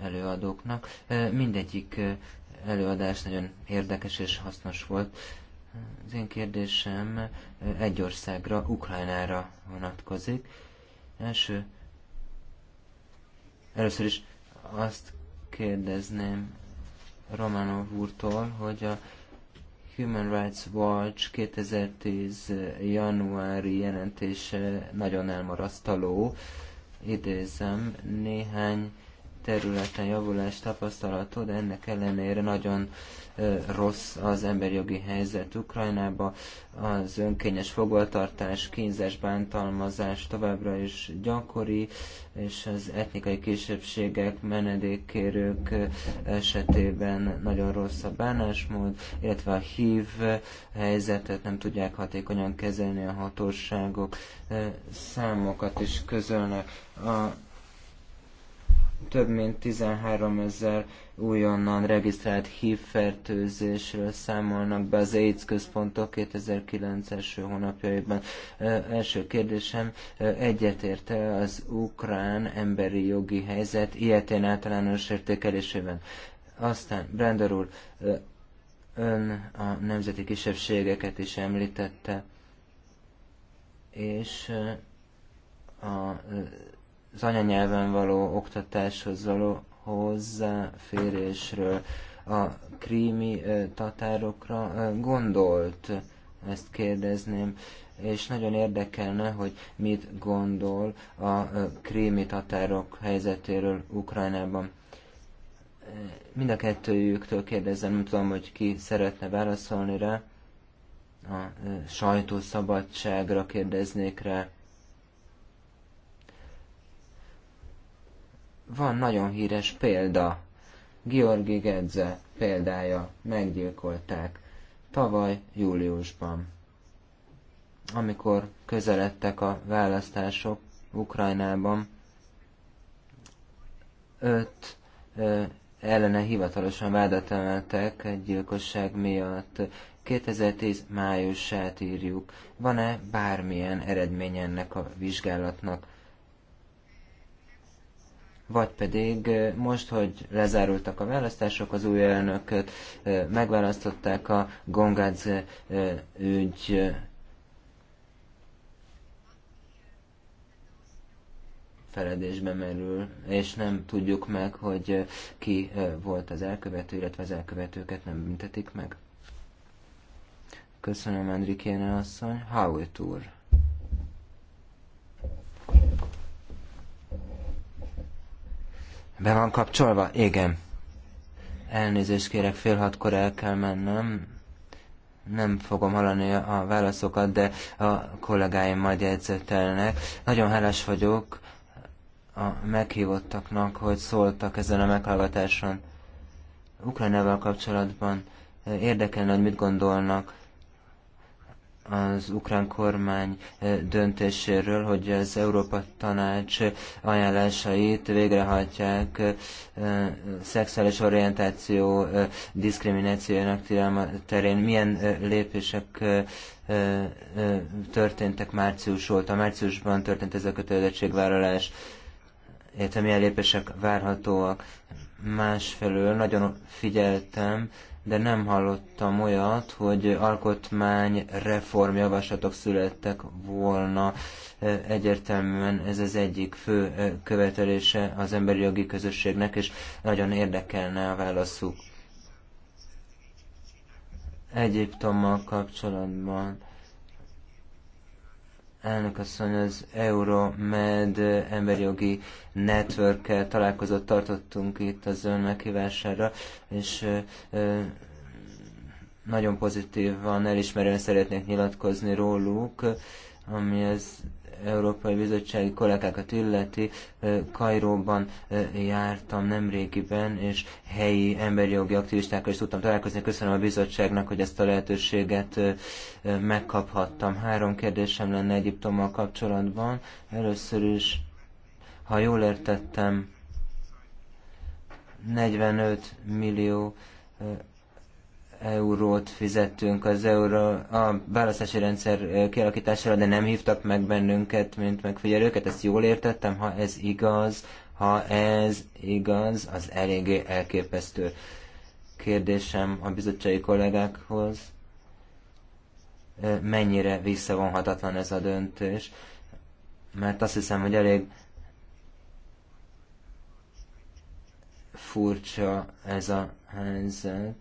előadóknak. Mindegyik előadás nagyon érdekes és hasznos volt. Az én kérdésem egy országra, Ukrajnára vonatkozik. Első, először is azt kérdezném Romanov úrtól, hogy a Human Rights Watch 2010 januári jelentése nagyon elmarasztaló idézem, néhány területen javulást tapasztalható, de ennek ellenére nagyon rossz az emberjogi helyzet Ukrajnába, az önkényes fogoltartás, kínzás, bántalmazás továbbra is gyakori, és az etnikai kisebbségek, menedékkérők esetében nagyon rossz a bánásmód, illetve a hív helyzetet nem tudják hatékonyan kezelni a hatóságok, számokat is közölnek. A több mint 13 ezer újonnan regisztrált HIV-fertőzésről számolnak be az AIDS központok 2009 első hónapjaiban. Első kérdésem, egyetérte az ukrán emberi jogi helyzet ilyetén általános értékelésében? Aztán, Brander úr, ön a nemzeti kisebbségeket is említette, és a az anyanyelven való oktatáshoz való hozzáférésről a krími tatárokra gondolt, ezt kérdezném, és nagyon érdekelne, hogy mit gondol a krími tatárok helyzetéről Ukrajnában. Mind a kettőjüktől kérdezem, nem tudom, hogy ki szeretne válaszolni rá. A sajtószabadságra kérdeznék rá van nagyon híres példa. Georgi Gedze példája meggyilkolták tavaly júliusban. Amikor közeledtek a választások Ukrajnában, öt ö, ellene hivatalosan vádat emeltek egy gyilkosság miatt. 2010 májusát írjuk. Van-e bármilyen eredmény ennek a vizsgálatnak? vagy pedig most, hogy lezárultak a választások, az új elnököt megválasztották a Gongadz ügy feledésbe merül, és nem tudjuk meg, hogy ki volt az elkövető, illetve az elkövetőket nem büntetik meg. Köszönöm Andrikéne asszony. Howitt úr. Be van kapcsolva? Igen. Elnézést kérek, fél hatkor el kell mennem. Nem fogom hallani a válaszokat, de a kollégáim majd jegyzetelnek. Nagyon hálás vagyok a meghívottaknak, hogy szóltak ezen a meghallgatáson. Ukrajnával kapcsolatban érdekelne, hogy mit gondolnak az ukrán kormány eh, döntéséről, hogy az Európa Tanács ajánlásait végrehajtják eh, szexuális orientáció eh, diszkriminációjának tilalma terén. Milyen lépések történtek március óta? Márciusban történt ez a kötelezettségvállalás, illetve milyen lépések várhatóak? Másfelől nagyon figyeltem de nem hallottam olyat, hogy alkotmány reformjavaslatok születtek volna. E, egyértelműen ez az egyik fő e, követelése az emberi jogi közösségnek, és nagyon érdekelne a válaszuk. Egyiptommal kapcsolatban Elnök asszony az Euromed emberjogi network találkozott tartottunk itt az ön meghívására, és nagyon pozitívan elismerően szeretnék nyilatkozni róluk, ami az Európai Bizottsági kollégákat illeti, Kairóban jártam nemrégiben, és helyi emberi jogi aktivistákkal is tudtam találkozni. Köszönöm a bizottságnak, hogy ezt a lehetőséget megkaphattam. Három kérdésem lenne Egyiptommal kapcsolatban. Először is, ha jól értettem, 45 millió eurót fizettünk az euró, a választási rendszer kialakítására, de nem hívtak meg bennünket, mint megfigyelőket. Ezt jól értettem, ha ez igaz, ha ez igaz, az eléggé elképesztő. Kérdésem a bizottsági kollégákhoz, mennyire visszavonhatatlan ez a döntés, mert azt hiszem, hogy elég furcsa ez a helyzet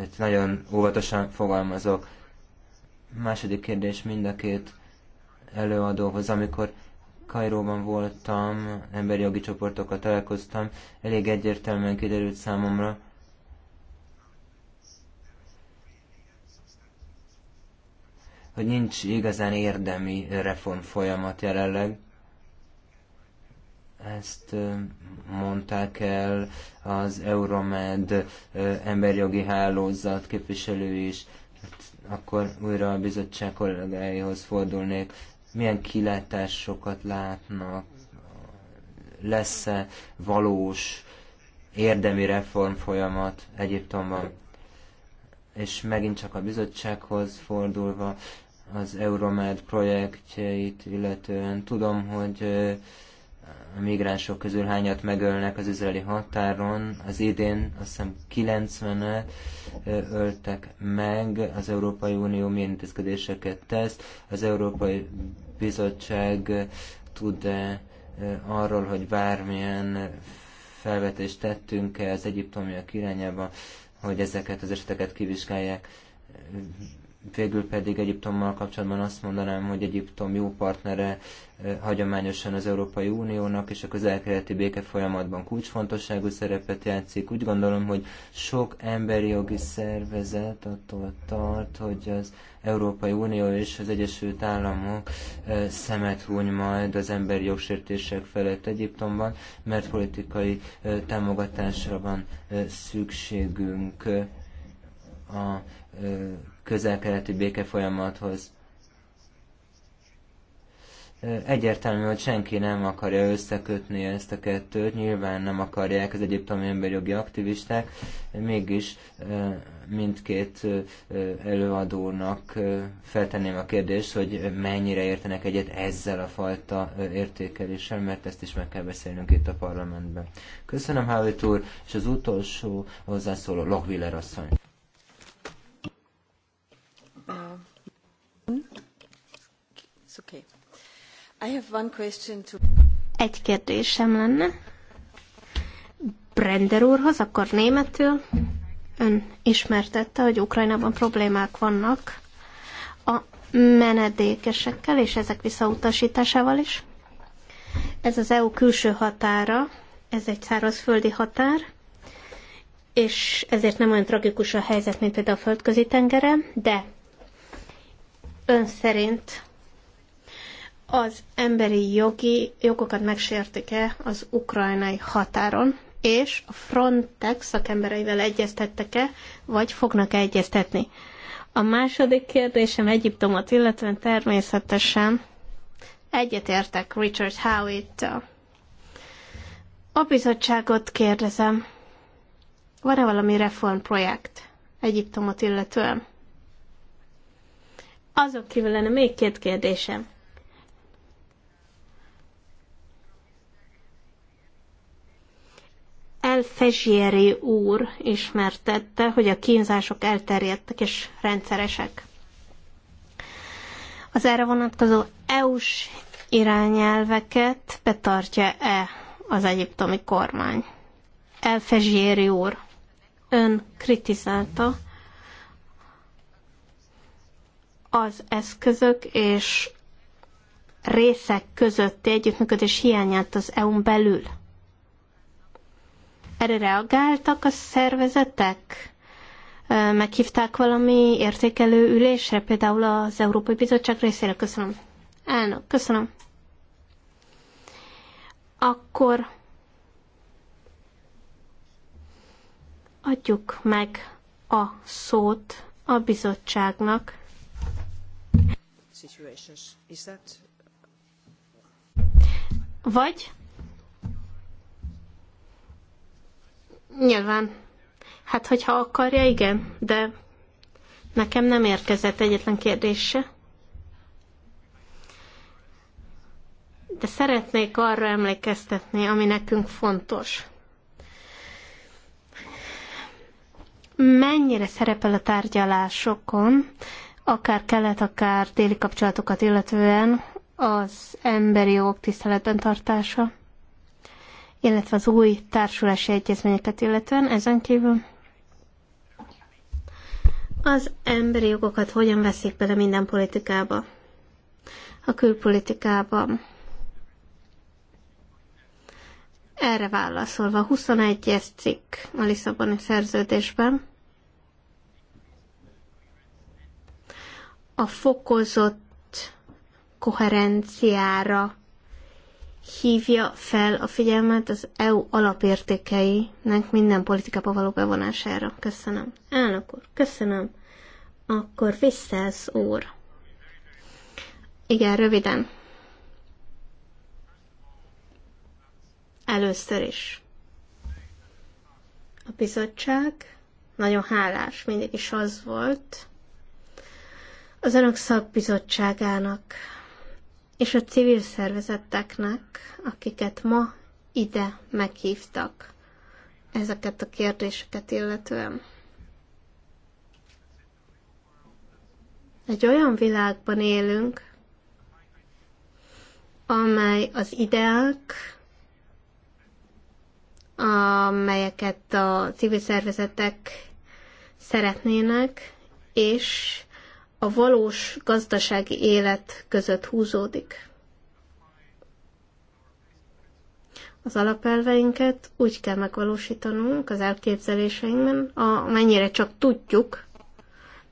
itt nagyon óvatosan fogalmazok. Második kérdés mind a két előadóhoz, amikor Kairóban voltam, emberi jogi csoportokkal találkoztam, elég egyértelműen kiderült számomra, hogy nincs igazán érdemi reform folyamat jelenleg. Ezt mondták el az Euromed emberjogi hálózat képviselői is. Hát akkor újra a bizottság kollégáihoz fordulnék. Milyen kilátásokat látnak? Lesz-e valós érdemi reform folyamat Egyiptomban? És megint csak a bizottsághoz fordulva az Euromed projektjeit, illetően tudom, hogy migránsok közül hányat megölnek az izraeli határon. Az idén azt hiszem 90 öltek meg, az Európai Unió milyen intézkedéseket tesz, az Európai Bizottság tud-e arról, hogy bármilyen felvetést tettünk-e az egyiptomiak irányába, hogy ezeket az eseteket kivizsgálják. Végül pedig Egyiptommal kapcsolatban azt mondanám, hogy Egyiptom jó partnere hagyományosan az Európai Uniónak, és a közel-keleti béke folyamatban kulcsfontosságú szerepet játszik. Úgy gondolom, hogy sok emberi jogi szervezet attól tart, hogy az Európai Unió és az Egyesült Államok szemet húny majd az emberi jogsértések felett Egyiptomban, mert politikai támogatásra van szükségünk a közel-keleti béke folyamathoz. Egyértelmű, hogy senki nem akarja összekötni ezt a kettőt, nyilván nem akarják az egyiptomi emberjogi aktivisták, mégis mindkét előadónak feltenném a kérdést, hogy mennyire értenek egyet ezzel a fajta értékeléssel, mert ezt is meg kell beszélnünk itt a parlamentben. Köszönöm, Howitt úr, és az utolsó hozzászóló Lochwiller asszony. Egy kérdésem lenne. Brender úrhoz, akkor németül. Ön ismertette, hogy Ukrajnában problémák vannak a menedékesekkel és ezek visszautasításával is. Ez az EU külső határa, ez egy szárazföldi határ, és ezért nem olyan tragikus a helyzet, mint például a földközi tengere, de ön szerint az emberi jogi jogokat megsértik-e az ukrajnai határon, és a Frontex szakembereivel egyeztettek-e, vagy fognak-e egyeztetni? A második kérdésem Egyiptomot, illetve természetesen egyetértek Richard Howitt-től. A bizottságot kérdezem, van-e valami reformprojekt Egyiptomot illetően? Azok kívül lenne még két kérdésem. El-Fezsieri úr ismertette, hogy a kínzások elterjedtek és rendszeresek. Az erre vonatkozó EU-s irányelveket betartja-e az egyiptomi kormány? El-Fezsieri úr ön kritizálta, az eszközök és részek közötti együttműködés hiányát az EU-n belül. Erre reagáltak a szervezetek? Meghívták valami értékelő ülésre, például az Európai Bizottság részére? Köszönöm. Elnök, köszönöm. Akkor adjuk meg a szót a bizottságnak situations. Is that... Vagy Nyilván. Hát, hogyha akarja, igen, de nekem nem érkezett egyetlen kérdés se. De szeretnék arra emlékeztetni, ami nekünk fontos. Mennyire szerepel a tárgyalásokon akár kelet, akár déli kapcsolatokat illetően az emberi jogok tiszteletben tartása, illetve az új társulási egyezményeket illetően ezen kívül az emberi jogokat hogyan veszik bele minden politikába, a külpolitikában. Erre válaszolva 21-es cikk a Lisszaboni szerződésben a fokozott koherenciára hívja fel a figyelmet az EU alapértékeinek minden politikába való bevonására. Köszönöm. Elnök úr, köszönöm. Akkor visszasz úr. Igen, röviden. Először is. A bizottság nagyon hálás mindig is az volt, az önök szakbizottságának és a civil szervezeteknek, akiket ma ide meghívtak ezeket a kérdéseket illetően. Egy olyan világban élünk, amely az ideák, amelyeket a civil szervezetek szeretnének, és a valós gazdasági élet között húzódik. Az alapelveinket úgy kell megvalósítanunk az elképzeléseinkben, amennyire csak tudjuk,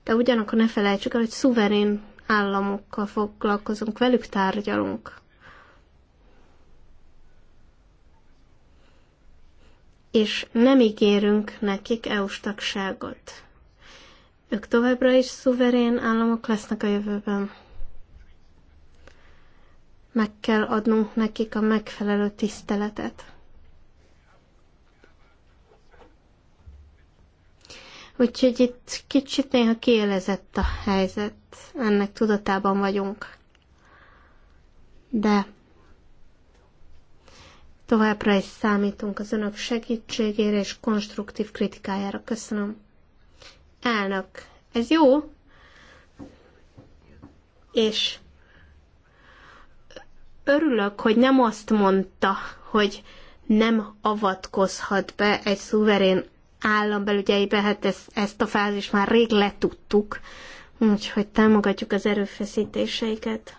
de ugyanakkor ne felejtsük el, hogy szuverén államokkal foglalkozunk, velük tárgyalunk. És nem ígérünk nekik EU-s tagságot. Ők továbbra is szuverén államok lesznek a jövőben. Meg kell adnunk nekik a megfelelő tiszteletet. Úgyhogy itt kicsit néha kielezett a helyzet, ennek tudatában vagyunk. De továbbra is számítunk az önök segítségére és konstruktív kritikájára. Köszönöm állnak. Ez jó, és örülök, hogy nem azt mondta, hogy nem avatkozhat be egy szuverén állam belügyeibe, hát ezt, ezt a fázis már rég letudtuk, úgyhogy támogatjuk az erőfeszítéseiket.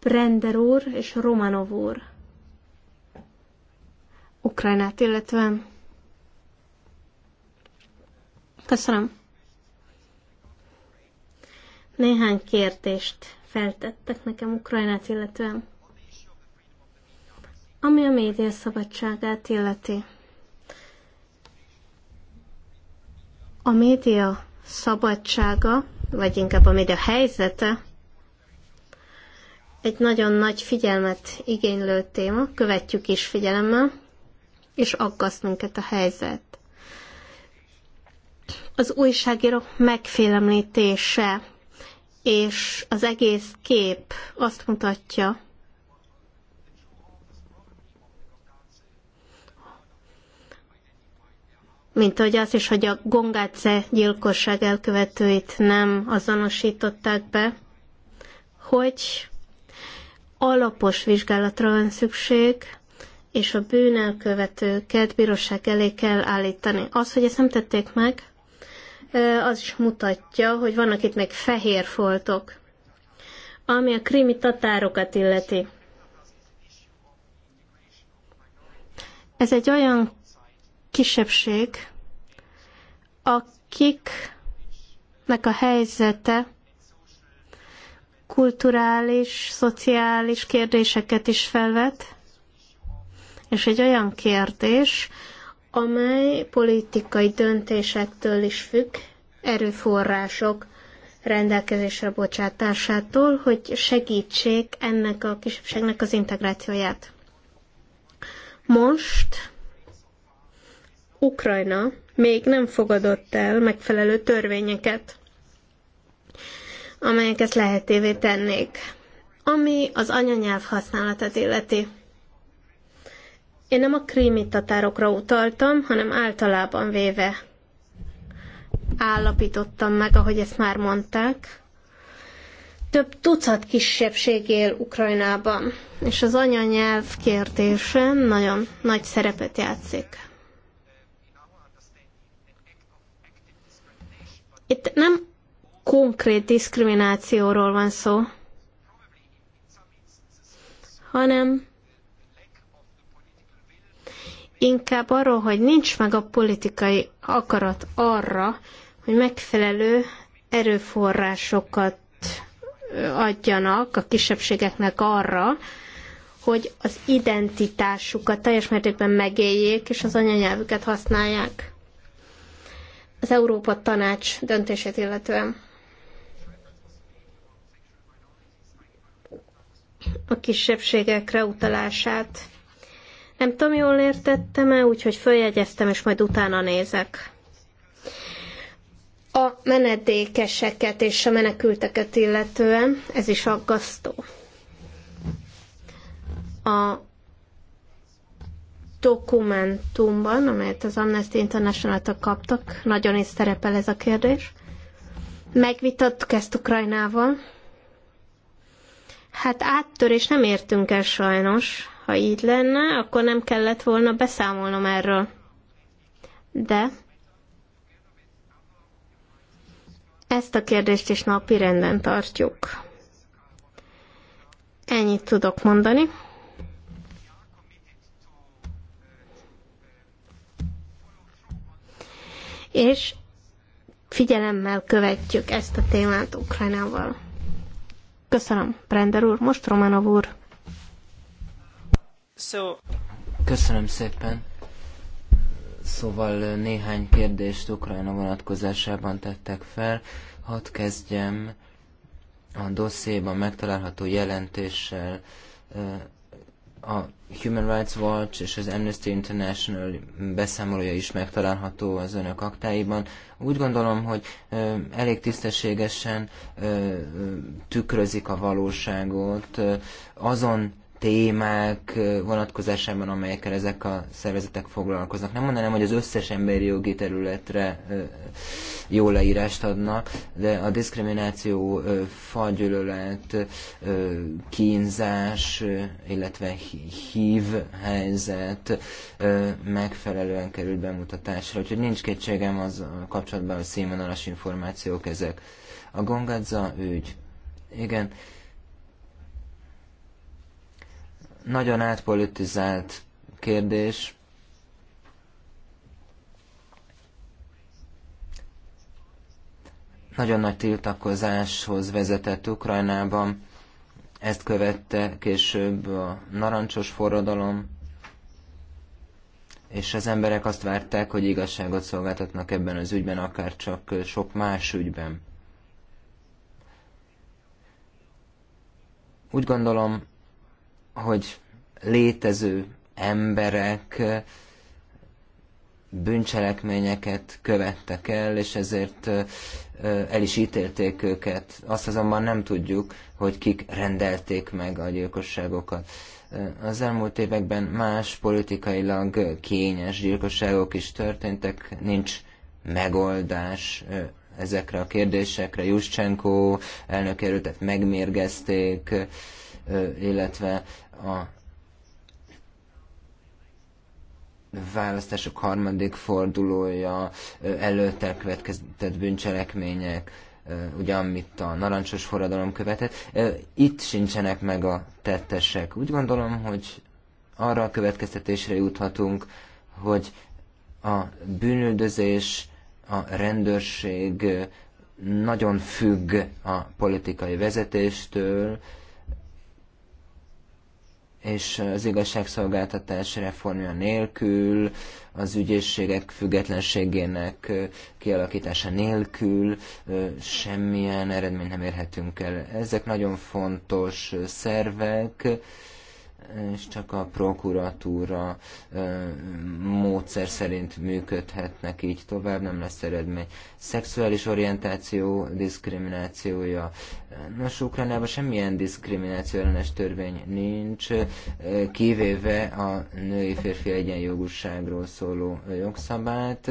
Brender úr és Romanov úr. Ukrajnát, illetve köszönöm. Néhány kérdést feltettek nekem Ukrajnát, illetve ami a média szabadságát illeti. A média szabadsága, vagy inkább a média helyzete egy nagyon nagy figyelmet igénylő téma, követjük is figyelemmel, és aggaszt minket a helyzet. Az újságírók megfélemlítése és az egész kép azt mutatja, mint ahogy az is, hogy a Gongáce gyilkosság elkövetőit nem azonosították be, hogy alapos vizsgálatra van szükség, és a bűnelkövetőket bíróság elé kell állítani. Az, hogy ezt nem tették meg, az is mutatja, hogy vannak itt még fehér foltok, ami a krimi tatárokat illeti. Ez egy olyan kisebbség, akiknek a helyzete kulturális, szociális kérdéseket is felvet, és egy olyan kérdés, amely politikai döntésektől is függ, erőforrások rendelkezésre bocsátásától, hogy segítsék ennek a kisebbségnek az integrációját. Most Ukrajna még nem fogadott el megfelelő törvényeket, amelyeket ezt lehetővé tennék, ami az anyanyelv használatát illeti. Én nem a krími tatárokra utaltam, hanem általában véve állapítottam meg, ahogy ezt már mondták. Több tucat kisebbség él Ukrajnában, és az anyanyelv kérdése nagyon nagy szerepet játszik. Itt nem konkrét diszkriminációról van szó, hanem inkább arról, hogy nincs meg a politikai akarat arra, hogy megfelelő erőforrásokat adjanak a kisebbségeknek arra, hogy az identitásukat teljes mértékben megéljék, és az anyanyelvüket használják. Az Európa Tanács döntését illetően. A kisebbségekre utalását nem tudom, jól értettem-e, úgyhogy följegyeztem, és majd utána nézek. A menedékeseket és a menekülteket illetően ez is aggasztó. A dokumentumban, amelyet az Amnesty International-tól kaptak, nagyon is szerepel ez a kérdés. Megvitattuk ezt Ukrajnával. Hát áttörés nem értünk el sajnos, ha így lenne, akkor nem kellett volna beszámolnom erről. De ezt a kérdést is napi renden tartjuk. Ennyit tudok mondani. És figyelemmel követjük ezt a témát Ukrajnával. Köszönöm, Brender úr, most Romanov úr. So... Köszönöm szépen. Szóval néhány kérdést Ukrajna vonatkozásában tettek fel. Hadd kezdjem a dossziéban megtalálható jelentéssel a Human Rights Watch és az Amnesty International beszámolója is megtalálható az önök aktáiban. Úgy gondolom, hogy elég tisztességesen tükrözik a valóságot azon témák vonatkozásában, amelyekkel ezek a szervezetek foglalkoznak. Nem mondanám, hogy az összes emberi jogi területre jó leírást adnak, de a diszkrimináció, fagyölölet, kínzás, illetve hív helyzet megfelelően került bemutatásra. Úgyhogy nincs kétségem az kapcsolatban, hogy színvonalas információk ezek. A Gongadza ügy. Igen nagyon átpolitizált kérdés. Nagyon nagy tiltakozáshoz vezetett Ukrajnában. Ezt követte később a narancsos forradalom, és az emberek azt várták, hogy igazságot szolgáltatnak ebben az ügyben, akár csak sok más ügyben. Úgy gondolom, hogy létező emberek bűncselekményeket követtek el, és ezért el is ítélték őket. Azt azonban nem tudjuk, hogy kik rendelték meg a gyilkosságokat. Az elmúlt években más politikailag kényes gyilkosságok is történtek, nincs megoldás ezekre a kérdésekre. Juszcsenko elnök erőtet megmérgezték, illetve a választások harmadik fordulója előtt elkövetkezett bűncselekmények, ugye amit a narancsos forradalom követett, itt sincsenek meg a tettesek. Úgy gondolom, hogy arra a következtetésre juthatunk, hogy a bűnöldözés, a rendőrség nagyon függ a politikai vezetéstől, és az igazságszolgáltatás reformja nélkül, az ügyészségek függetlenségének kialakítása nélkül semmilyen eredményt nem érhetünk el. Ezek nagyon fontos szervek, és csak a prokuratúra módszer szerint működhetnek így tovább, nem lesz eredmény. Szexuális orientáció diszkriminációja. Nos, Ukrajnában semmilyen diszkrimináció ellenes törvény nincs, kivéve a női-férfi egyenjogúságról szóló jogszabályt.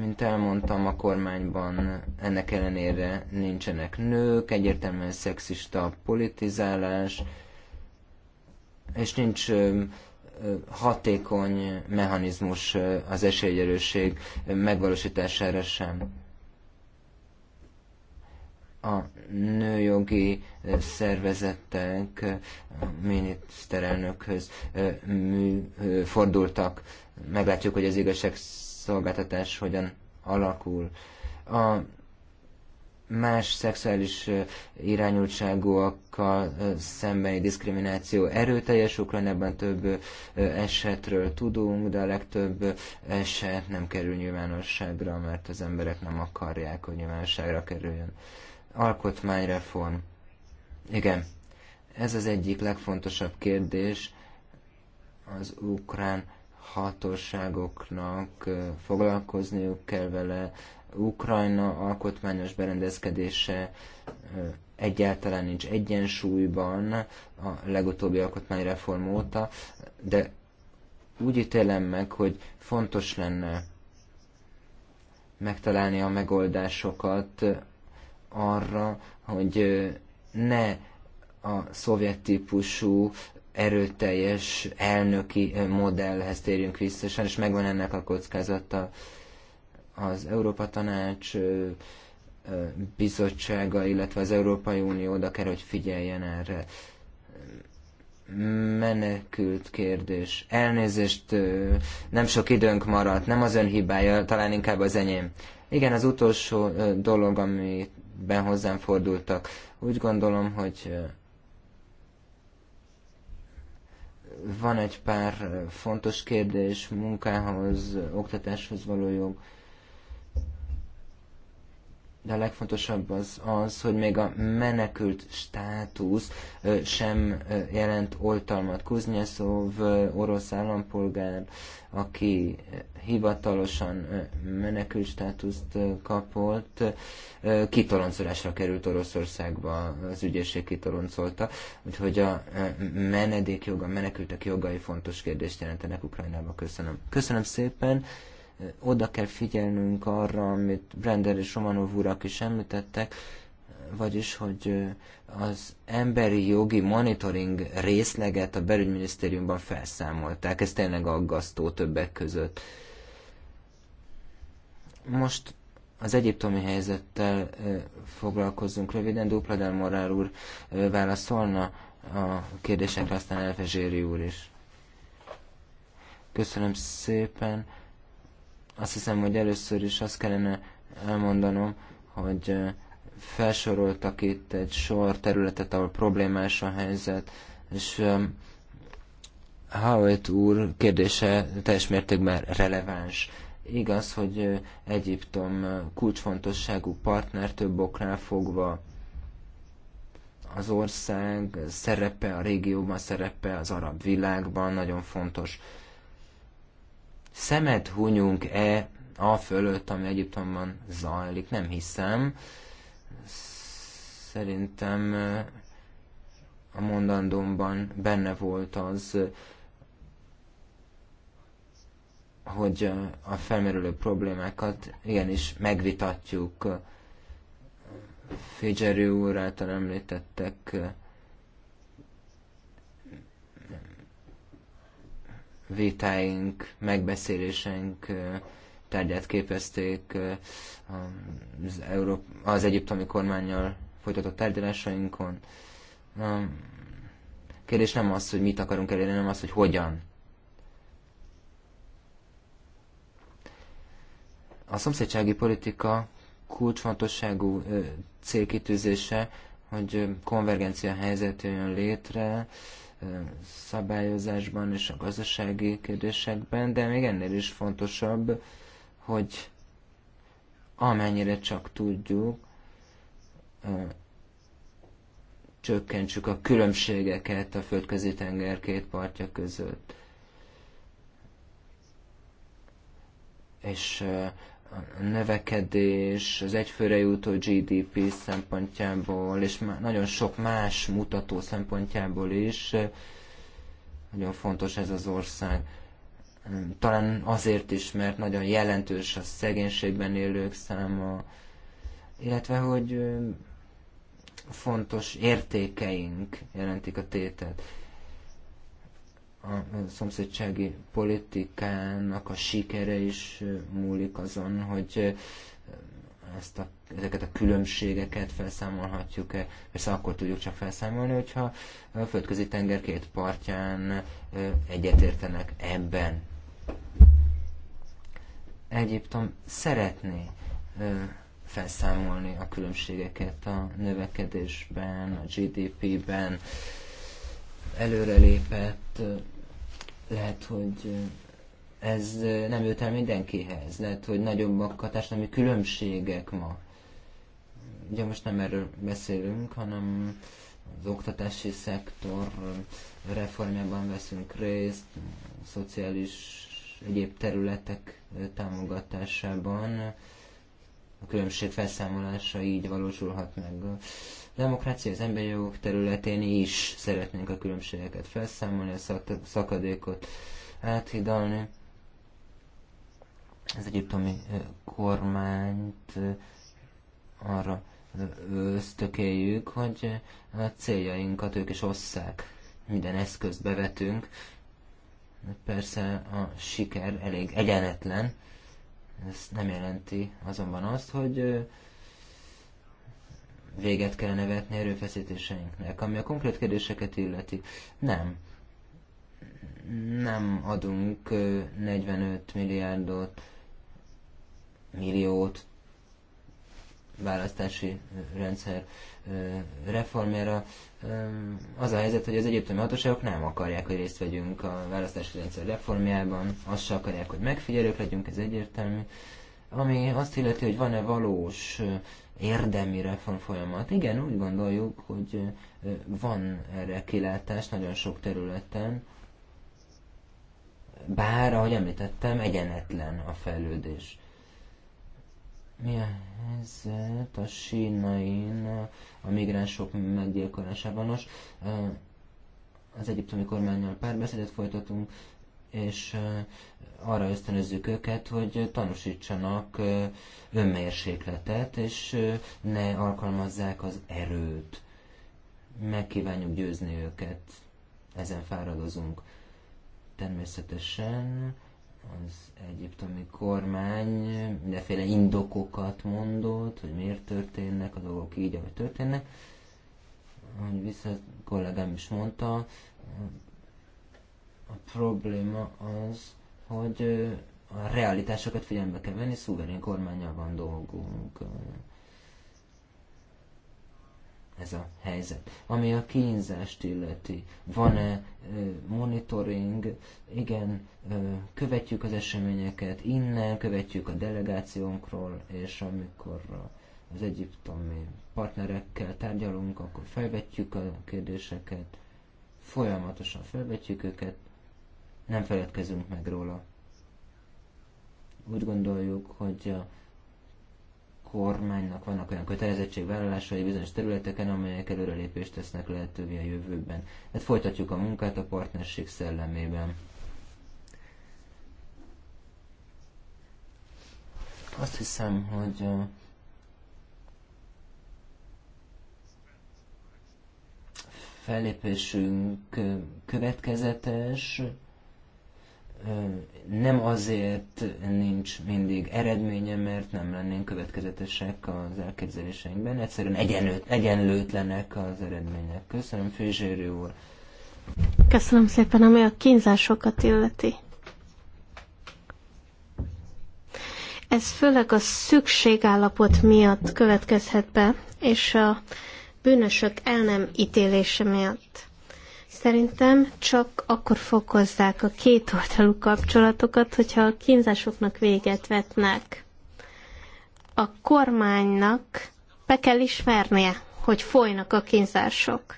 Mint elmondtam, a kormányban ennek ellenére nincsenek nők, egyértelműen szexista politizálás, és nincs hatékony mechanizmus az esélyegyelőség megvalósítására sem. A nőjogi szervezetek a miniszterelnökhöz fordultak. Meglátjuk, hogy az igazság szolgáltatás hogyan alakul. A más szexuális irányultságúakkal szembeni diszkrimináció erőteljes, Ukrajnában több esetről tudunk, de a legtöbb eset nem kerül nyilvánosságra, mert az emberek nem akarják, hogy nyilvánosságra kerüljön. Alkotmányreform. Igen, ez az egyik legfontosabb kérdés az ukrán hatóságoknak foglalkozniuk kell vele, Ukrajna alkotmányos berendezkedése egyáltalán nincs egyensúlyban a legutóbbi alkotmányreform óta, de úgy ítélem meg, hogy fontos lenne megtalálni a megoldásokat arra, hogy ne a szovjet típusú erőteljes elnöki eh, modellhez térjünk vissza, és megvan ennek a kockázata. Az Európa Tanács eh, eh, bizottsága, illetve az Európai Unió oda kell, hogy figyeljen erre. Menekült kérdés. Elnézést, nem sok időnk maradt, nem az ön hibája, talán inkább az enyém. Igen, az utolsó dolog, amiben hozzám fordultak. Úgy gondolom, hogy Van egy pár fontos kérdés munkához, oktatáshoz való jog, de a legfontosabb az az, hogy még a menekült státusz sem jelent oltalmat. Kuznyeszov orosz állampolgár, aki hivatalosan menekült státuszt kapott, kitoloncolásra került Oroszországba, az ügyészség kitoloncolta, úgyhogy a menedékjoga, a menekültek jogai fontos kérdést jelentenek Ukrajnába. Köszönöm. Köszönöm szépen oda kell figyelnünk arra, amit Brender és Romanov urak is említettek, vagyis, hogy az emberi jogi monitoring részleget a belügyminisztériumban felszámolták. Ez tényleg aggasztó többek között. Most az egyiptomi helyzettel foglalkozzunk röviden. Dupla Del Morál úr válaszolna a kérdésekre, aztán Elfezséri úr is. Köszönöm szépen. Azt hiszem, hogy először is azt kellene elmondanom, hogy felsoroltak itt egy sor területet, ahol problémás a helyzet, és Howard úr kérdése teljes mértékben releváns. Igaz, hogy Egyiptom kulcsfontosságú partner több oknál fogva az ország szerepe a régióban, szerepe az arab világban nagyon fontos szemet hunyunk-e a fölött, ami Egyiptomban zajlik? Nem hiszem. Szerintem eh, a mondandómban benne volt az, eh, hogy eh, a felmerülő problémákat igenis megvitatjuk. Fidzseri úr által említettek vitáink, megbeszéléseink tárgyát képezték az, Európa, az egyiptomi kormányjal folytatott tárgyalásainkon. kérdés nem az, hogy mit akarunk elérni, hanem az, hogy hogyan. A szomszédsági politika kulcsfontosságú célkitűzése, hogy konvergencia helyzet jön létre, szabályozásban és a gazdasági kérdésekben, de még ennél is fontosabb, hogy amennyire csak tudjuk, csökkentsük a különbségeket a földközi tenger két partja között. És növekedés, az egyfőre jutó GDP szempontjából, és nagyon sok más mutató szempontjából is eh, nagyon fontos ez az ország. Hm, talán azért is, mert nagyon jelentős a szegénységben élők száma, illetve hogy eh, fontos értékeink jelentik a tétet a szomszédsági politikának a sikere is múlik azon, hogy ezt a, ezeket a különbségeket felszámolhatjuk-e. Persze akkor tudjuk csak felszámolni, hogyha a földközi tenger két partján egyetértenek ebben. Egyiptom szeretné felszámolni a különbségeket a növekedésben, a GDP-ben, előrelépett lehet, hogy ez nem jut el mindenkihez. Lehet, hogy nagyobbak a társadalmi különbségek ma. Ugye most nem erről beszélünk, hanem az oktatási szektor reformjában veszünk részt, szociális egyéb területek támogatásában a különbség felszámolása így valósulhat meg demokrácia az emberi jogok területén is szeretnénk a különbségeket felszámolni, a szakadékot áthidalni. Az egyiptomi kormányt arra ösztökéljük, hogy a céljainkat ők is osszák. Minden eszközt bevetünk. Persze a siker elég egyenetlen. Ez nem jelenti azonban azt, hogy véget kellene vetni erőfeszítéseinknek. Ami a konkrét kérdéseket illeti, nem. Nem adunk 45 milliárdot, milliót választási rendszer reformjára. Az a helyzet, hogy az egyiptomi hatóságok nem akarják, hogy részt vegyünk a választási rendszer reformjában, azt se akarják, hogy megfigyelők legyünk, ez egyértelmű. Ami azt illeti, hogy van-e valós érdemi folyamat. Igen, úgy gondoljuk, hogy van erre kilátás nagyon sok területen, bár, ahogy említettem, egyenetlen a fejlődés. Mi a helyzet a sínain a migránsok meggyilkolásában? Nos, az egyiptomi kormányjal párbeszédet folytatunk, és arra ösztönözzük őket, hogy tanúsítsanak önmérsékletet, és ne alkalmazzák az erőt. Megkívánjuk győzni őket, ezen fáradozunk. Természetesen az egyiptomi kormány mindenféle indokokat mondott, hogy miért történnek a dolgok így, ahogy történnek. Ahogy vissza a kollégám is mondta, a probléma az, hogy a realitásokat figyelembe kell venni, szuverén kormányjal van dolgunk. Ez a helyzet. Ami a kínzást illeti, van-e monitoring? Igen, követjük az eseményeket innen, követjük a delegációnkról, és amikor az egyiptomi partnerekkel tárgyalunk, akkor felvetjük a kérdéseket, folyamatosan felvetjük őket, nem feledkezünk meg róla. Úgy gondoljuk, hogy a kormánynak vannak olyan kötelezettségvállalásai bizonyos területeken, amelyek előrelépést tesznek lehetővé a jövőben. Hát folytatjuk a munkát a partnerség szellemében. Azt hiszem, hogy fellépésünk következetes, nem azért nincs mindig eredménye, mert nem lennénk következetesek az elképzeléseinkben, egyszerűen egyenlő, egyenlőtlenek az eredmények. Köszönöm, Főzsérő úr. Köszönöm szépen, ami a kínzásokat illeti. Ez főleg a szükségállapot miatt következhet be, és a bűnösök el nem ítélése miatt. Szerintem csak akkor fokozzák a kétoldalú kapcsolatokat, hogyha a kínzásoknak véget vetnek. A kormánynak be kell ismernie, hogy folynak a kínzások,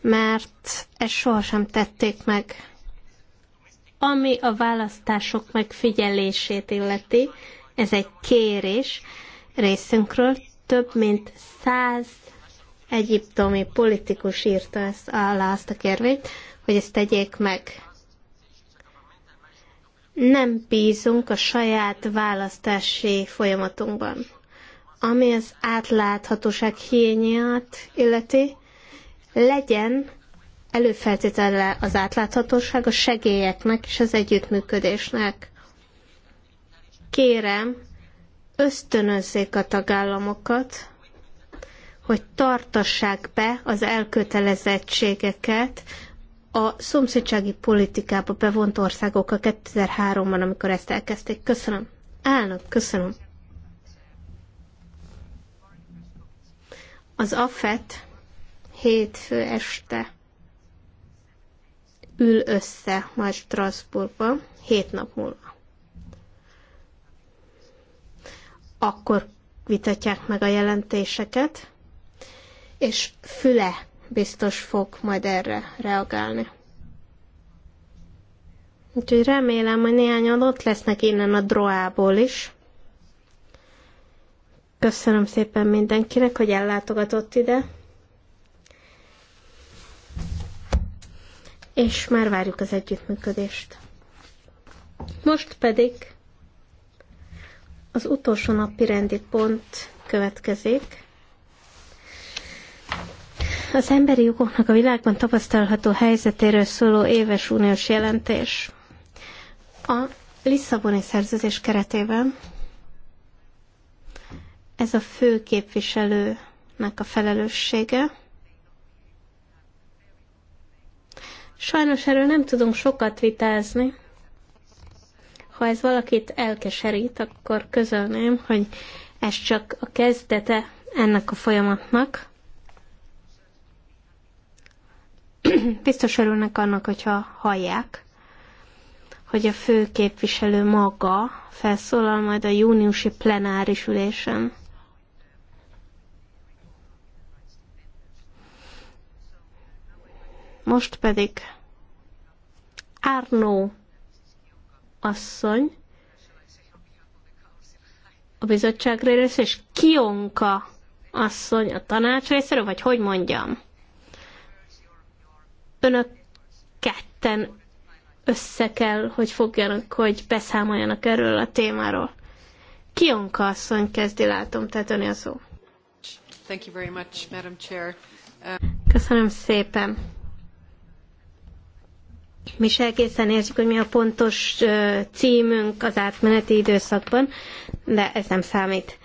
mert ezt sohasem tették meg. Ami a választások megfigyelését illeti, ez egy kérés részünkről, több mint száz egyiptomi politikus írta ezt, alá azt a kérvényt, hogy ezt tegyék meg. Nem bízunk a saját választási folyamatunkban. Ami az átláthatóság hiányát illeti, legyen előfeltétele az átláthatóság a segélyeknek és az együttműködésnek. Kérem, ösztönözzék a tagállamokat, hogy tartassák be az elkötelezettségeket a szomszédsági politikába bevont országok a 2003-ban, amikor ezt elkezdték. Köszönöm. Állnak, köszönöm. Az AFET hétfő este ül össze majd Strasbourgba, hét nap múlva. Akkor vitatják meg a jelentéseket, és füle biztos fog majd erre reagálni. Úgyhogy remélem, hogy néhányan ott lesznek innen a droából is. Köszönöm szépen mindenkinek, hogy ellátogatott ide. És már várjuk az együttműködést. Most pedig az utolsó napi rendi pont következik az emberi jogoknak a világban tapasztalható helyzetéről szóló éves uniós jelentés. A Lisszaboni szerződés keretében ez a fő képviselőnek a felelőssége. Sajnos erről nem tudunk sokat vitázni. Ha ez valakit elkeserít, akkor közölném, hogy ez csak a kezdete ennek a folyamatnak [clears throat] Biztos örülnek annak, hogyha hallják, hogy a fő képviselő maga felszólal majd a júniusi plenáris ülésen. Most pedig Arno asszony a bizottság részéről, és Kionka asszony a tanács részéről, vagy hogy mondjam? önök ketten össze kell, hogy fogjanak, hogy beszámoljanak erről a témáról. Kionka asszony kezdi, látom, tehát öné a szó. Thank you very much, Madam Chair. Köszönöm szépen. Mi is egészen értjük, hogy mi a pontos címünk az átmeneti időszakban, de ez nem számít.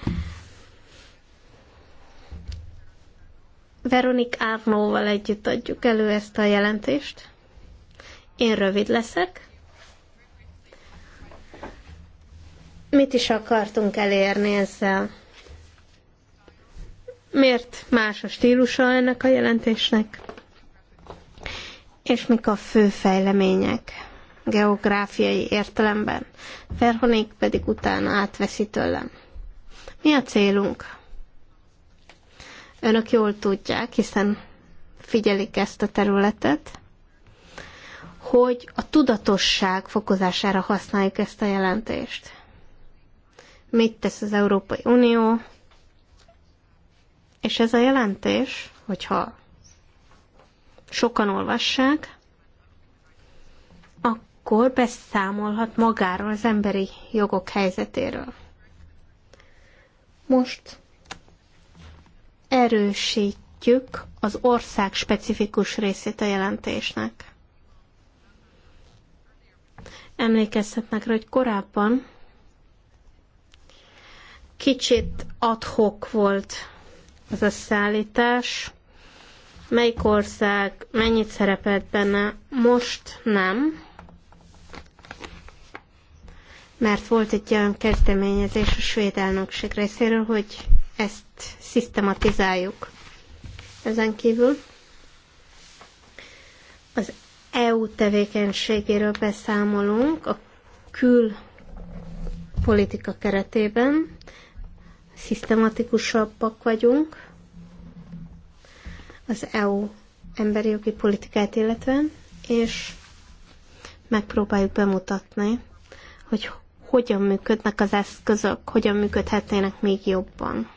Veronik Árnóval együtt adjuk elő ezt a jelentést. Én rövid leszek. Mit is akartunk elérni ezzel? Miért más a stílusa ennek a jelentésnek? És mik a fő fejlemények geográfiai értelemben? Verhonék pedig utána átveszi tőlem. Mi a célunk? Önök jól tudják, hiszen figyelik ezt a területet, hogy a tudatosság fokozására használjuk ezt a jelentést. Mit tesz az Európai Unió? És ez a jelentés, hogyha sokan olvassák, akkor beszámolhat magáról az emberi jogok helyzetéről. Most erősítjük az ország specifikus részét a jelentésnek. Emlékeztetnek rá, hogy korábban kicsit adhok volt az a szállítás, melyik ország mennyit szerepelt benne, most nem, mert volt egy olyan kezdeményezés a svéd elnökség részéről, hogy ezt szisztematizáljuk. Ezen kívül az EU tevékenységéről beszámolunk a külpolitika keretében, szisztematikusabbak vagyunk az EU emberi jogi politikát illetően, és megpróbáljuk bemutatni, hogy hogyan működnek az eszközök, hogyan működhetnének még jobban.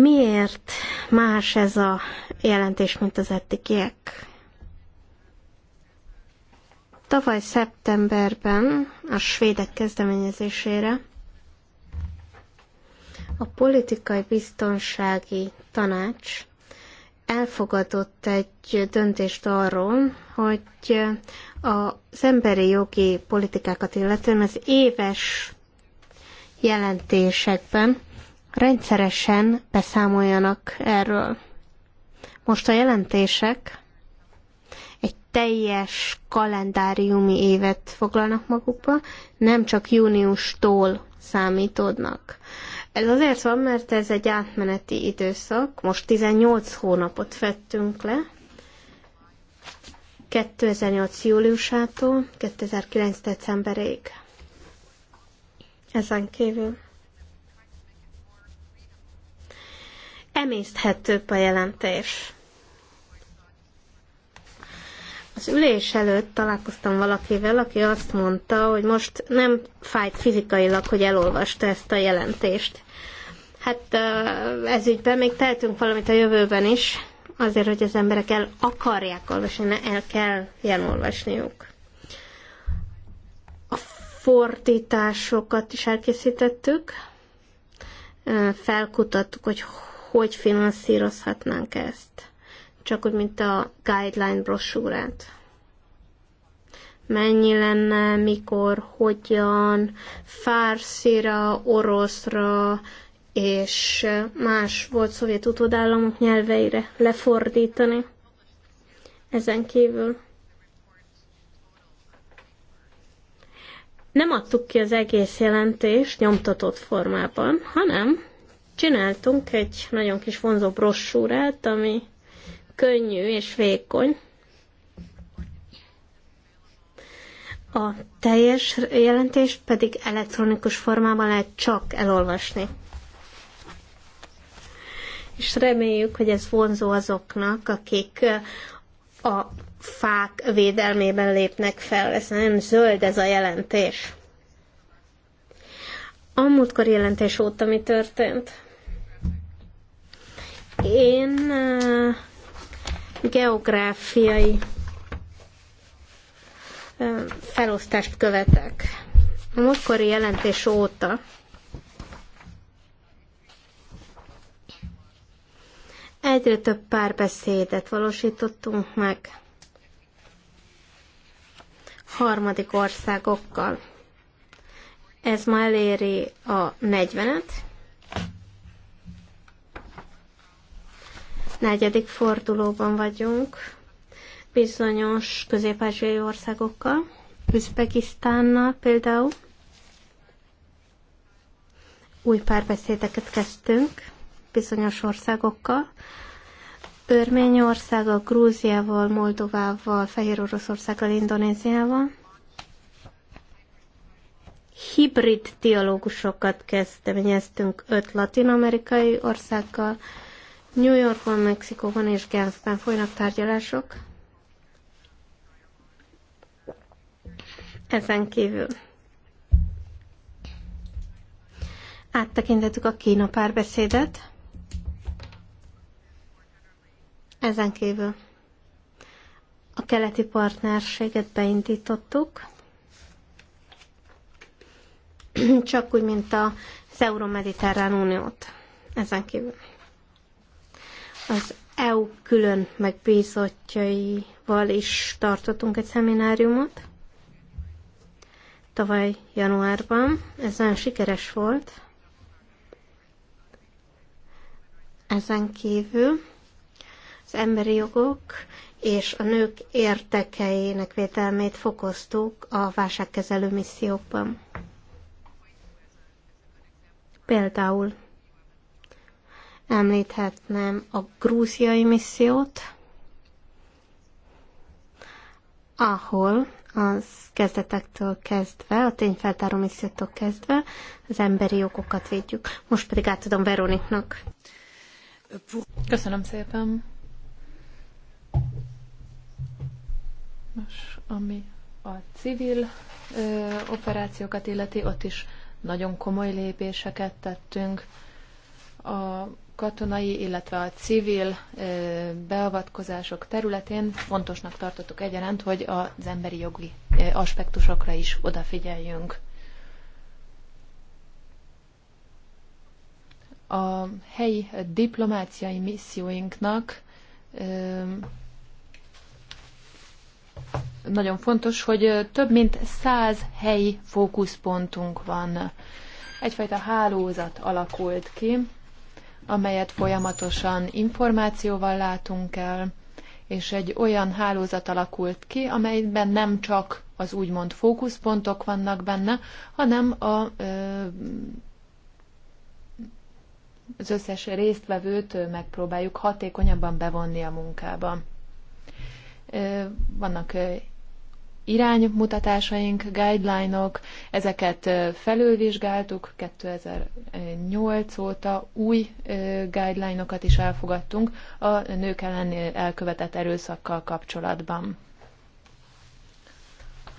Miért más ez a jelentés, mint az eddigiek? Tavaly szeptemberben a svédek kezdeményezésére a politikai biztonsági tanács elfogadott egy döntést arról, hogy az emberi jogi politikákat illetően az éves jelentésekben rendszeresen beszámoljanak erről. Most a jelentések egy teljes kalendáriumi évet foglalnak magukba, nem csak júniustól számítódnak. Ez azért van, mert ez egy átmeneti időszak. Most 18 hónapot vettünk le, 2008. júliusától 2009. decemberéig. Ezen kívül emészthetőbb a jelentés. Az ülés előtt találkoztam valakivel, aki azt mondta, hogy most nem fájt fizikailag, hogy elolvasta ezt a jelentést. Hát ez ügyben még tehetünk valamit a jövőben is, azért, hogy az emberek el akarják olvasni, ne el kell ilyen olvasniuk. A fordításokat is elkészítettük, felkutattuk, hogy hogy finanszírozhatnánk ezt. Csak úgy, mint a guideline brosúrát. Mennyi lenne, mikor, hogyan, fárszira, oroszra, és más volt szovjet utódállamok nyelveire lefordítani. Ezen kívül. Nem adtuk ki az egész jelentést nyomtatott formában, hanem Csináltunk egy nagyon kis vonzó brossúrát, ami könnyű és vékony. A teljes jelentést pedig elektronikus formában lehet csak elolvasni. És reméljük, hogy ez vonzó azoknak, akik a fák védelmében lépnek fel. Ez nem zöld ez a jelentés. A múltkor jelentés óta mi történt? Én geográfiai felosztást követek. A mostkori jelentés óta egyre több párbeszédet valósítottunk meg harmadik országokkal. Ez már eléri a 40-et, negyedik fordulóban vagyunk bizonyos közép országokkal, Üzbegisztánnal például. Új párbeszédeket kezdtünk bizonyos országokkal. a Grúziával, Moldovával, Fehér Oroszországgal, Indonéziával. Hibrid dialógusokat kezdeményeztünk öt latin-amerikai országgal, New Yorkban, Mexikóban és Genfben folynak tárgyalások. Ezen kívül áttekintettük a Kína párbeszédet. Ezen kívül a keleti partnerséget beindítottuk, csak úgy, mint az Euró-Mediterrán Uniót. Ezen kívül az EU külön megbízottjaival is tartottunk egy szemináriumot tavaly januárban. Ez nagyon sikeres volt. Ezen kívül az emberi jogok és a nők értekeinek védelmét fokoztuk a válságkezelő missziókban. Például említhetném a grúziai missziót, ahol az kezdetektől kezdve, a tényfeltáró missziótól kezdve az emberi jogokat védjük. Most pedig átadom Veroniknak. Köszönöm szépen. Most, ami a civil ö, operációkat illeti, ott is nagyon komoly lépéseket tettünk. A katonai, illetve a civil beavatkozások területén fontosnak tartottuk egyaránt, hogy az emberi jogi aspektusokra is odafigyeljünk. A helyi diplomáciai misszióinknak nagyon fontos, hogy több mint száz helyi fókuszpontunk van. Egyfajta hálózat alakult ki, amelyet folyamatosan információval látunk el, és egy olyan hálózat alakult ki, amelyben nem csak az úgymond fókuszpontok vannak benne, hanem a, az összes résztvevőt megpróbáljuk hatékonyabban bevonni a munkába. Vannak iránymutatásaink, guideline-ok, ezeket felülvizsgáltuk, 2008 óta új guideline-okat is elfogadtunk a nők ellen elkövetett erőszakkal kapcsolatban.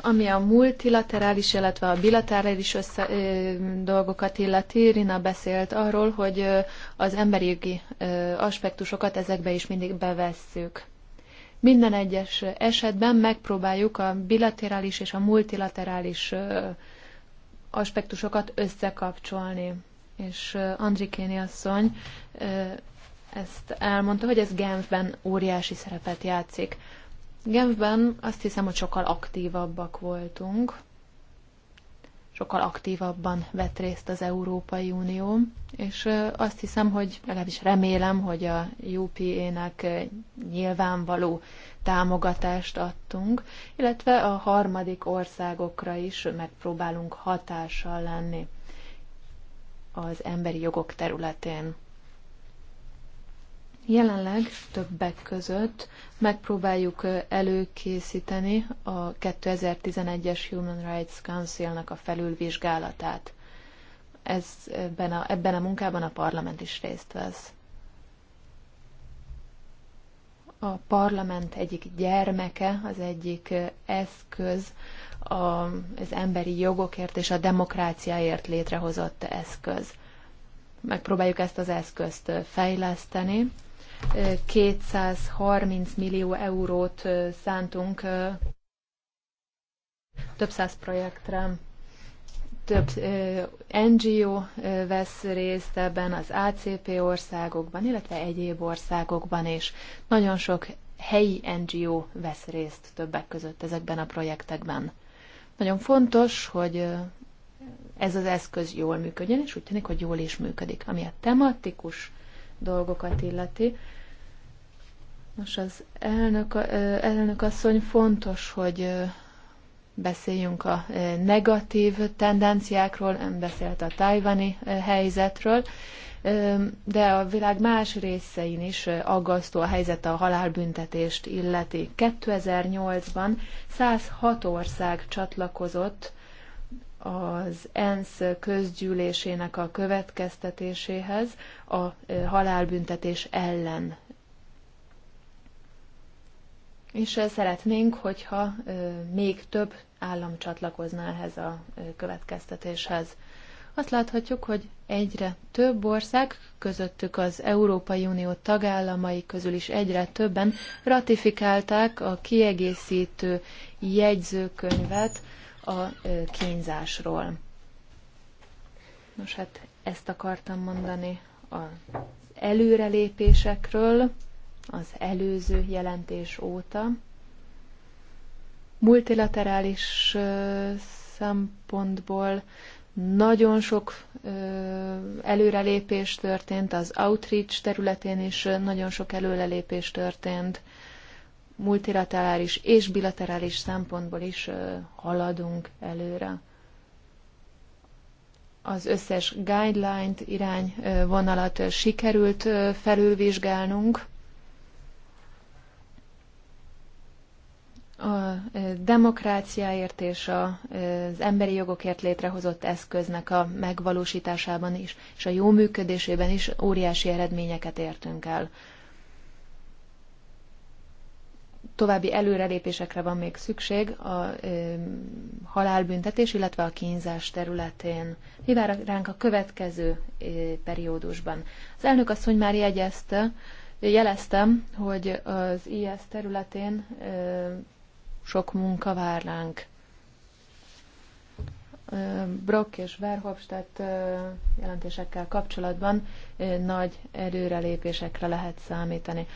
Ami a multilaterális, illetve a bilaterális össze, ö, dolgokat illeti, Rina beszélt arról, hogy ö, az emberi ö, aspektusokat ezekbe is mindig bevesszük minden egyes esetben megpróbáljuk a bilaterális és a multilaterális aspektusokat összekapcsolni. És Andrikéni asszony ezt elmondta, hogy ez Genfben óriási szerepet játszik. Genfben azt hiszem, hogy sokkal aktívabbak voltunk, sokkal aktívabban vett részt az Európai Unió, és azt hiszem, hogy legalábbis remélem, hogy a UPA-nek nyilvánvaló támogatást adtunk, illetve a harmadik országokra is megpróbálunk hatással lenni az emberi jogok területén. Jelenleg többek között megpróbáljuk előkészíteni a 2011-es Human Rights Council-nak a felülvizsgálatát. Ez, ebben, a, ebben a munkában a parlament is részt vesz. A parlament egyik gyermeke, az egyik eszköz a, az emberi jogokért és a demokráciáért létrehozott eszköz megpróbáljuk ezt az eszközt fejleszteni, 230 millió eurót szántunk több száz projektre. Több NGO vesz részt ebben az ACP országokban, illetve egyéb országokban és Nagyon sok helyi NGO vesz részt többek között ezekben a projektekben. Nagyon fontos, hogy ez az eszköz jól működjön, és úgy tűnik, hogy jól is működik. Ami a tematikus dolgokat illeti. Nos, az elnök, elnök asszony fontos, hogy beszéljünk a negatív tendenciákról, nem beszélt a tájvani helyzetről, de a világ más részein is aggasztó a helyzet a halálbüntetést illeti. 2008-ban 106 ország csatlakozott az ENSZ közgyűlésének a következtetéséhez a halálbüntetés ellen. És szeretnénk, hogyha még több állam csatlakozná ehhez a következtetéshez. Azt láthatjuk, hogy egyre több ország, közöttük az Európai Unió tagállamai közül is egyre többen ratifikálták a kiegészítő jegyzőkönyvet a kínzásról. Nos hát ezt akartam mondani az előrelépésekről az előző jelentés óta. Multilaterális szempontból nagyon sok előrelépés történt, az outreach területén is nagyon sok előrelépés történt multilaterális és bilaterális szempontból is haladunk előre. Az összes guideline-t, irányvonalat sikerült felülvizsgálnunk. A demokráciáért és az emberi jogokért létrehozott eszköznek a megvalósításában is, és a jó működésében is óriási eredményeket értünk el további előrelépésekre van még szükség a ö, halálbüntetés, illetve a kínzás területén. Mi vár ránk a következő ö, periódusban? Az elnök asszony már jegyezte, jeleztem, hogy az IS területén ö, sok munka vár ránk. Brock és Verhofstadt jelentésekkel kapcsolatban nagy előrelépésekre lehet számítani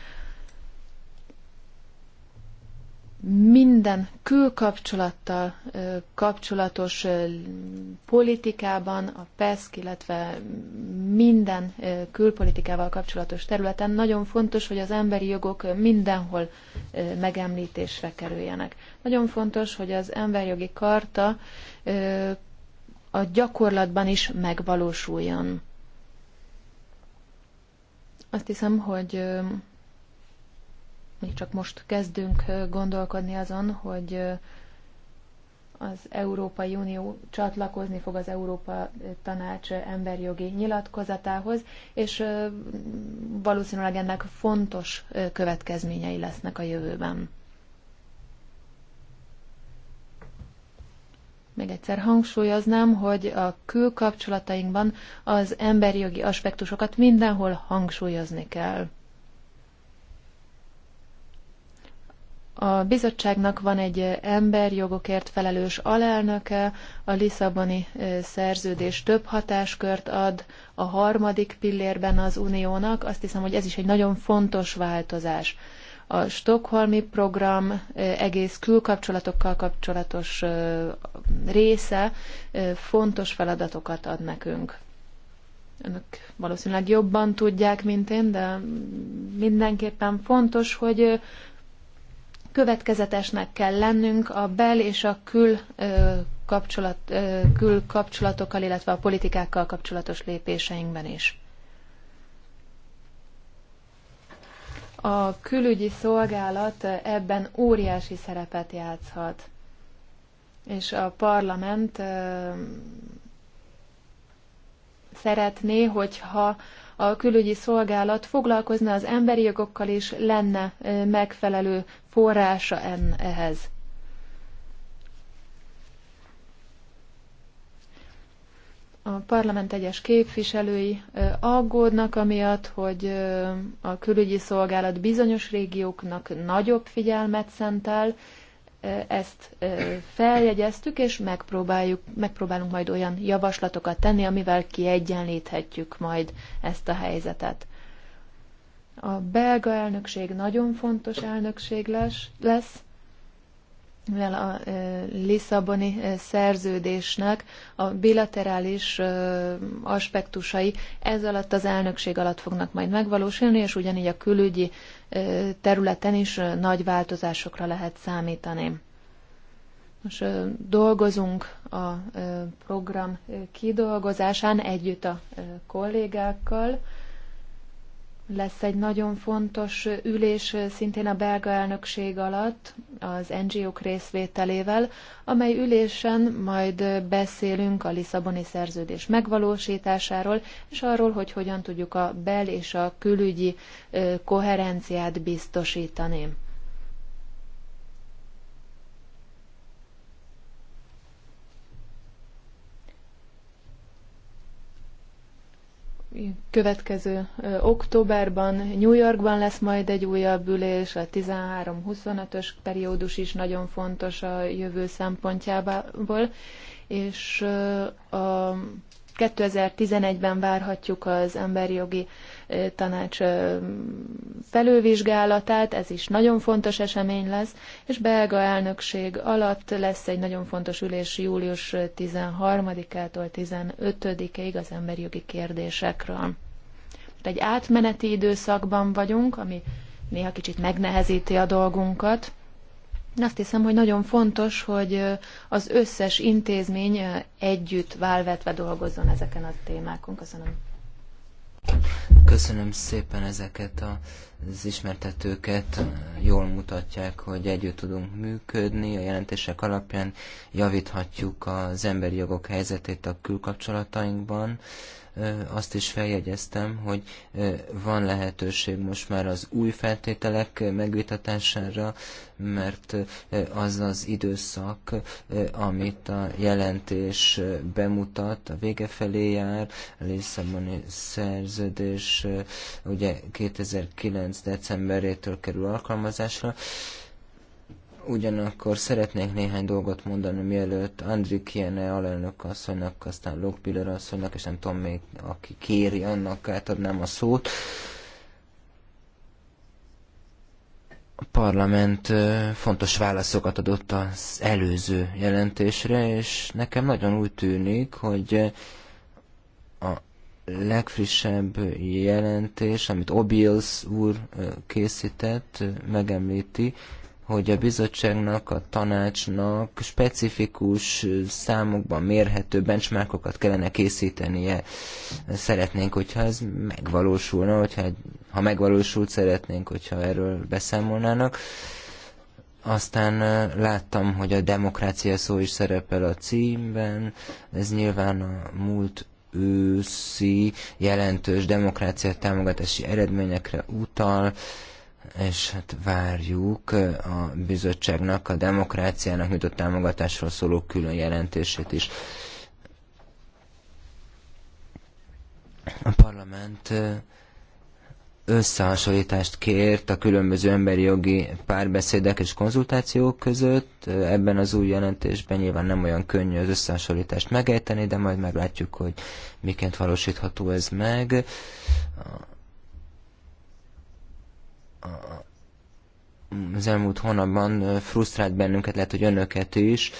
minden külkapcsolattal kapcsolatos politikában, a PESZ, illetve minden külpolitikával kapcsolatos területen nagyon fontos, hogy az emberi jogok mindenhol megemlítésre kerüljenek. Nagyon fontos, hogy az emberjogi karta a gyakorlatban is megvalósuljon. Azt hiszem, hogy még csak most kezdünk gondolkodni azon, hogy az Európai Unió csatlakozni fog az Európa Tanács emberjogi nyilatkozatához, és valószínűleg ennek fontos következményei lesznek a jövőben. Még egyszer hangsúlyoznám, hogy a külkapcsolatainkban az emberi jogi aspektusokat mindenhol hangsúlyozni kell. A bizottságnak van egy emberjogokért felelős alelnöke, a Lisszaboni szerződés több hatáskört ad a harmadik pillérben az uniónak. Azt hiszem, hogy ez is egy nagyon fontos változás. A Stockholmi program egész külkapcsolatokkal kapcsolatos része fontos feladatokat ad nekünk. Önök valószínűleg jobban tudják, mint én, de mindenképpen fontos, hogy Következetesnek kell lennünk a bel és a kül, kapcsolat, kül kapcsolatokkal, illetve a politikákkal kapcsolatos lépéseinkben is. A külügyi szolgálat ebben óriási szerepet játszhat, és a parlament szeretné, hogyha a külügyi szolgálat foglalkozna az emberi jogokkal, és lenne megfelelő forrása en ehhez. a parlament egyes képviselői aggódnak amiatt, hogy a külügyi szolgálat bizonyos régióknak nagyobb figyelmet szentel, ezt feljegyeztük, és megpróbáljuk, megpróbálunk majd olyan javaslatokat tenni, amivel kiegyenlíthetjük majd ezt a helyzetet. A belga elnökség nagyon fontos elnökség lesz, lesz mivel a Lisszaboni szerződésnek a bilaterális aspektusai ez alatt az elnökség alatt fognak majd megvalósulni, és ugyanígy a külügyi területen is nagy változásokra lehet számítani. Most dolgozunk a program kidolgozásán együtt a kollégákkal, lesz egy nagyon fontos ülés szintén a belga elnökség alatt az NGO-k részvételével, amely ülésen majd beszélünk a Lisszaboni szerződés megvalósításáról, és arról, hogy hogyan tudjuk a bel- és a külügyi koherenciát biztosítani. következő októberban New Yorkban lesz majd egy újabb ülés, a 13-25-ös periódus is nagyon fontos a jövő szempontjából, és a 2011-ben várhatjuk az emberi jogi tanács felővizsgálatát, ez is nagyon fontos esemény lesz, és belga elnökség alatt lesz egy nagyon fontos ülés július 13-ától 15-ig az emberi jogi kérdésekről. Egy átmeneti időszakban vagyunk, ami néha kicsit megnehezíti a dolgunkat, azt hiszem, hogy nagyon fontos, hogy az összes intézmény együtt válvetve dolgozzon ezeken a témákon. Köszönöm. Köszönöm szépen ezeket az ismertetőket. Jól mutatják, hogy együtt tudunk működni. A jelentések alapján javíthatjuk az emberi jogok helyzetét a külkapcsolatainkban azt is feljegyeztem, hogy van lehetőség most már az új feltételek megvitatására, mert az az időszak, amit a jelentés bemutat, a vége felé jár, a Lisszaboni szerződés ugye 2009. decemberétől kerül alkalmazásra, Ugyanakkor szeretnék néhány dolgot mondani, mielőtt Andri Kiene alelnök asszonynak, aztán Lokpiller asszonynak, és nem tudom még, aki kéri, annak átadnám a szót. A parlament fontos válaszokat adott az előző jelentésre, és nekem nagyon úgy tűnik, hogy a legfrissebb jelentés, amit Obiels úr készített, megemlíti, hogy a bizottságnak, a tanácsnak specifikus számokban mérhető benchmarkokat kellene készítenie. Szeretnénk, hogyha ez megvalósulna, hogyha, ha megvalósult, szeretnénk, hogyha erről beszámolnának. Aztán láttam, hogy a demokrácia szó is szerepel a címben, ez nyilván a múlt őszi jelentős demokrácia támogatási eredményekre utal, és hát várjuk a bizottságnak a demokráciának nyújtott támogatásról szóló külön jelentését is. A parlament összehasonlítást kért a különböző emberi jogi párbeszédek és konzultációk között. Ebben az új jelentésben nyilván nem olyan könnyű az összehasonlítást megejteni, de majd meglátjuk, hogy miként valósítható ez meg az elmúlt hónapban frusztrált bennünket, lehet, hogy önöket is,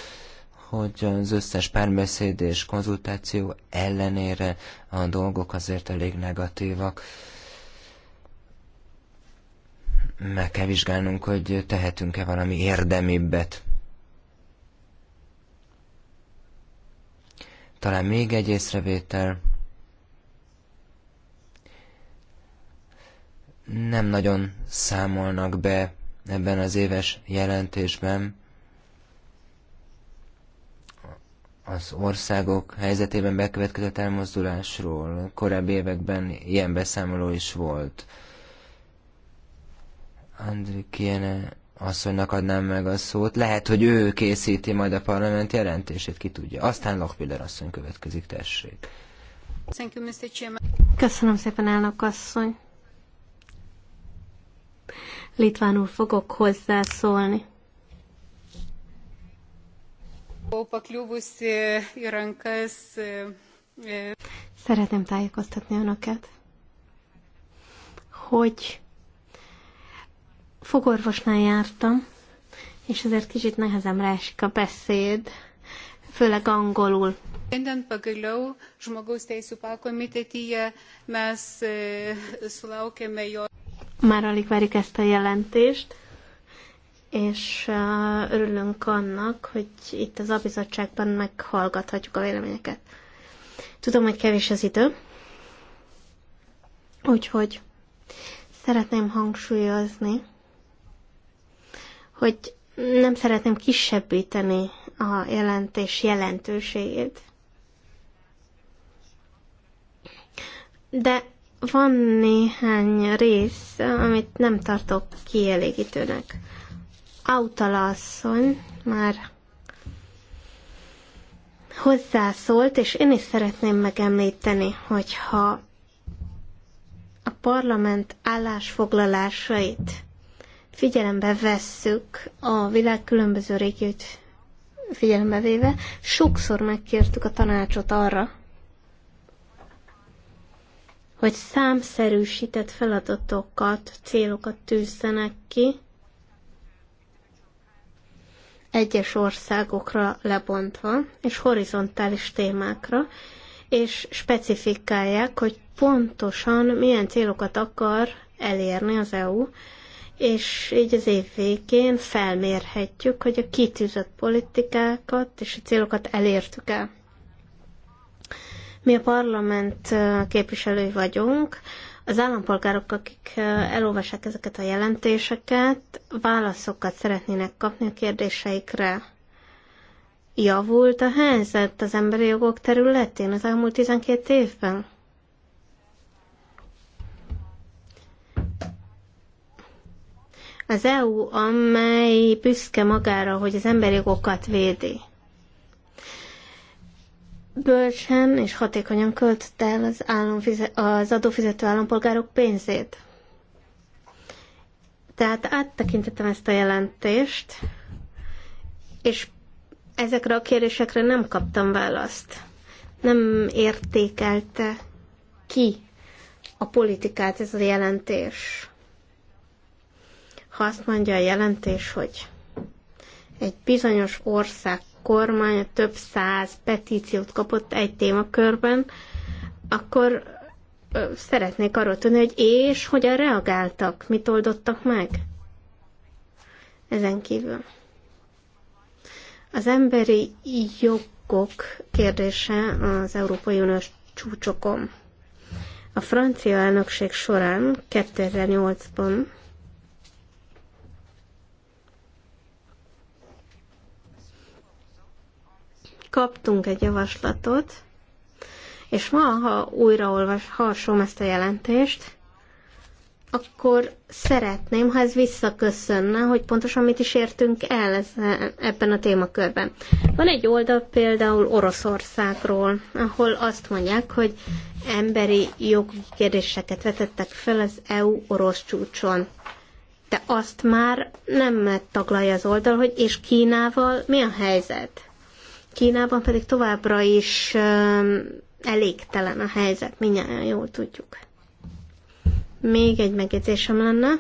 hogy az összes párbeszéd és konzultáció ellenére a dolgok azért elég negatívak. Meg kell vizsgálnunk, hogy tehetünk-e valami érdemibbet. Talán még egy észrevétel. nem nagyon számolnak be ebben az éves jelentésben az országok helyzetében bekövetkezett elmozdulásról. Korábbi években ilyen beszámoló is volt. Andri Kiene asszonynak adnám meg a szót. Lehet, hogy ő készíti majd a parlament jelentését, ki tudja. Aztán Lochbiller asszony következik, tessék. Köszönöm szépen, elnök asszony. Litvánul fogok hozzászólni. Szeretném tájékoztatni önöket, hogy fogorvosnál jártam, és ezért kicsit nehezemre esik a beszéd, főleg angolul. Šiandien pagaliau žmogaus teisų pakomitetyje mes sulaukėme jo. Már alig várjuk ezt a jelentést, és örülünk annak, hogy itt az abizottságban meghallgathatjuk a véleményeket. Tudom, hogy kevés az idő, úgyhogy szeretném hangsúlyozni, hogy nem szeretném kisebbíteni a jelentés jelentőségét. De van néhány rész, amit nem tartok kielégítőnek. Autala asszony már hozzászólt, és én is szeretném megemlíteni, hogyha a parlament állásfoglalásait figyelembe vesszük a világ különböző régiót figyelembe véve, sokszor megkértük a tanácsot arra, hogy számszerűsített feladatokat, célokat tűzzenek ki, egyes országokra lebontva, és horizontális témákra, és specifikálják, hogy pontosan milyen célokat akar elérni az EU, és így az év végén felmérhetjük, hogy a kitűzött politikákat és a célokat elértük el. Mi a parlament képviselői vagyunk, az állampolgárok, akik elolvassák ezeket a jelentéseket, válaszokat szeretnének kapni a kérdéseikre. Javult a helyzet az emberi jogok területén az elmúlt 12 évben? Az EU, amely büszke magára, hogy az emberi jogokat védi, bölcsen és hatékonyan költötte el az, az adófizető állampolgárok pénzét. Tehát áttekintettem ezt a jelentést, és ezekre a kérdésekre nem kaptam választ. Nem értékelte ki a politikát ez a jelentés. Ha azt mondja a jelentés, hogy egy bizonyos ország Kormány több száz petíciót kapott egy témakörben, akkor szeretnék arról tudni, hogy és hogyan reagáltak, mit oldottak meg ezen kívül. Az emberi jogok kérdése az Európai Uniós csúcsokon. A francia elnökség során 2008-ban kaptunk egy javaslatot, és ma, ha újraolvasom ezt a jelentést, akkor szeretném, ha ez visszaköszönne, hogy pontosan mit is értünk el ebben a témakörben. Van egy oldal például Oroszországról, ahol azt mondják, hogy emberi jogi kérdéseket vetettek fel az EU-orosz csúcson. De azt már nem taglalja az oldal, hogy és Kínával mi a helyzet? Kínában pedig továbbra is elégtelen a helyzet, mindjárt jól tudjuk. Még egy megjegyzésem lenne.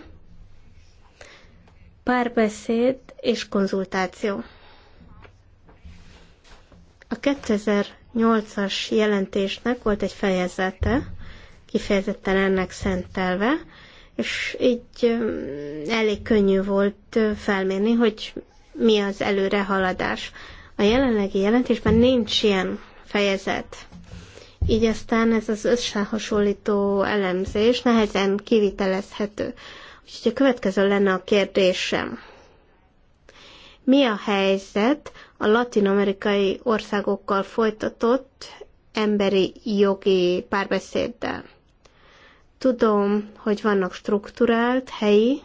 Párbeszéd és konzultáció. A 2008-as jelentésnek volt egy fejezete, kifejezetten ennek szentelve, és így elég könnyű volt felmérni, hogy mi az előrehaladás. A jelenlegi jelentésben nincs ilyen fejezet. Így aztán ez az összehasonlító elemzés nehezen kivitelezhető. Úgyhogy a következő lenne a kérdésem. Mi a helyzet a latin-amerikai országokkal folytatott emberi jogi párbeszéddel? Tudom, hogy vannak strukturált, helyi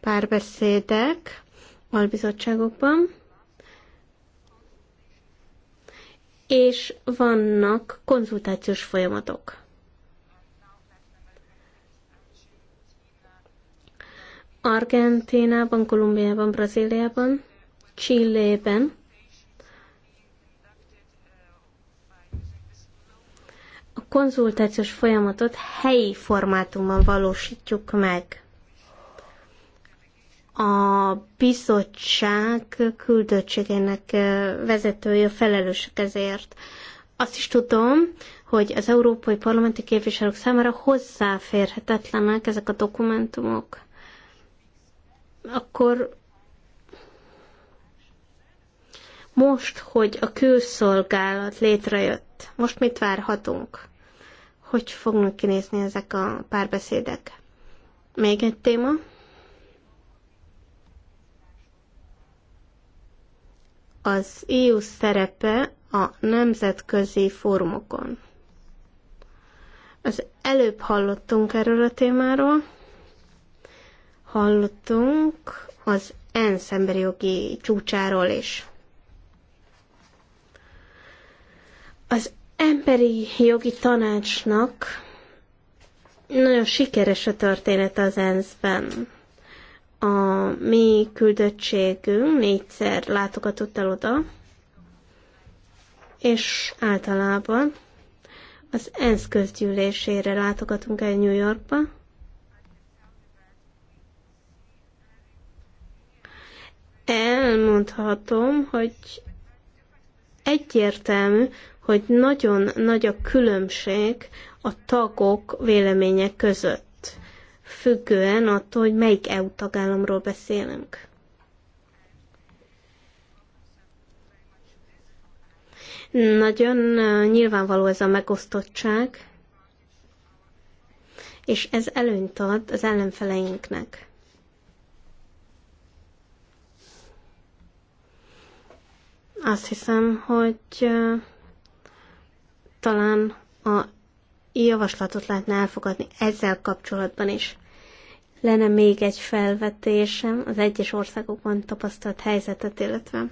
párbeszédek albizottságokban, és vannak konzultációs folyamatok. Argentínában, Kolumbiában, Brazíliában, Chileben a konzultációs folyamatot helyi formátumban valósítjuk meg a bizottság küldöttségének vezetője felelősek ezért. Azt is tudom, hogy az európai parlamenti képviselők számára hozzáférhetetlenek ezek a dokumentumok. Akkor most, hogy a külszolgálat létrejött, most mit várhatunk? Hogy fognak kinézni ezek a párbeszédek? Még egy téma. az EU szerepe a nemzetközi fórumokon. Az előbb hallottunk erről a témáról, hallottunk az ENSZ emberi jogi csúcsáról is. Az emberi jogi tanácsnak nagyon sikeres a története az ENSZ-ben a mi küldöttségünk négyszer látogatott el oda, és általában az ENSZ közgyűlésére látogatunk el New Yorkba. Elmondhatom, hogy egyértelmű, hogy nagyon nagy a különbség a tagok vélemények között függően attól, hogy melyik EU tagállamról beszélünk. Nagyon nyilvánvaló ez a megosztottság, és ez előnyt ad az ellenfeleinknek. Azt hiszem, hogy talán a javaslatot lehetne elfogadni ezzel kapcsolatban is. Lenne még egy felvetésem az egyes országokban tapasztalt helyzetet illetve.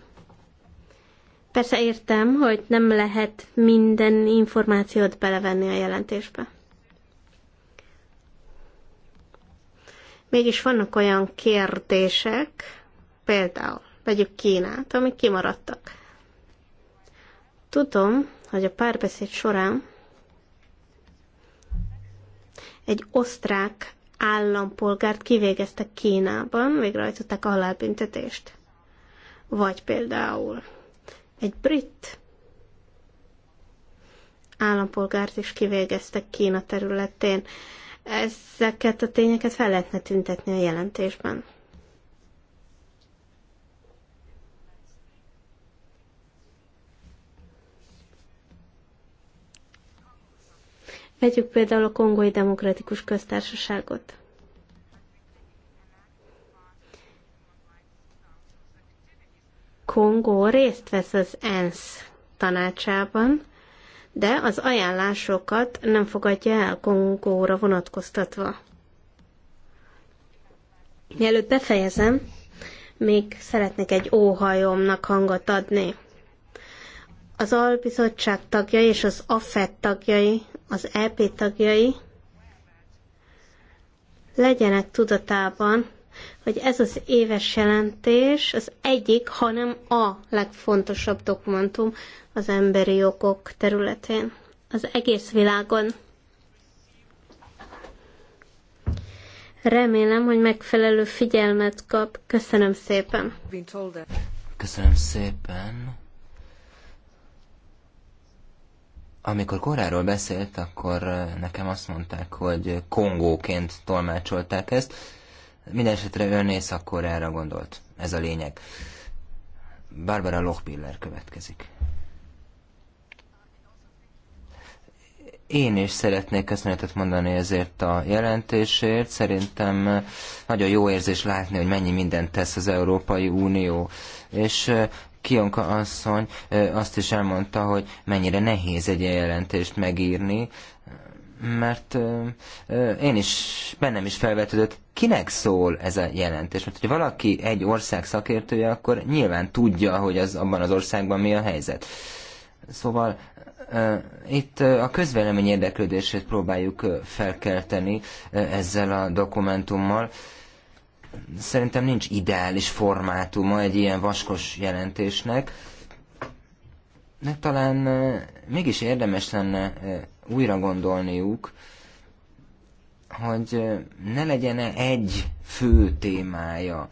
Persze értem, hogy nem lehet minden információt belevenni a jelentésbe. Mégis vannak olyan kérdések, például vegyük Kínát, amik kimaradtak. Tudom, hogy a párbeszéd során egy osztrák állampolgárt kivégeztek Kínában, végrehajtották a halálbüntetést. Vagy például egy brit állampolgárt is kivégeztek Kína területén. Ezeket a tényeket fel lehetne tüntetni a jelentésben. Vegyük például a Kongói Demokratikus Köztársaságot. Kongó részt vesz az ENSZ tanácsában, de az ajánlásokat nem fogadja el Kongóra vonatkoztatva. Mielőtt befejezem, még szeretnék egy óhajomnak hangot adni az albizottság tagjai és az AFET tagjai, az EP tagjai legyenek tudatában, hogy ez az éves jelentés az egyik, hanem a legfontosabb dokumentum az emberi jogok területén, az egész világon. Remélem, hogy megfelelő figyelmet kap. Köszönöm szépen. Köszönöm szépen. Amikor koráról beszélt, akkor eh, nekem azt mondták, hogy kongóként tolmácsolták ezt. Mindenesetre ön akkor erre gondolt. Ez a lényeg. Barbara Lochbiller következik. Én is szeretnék köszönetet mondani ezért a jelentésért. Szerintem eh, nagyon jó érzés látni, hogy mennyi mindent tesz az Európai Unió. És eh, Kionka asszony azt is elmondta, hogy mennyire nehéz egy jelentést megírni, mert én is, bennem is felvetődött, kinek szól ez a jelentés? Mert hogyha valaki egy ország szakértője, akkor nyilván tudja, hogy az abban az országban mi a helyzet. Szóval itt a közvélemény érdeklődését próbáljuk felkelteni ezzel a dokumentummal. Szerintem nincs ideális formátuma egy ilyen vaskos jelentésnek, de talán mégis érdemes lenne újra gondolniuk, hogy ne legyen -e egy fő témája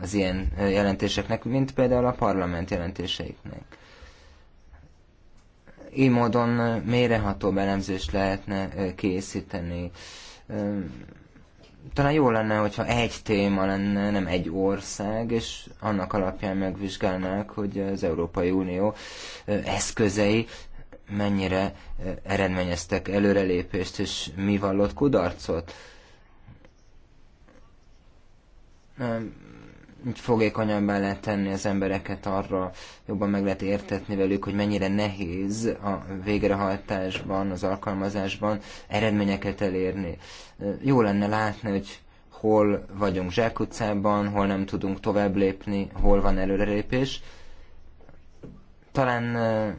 az ilyen jelentéseknek, mint például a parlament jelentéseiknek. Így módon mérehatóbb elemzést lehetne készíteni talán jó lenne, hogyha egy téma lenne, nem egy ország, és annak alapján megvizsgálnák, hogy az Európai Unió eszközei mennyire eredményeztek előrelépést, és mi vallott kudarcot fogékonyabbá lehet tenni az embereket arra, jobban meg lehet értetni velük, hogy mennyire nehéz a végrehajtásban, az alkalmazásban eredményeket elérni. Jó lenne látni, hogy hol vagyunk zsákutcában, hol nem tudunk tovább lépni, hol van előrelépés. Talán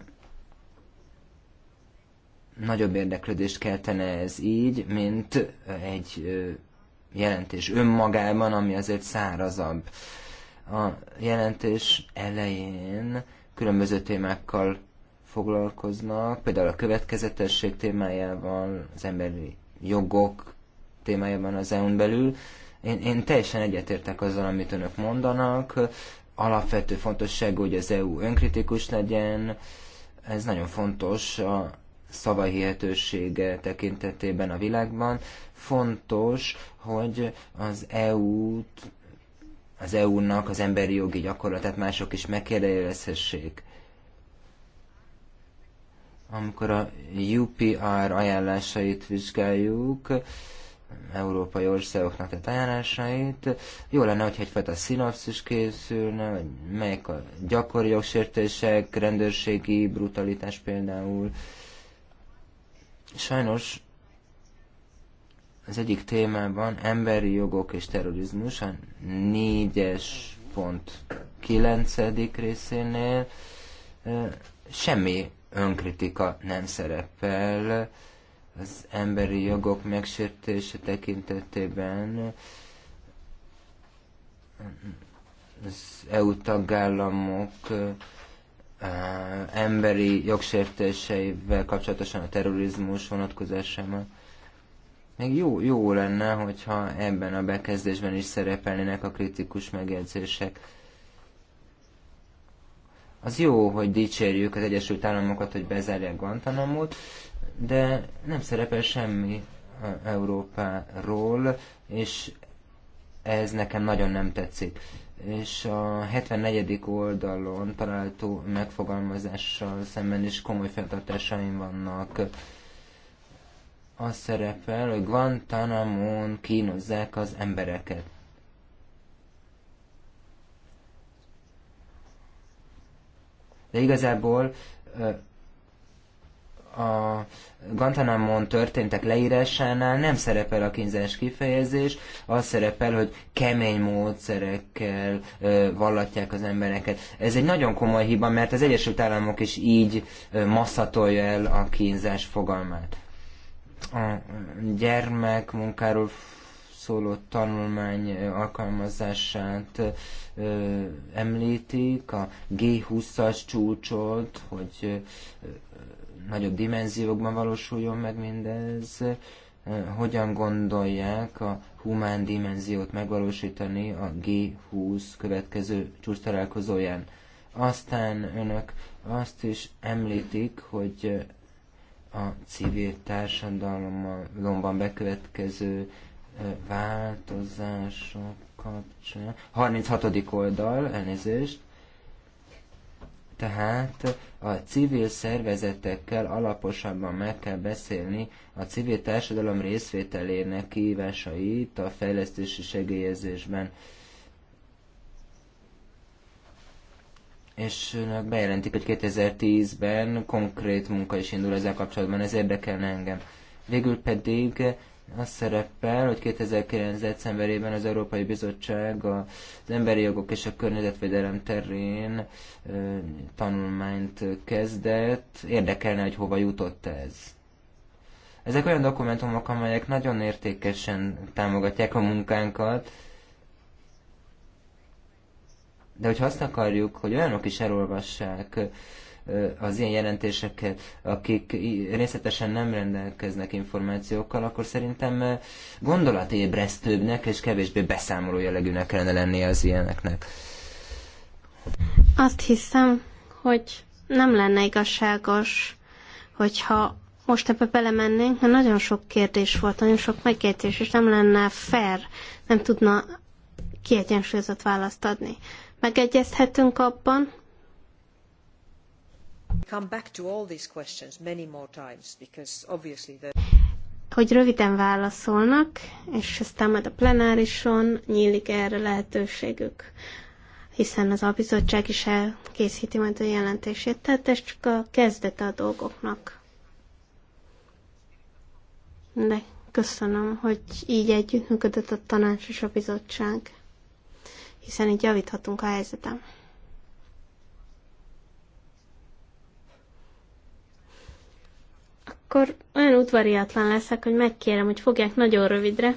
nagyobb érdeklődést keltene ez így, mint egy jelentés önmagában, ami azért szárazabb. A jelentés elején különböző témákkal foglalkoznak, például a következetesség témájával, az emberi jogok témájában az EU-n belül. Én, én teljesen egyetértek azzal, amit önök mondanak. Alapvető fontosságú, hogy az EU önkritikus legyen. Ez nagyon fontos a szavahihetősége tekintetében a világban. Fontos, hogy az EU-t, az EU-nak az emberi jogi gyakorlatát mások is megkérdőjelezhessék. Amikor a UPR ajánlásait vizsgáljuk, európai országoknak tett ajánlásait. Jó lenne, hogyha egyfajta szinapszis készülne, vagy melyek a gyakori jogsértések, rendőrségi brutalitás például. Sajnos az egyik témában emberi jogok és terrorizmus, a négyes pont kilencedik részénél semmi önkritika nem szerepel az emberi jogok megsértése tekintetében az EU tagállamok emberi jogsértéseivel kapcsolatosan a terrorizmus vonatkozásában. Még jó, jó lenne, hogyha ebben a bekezdésben is szerepelnének a kritikus megjegyzések. Az jó, hogy dicsérjük az Egyesült Államokat, hogy bezárják guantanamo de nem szerepel semmi Európáról, és ez nekem nagyon nem tetszik és a 74. oldalon található megfogalmazással szemben is komoly feltartásaim vannak. Az szerepel, hogy Guantanamo-n kínozzák az embereket. De igazából a Guantanamon történtek leírásánál nem szerepel a kínzás kifejezés, az szerepel, hogy kemény módszerekkel ö, vallatják az embereket. Ez egy nagyon komoly hiba, mert az Egyesült Államok is így ö, masszatolja el a kínzás fogalmát. A munkáról szóló tanulmány alkalmazását ö, említik, a G20-as csúcsot, hogy ö, nagyobb dimenziókban valósuljon meg mindez, eh, hogyan gondolják a humán dimenziót megvalósítani a G20 következő csúcs találkozóján. Aztán önök azt is említik, hogy eh, a civil társadalomban bekövetkező eh, változások kapcsán. 36. oldal, elnézést. Tehát a civil szervezetekkel alaposabban meg kell beszélni a civil társadalom részvételének kihívásait a fejlesztési segélyezésben. És bejelentik, hogy 2010-ben konkrét munka is indul ezzel kapcsolatban, ez érdekelne engem. Végül pedig az szerepel, hogy 2009. decemberében az Európai Bizottság az emberi jogok és a környezetvédelem terén tanulmányt kezdett. Érdekelne, hogy hova jutott ez. Ezek olyan dokumentumok, amelyek nagyon értékesen támogatják a munkánkat, de hogyha azt akarjuk, hogy olyanok is elolvassák, az ilyen jelentéseket, akik részletesen nem rendelkeznek információkkal, akkor szerintem gondolatébresztőbbnek és kevésbé beszámoló jellegűnek kellene lennie az ilyeneknek. Azt hiszem, hogy nem lenne igazságos, hogyha most ebbe belemennénk, mert nagyon sok kérdés volt, nagyon sok megjegyzés, és nem lenne fair, nem tudna kiegyensúlyozott választ adni. Megegyezhetünk abban, Come back to all these questions many more times, because obviously the... Hogy röviden válaszolnak, és aztán majd a plenárison nyílik erre lehetőségük hiszen az albizottság is elkészíti majd a jelentését, tehát ez csak a kezdete a dolgoknak. De köszönöm, hogy így együttműködött a tanács és a bizottság, hiszen így javíthatunk a helyzetem. akkor olyan udvariatlan leszek, hogy megkérem, hogy fogják nagyon rövidre.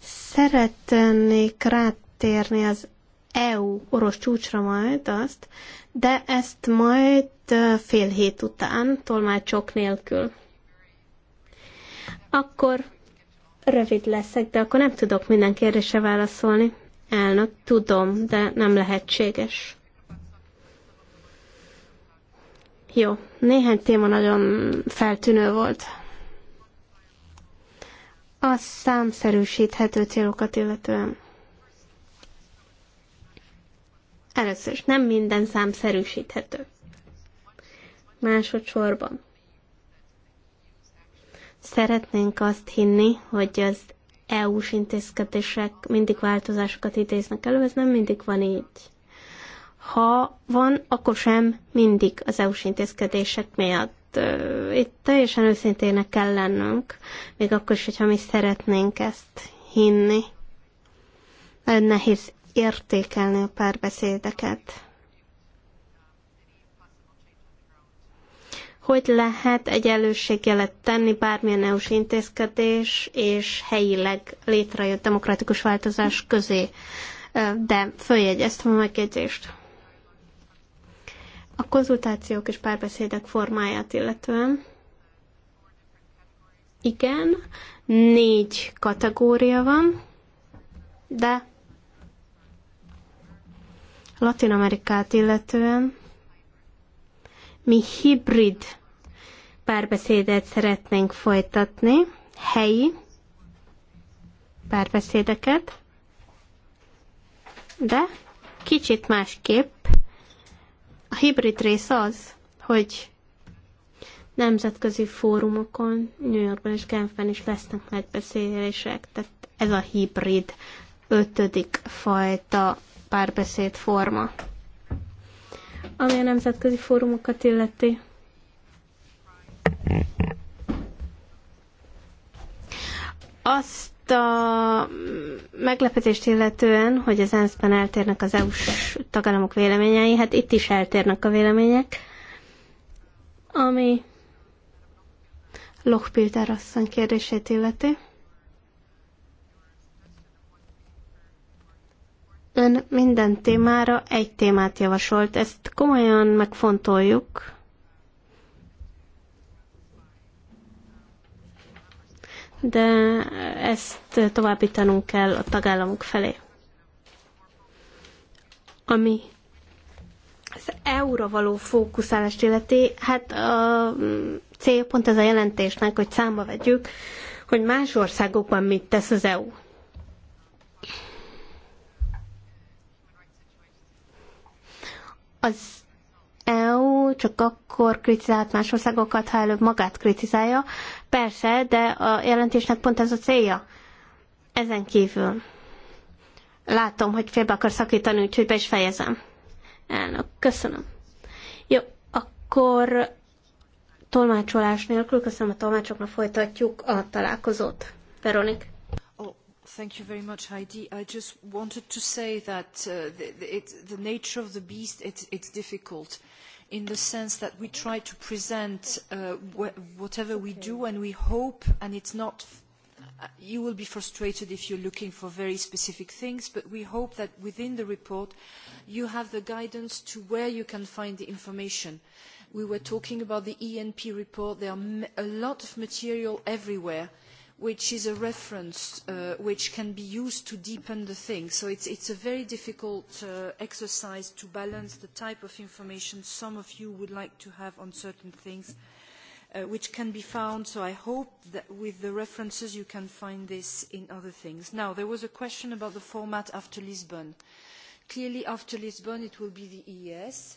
Szeretnék rátérni az EU-orosz csúcsra majd azt, de ezt majd fél hét után, tolmácsok nélkül. Akkor rövid leszek, de akkor nem tudok minden kérdése válaszolni. Elnök, tudom, de nem lehetséges. Jó, néhány téma nagyon feltűnő volt. A számszerűsíthető célokat illetően. Először is nem minden számszerűsíthető. Másodszorban. Szeretnénk azt hinni, hogy az EU-s intézkedések mindig változásokat idéznek elő, ez nem mindig van így ha van, akkor sem mindig az EU-s intézkedések miatt. Itt teljesen őszintének kell lennünk, még akkor is, hogyha mi szeretnénk ezt hinni. Nagyon nehéz értékelni a párbeszédeket. Hogy lehet egyenlőségjelet tenni bármilyen EU-s intézkedés és helyileg létrejött demokratikus változás közé? De följegyeztem a megjegyzést. A konzultációk és párbeszédek formáját illetően igen, négy kategória van, de Latin Amerikát illetően mi hibrid párbeszédet szeretnénk folytatni, helyi párbeszédeket, de kicsit másképp, a hibrid rész az, hogy nemzetközi fórumokon, New Yorkban és Genfben is lesznek megbeszélések, tehát ez a hibrid ötödik fajta párbeszéd forma, ami a nemzetközi fórumokat illeti. Azt a meglepetést illetően, hogy az ENSZ-ben eltérnek az EU-s tagállamok véleményei, hát itt is eltérnek a vélemények, ami Lochpilter asszony kérdését illeti. Ön minden témára egy témát javasolt, ezt komolyan megfontoljuk, de ezt továbbítanunk kell a tagállamok felé. Ami az EU-ra való fókuszálást illeti, hát a cél pont ez a jelentésnek, hogy számba vegyük, hogy más országokban mit tesz az EU. Az EU csak akkor kritizált más országokat, ha előbb magát kritizálja. Persze, de a jelentésnek pont ez a célja. Ezen kívül látom, hogy félbe akar szakítani, úgyhogy be is fejezem. Elnök, köszönöm. Jó, akkor tolmácsolás nélkül, köszönöm a tolmácsoknak, folytatjuk a találkozót. Veronik. Oh, thank you very much, Heidi. I just wanted to say that uh, the, it, the nature of the beast, it, it's difficult in the sense that we try to present uh, wh whatever we do and we hope, and it's not uh, you will be frustrated if you're looking for very specific things, but we hope that within the report you have the guidance to where you can find the information. We were talking about the ENP report. There are a lot of material everywhere which is a reference uh, which can be used to deepen the thing. So it's, it's a very difficult uh, exercise to balance the type of information some of you would like to have on certain things, uh, which can be found. So I hope that with the references you can find this in other things. Now, there was a question about the format after Lisbon. Clearly, after Lisbon, it will be the EES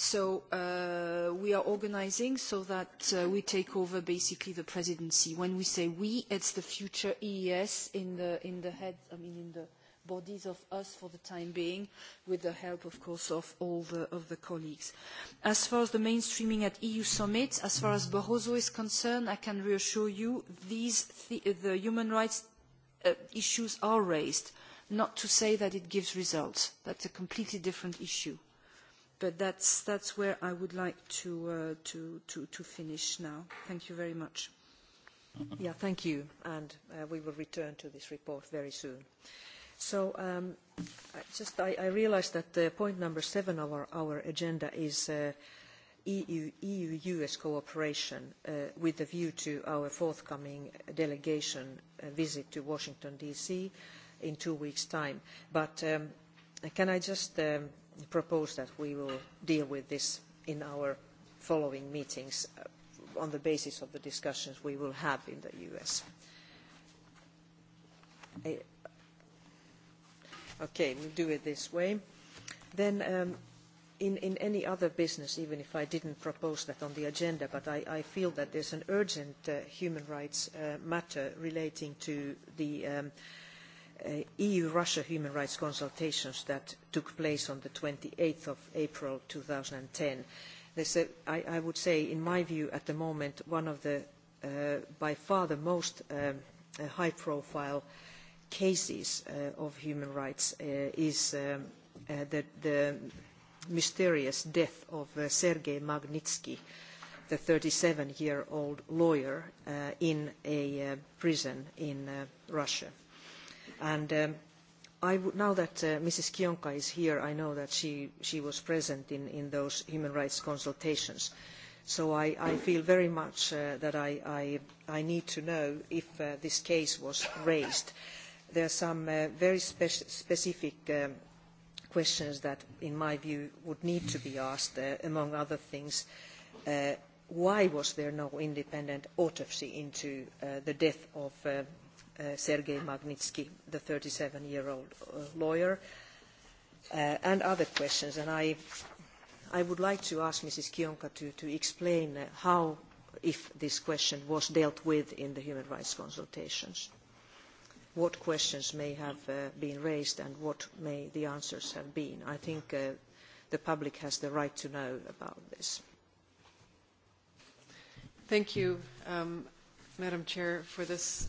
So uh, we are organizing so that uh, we take over basically the presidency. When we say we, it's the future EES in the, in the head, I mean in the bodies of us for the time being, with the help, of course, of all the, of the colleagues. As far as the mainstreaming at EU summits, as far as Barroso is concerned, I can reassure you these the, the human rights uh, issues are raised, not to say that it gives results. That's a completely different issue but that's, that's where I would like to, uh, to, to, to finish now. Thank you very much. [laughs] Yeah, thank you, and uh, we will return to this report very soon. So um, I just I, I realized that the point number seven of our, our agenda is uh, EU-US e EU cooperation uh, with a view to our forthcoming delegation uh, visit to Washington, D.C. in two weeks' time. But um, can I just um, propose that we will deal with this in our following meetings uh, on the basis of the discussions we will have in the US. Okay, we'll do it this way. Then um, in, in any other business, even if I didn't propose that on the agenda, but I, I feel that there's an urgent uh, human rights uh, matter relating to the um, Uh, EU-Russia human rights consultations that took place on the 28th of April 2010. This, uh, I, I would say, in my view, at the moment, one of the uh, by far the most um, uh, high-profile cases uh, of human rights uh, is um, uh, the, the mysterious death of uh, Sergei Magnitsky, the 37-year-old lawyer uh, in a uh, prison in uh, Russia. And um, would, now that uh, Mrs. Kionka is here, I know that she, she was present in, in those human rights consultations. So I, I feel very much uh, that I, I, I need to know if uh, this case was raised. There are some uh, very spe specific um, questions that, in my view, would need to be asked, uh, among other things. Uh, why was there no independent autopsy into uh, the death of uh, Uh, Sergei Magnitsky, the 37-year-old uh, lawyer, uh, and other questions. And I, I would like to ask Mrs. Kionka to, to explain how, if this question was dealt with in the human rights consultations what questions may have uh, been raised and what may the answers have been. I think uh, the public has the right to know about this. Thank you, um, Madam Chair, for this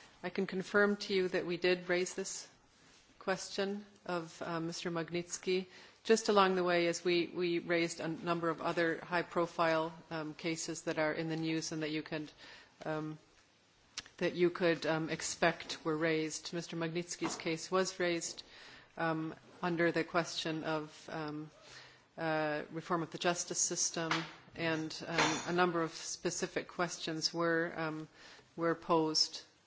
I can confirm to you that we did raise this question of uh, Mr. Magnitsky just along the way as we, we raised a number of other high-profile um, cases that are in the news and that you could, um, that you could um, expect were raised. Mr. Magnitsky's case was raised um, under the question of um, uh, reform of the justice system, and um, a number of specific questions were, um, were posed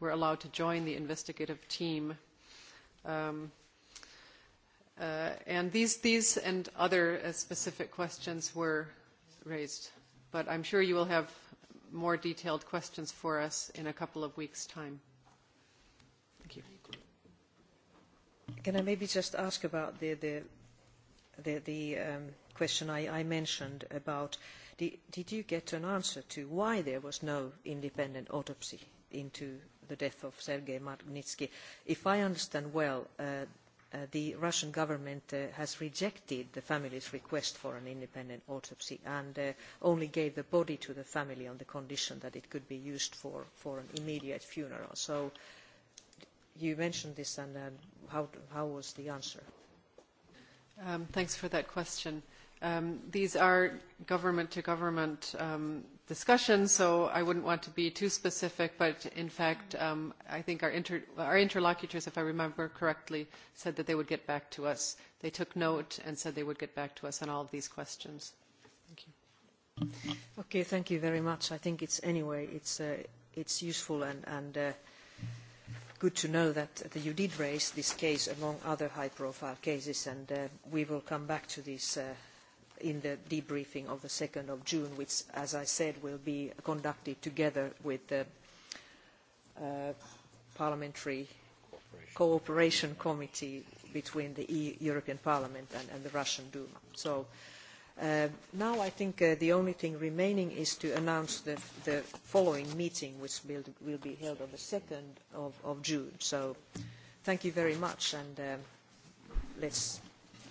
were allowed to join the investigative team. Um, uh, and these, these and other uh, specific questions were raised, but I'm sure you will have more detailed questions for us in a couple of weeks' time. Thank you. Can I maybe just ask about the, the, the, the um, question I, I mentioned about did, did you get an answer to why there was no independent autopsy into the death of Sergei Magnitsky. If I understand well, uh, Uh, the Russian government uh, has rejected the family's request for an independent autopsy and uh, only gave the body to the family on the condition that it could be used for, for an immediate funeral. So you mentioned this and um, how, how was the answer? Um, thanks for that question. Um, these are government-to-government -government, um, discussion, so I wouldn't want to be too specific, but in fact, um, I think our, inter our interlocutors, if I remember correctly, said that they would get back to us. They took note and said they would get back to us on all of these questions. Thank you. Okay, thank you very much. I think it's anyway, it's, uh, it's useful and, and uh, good to know that, that you did raise this case among other high-profile cases, and uh, we will come back to these uh, in the debriefing of the 2nd of June, which, as I said, will be conducted together with the uh, Parliamentary Cooperation. Cooperation Committee between the e, European Parliament and, and, the Russian Duma. So uh, now I think uh, the only thing remaining is to announce the, the following meeting, which will, will, be held on the 2nd of, of June. So thank you very much, and um, let's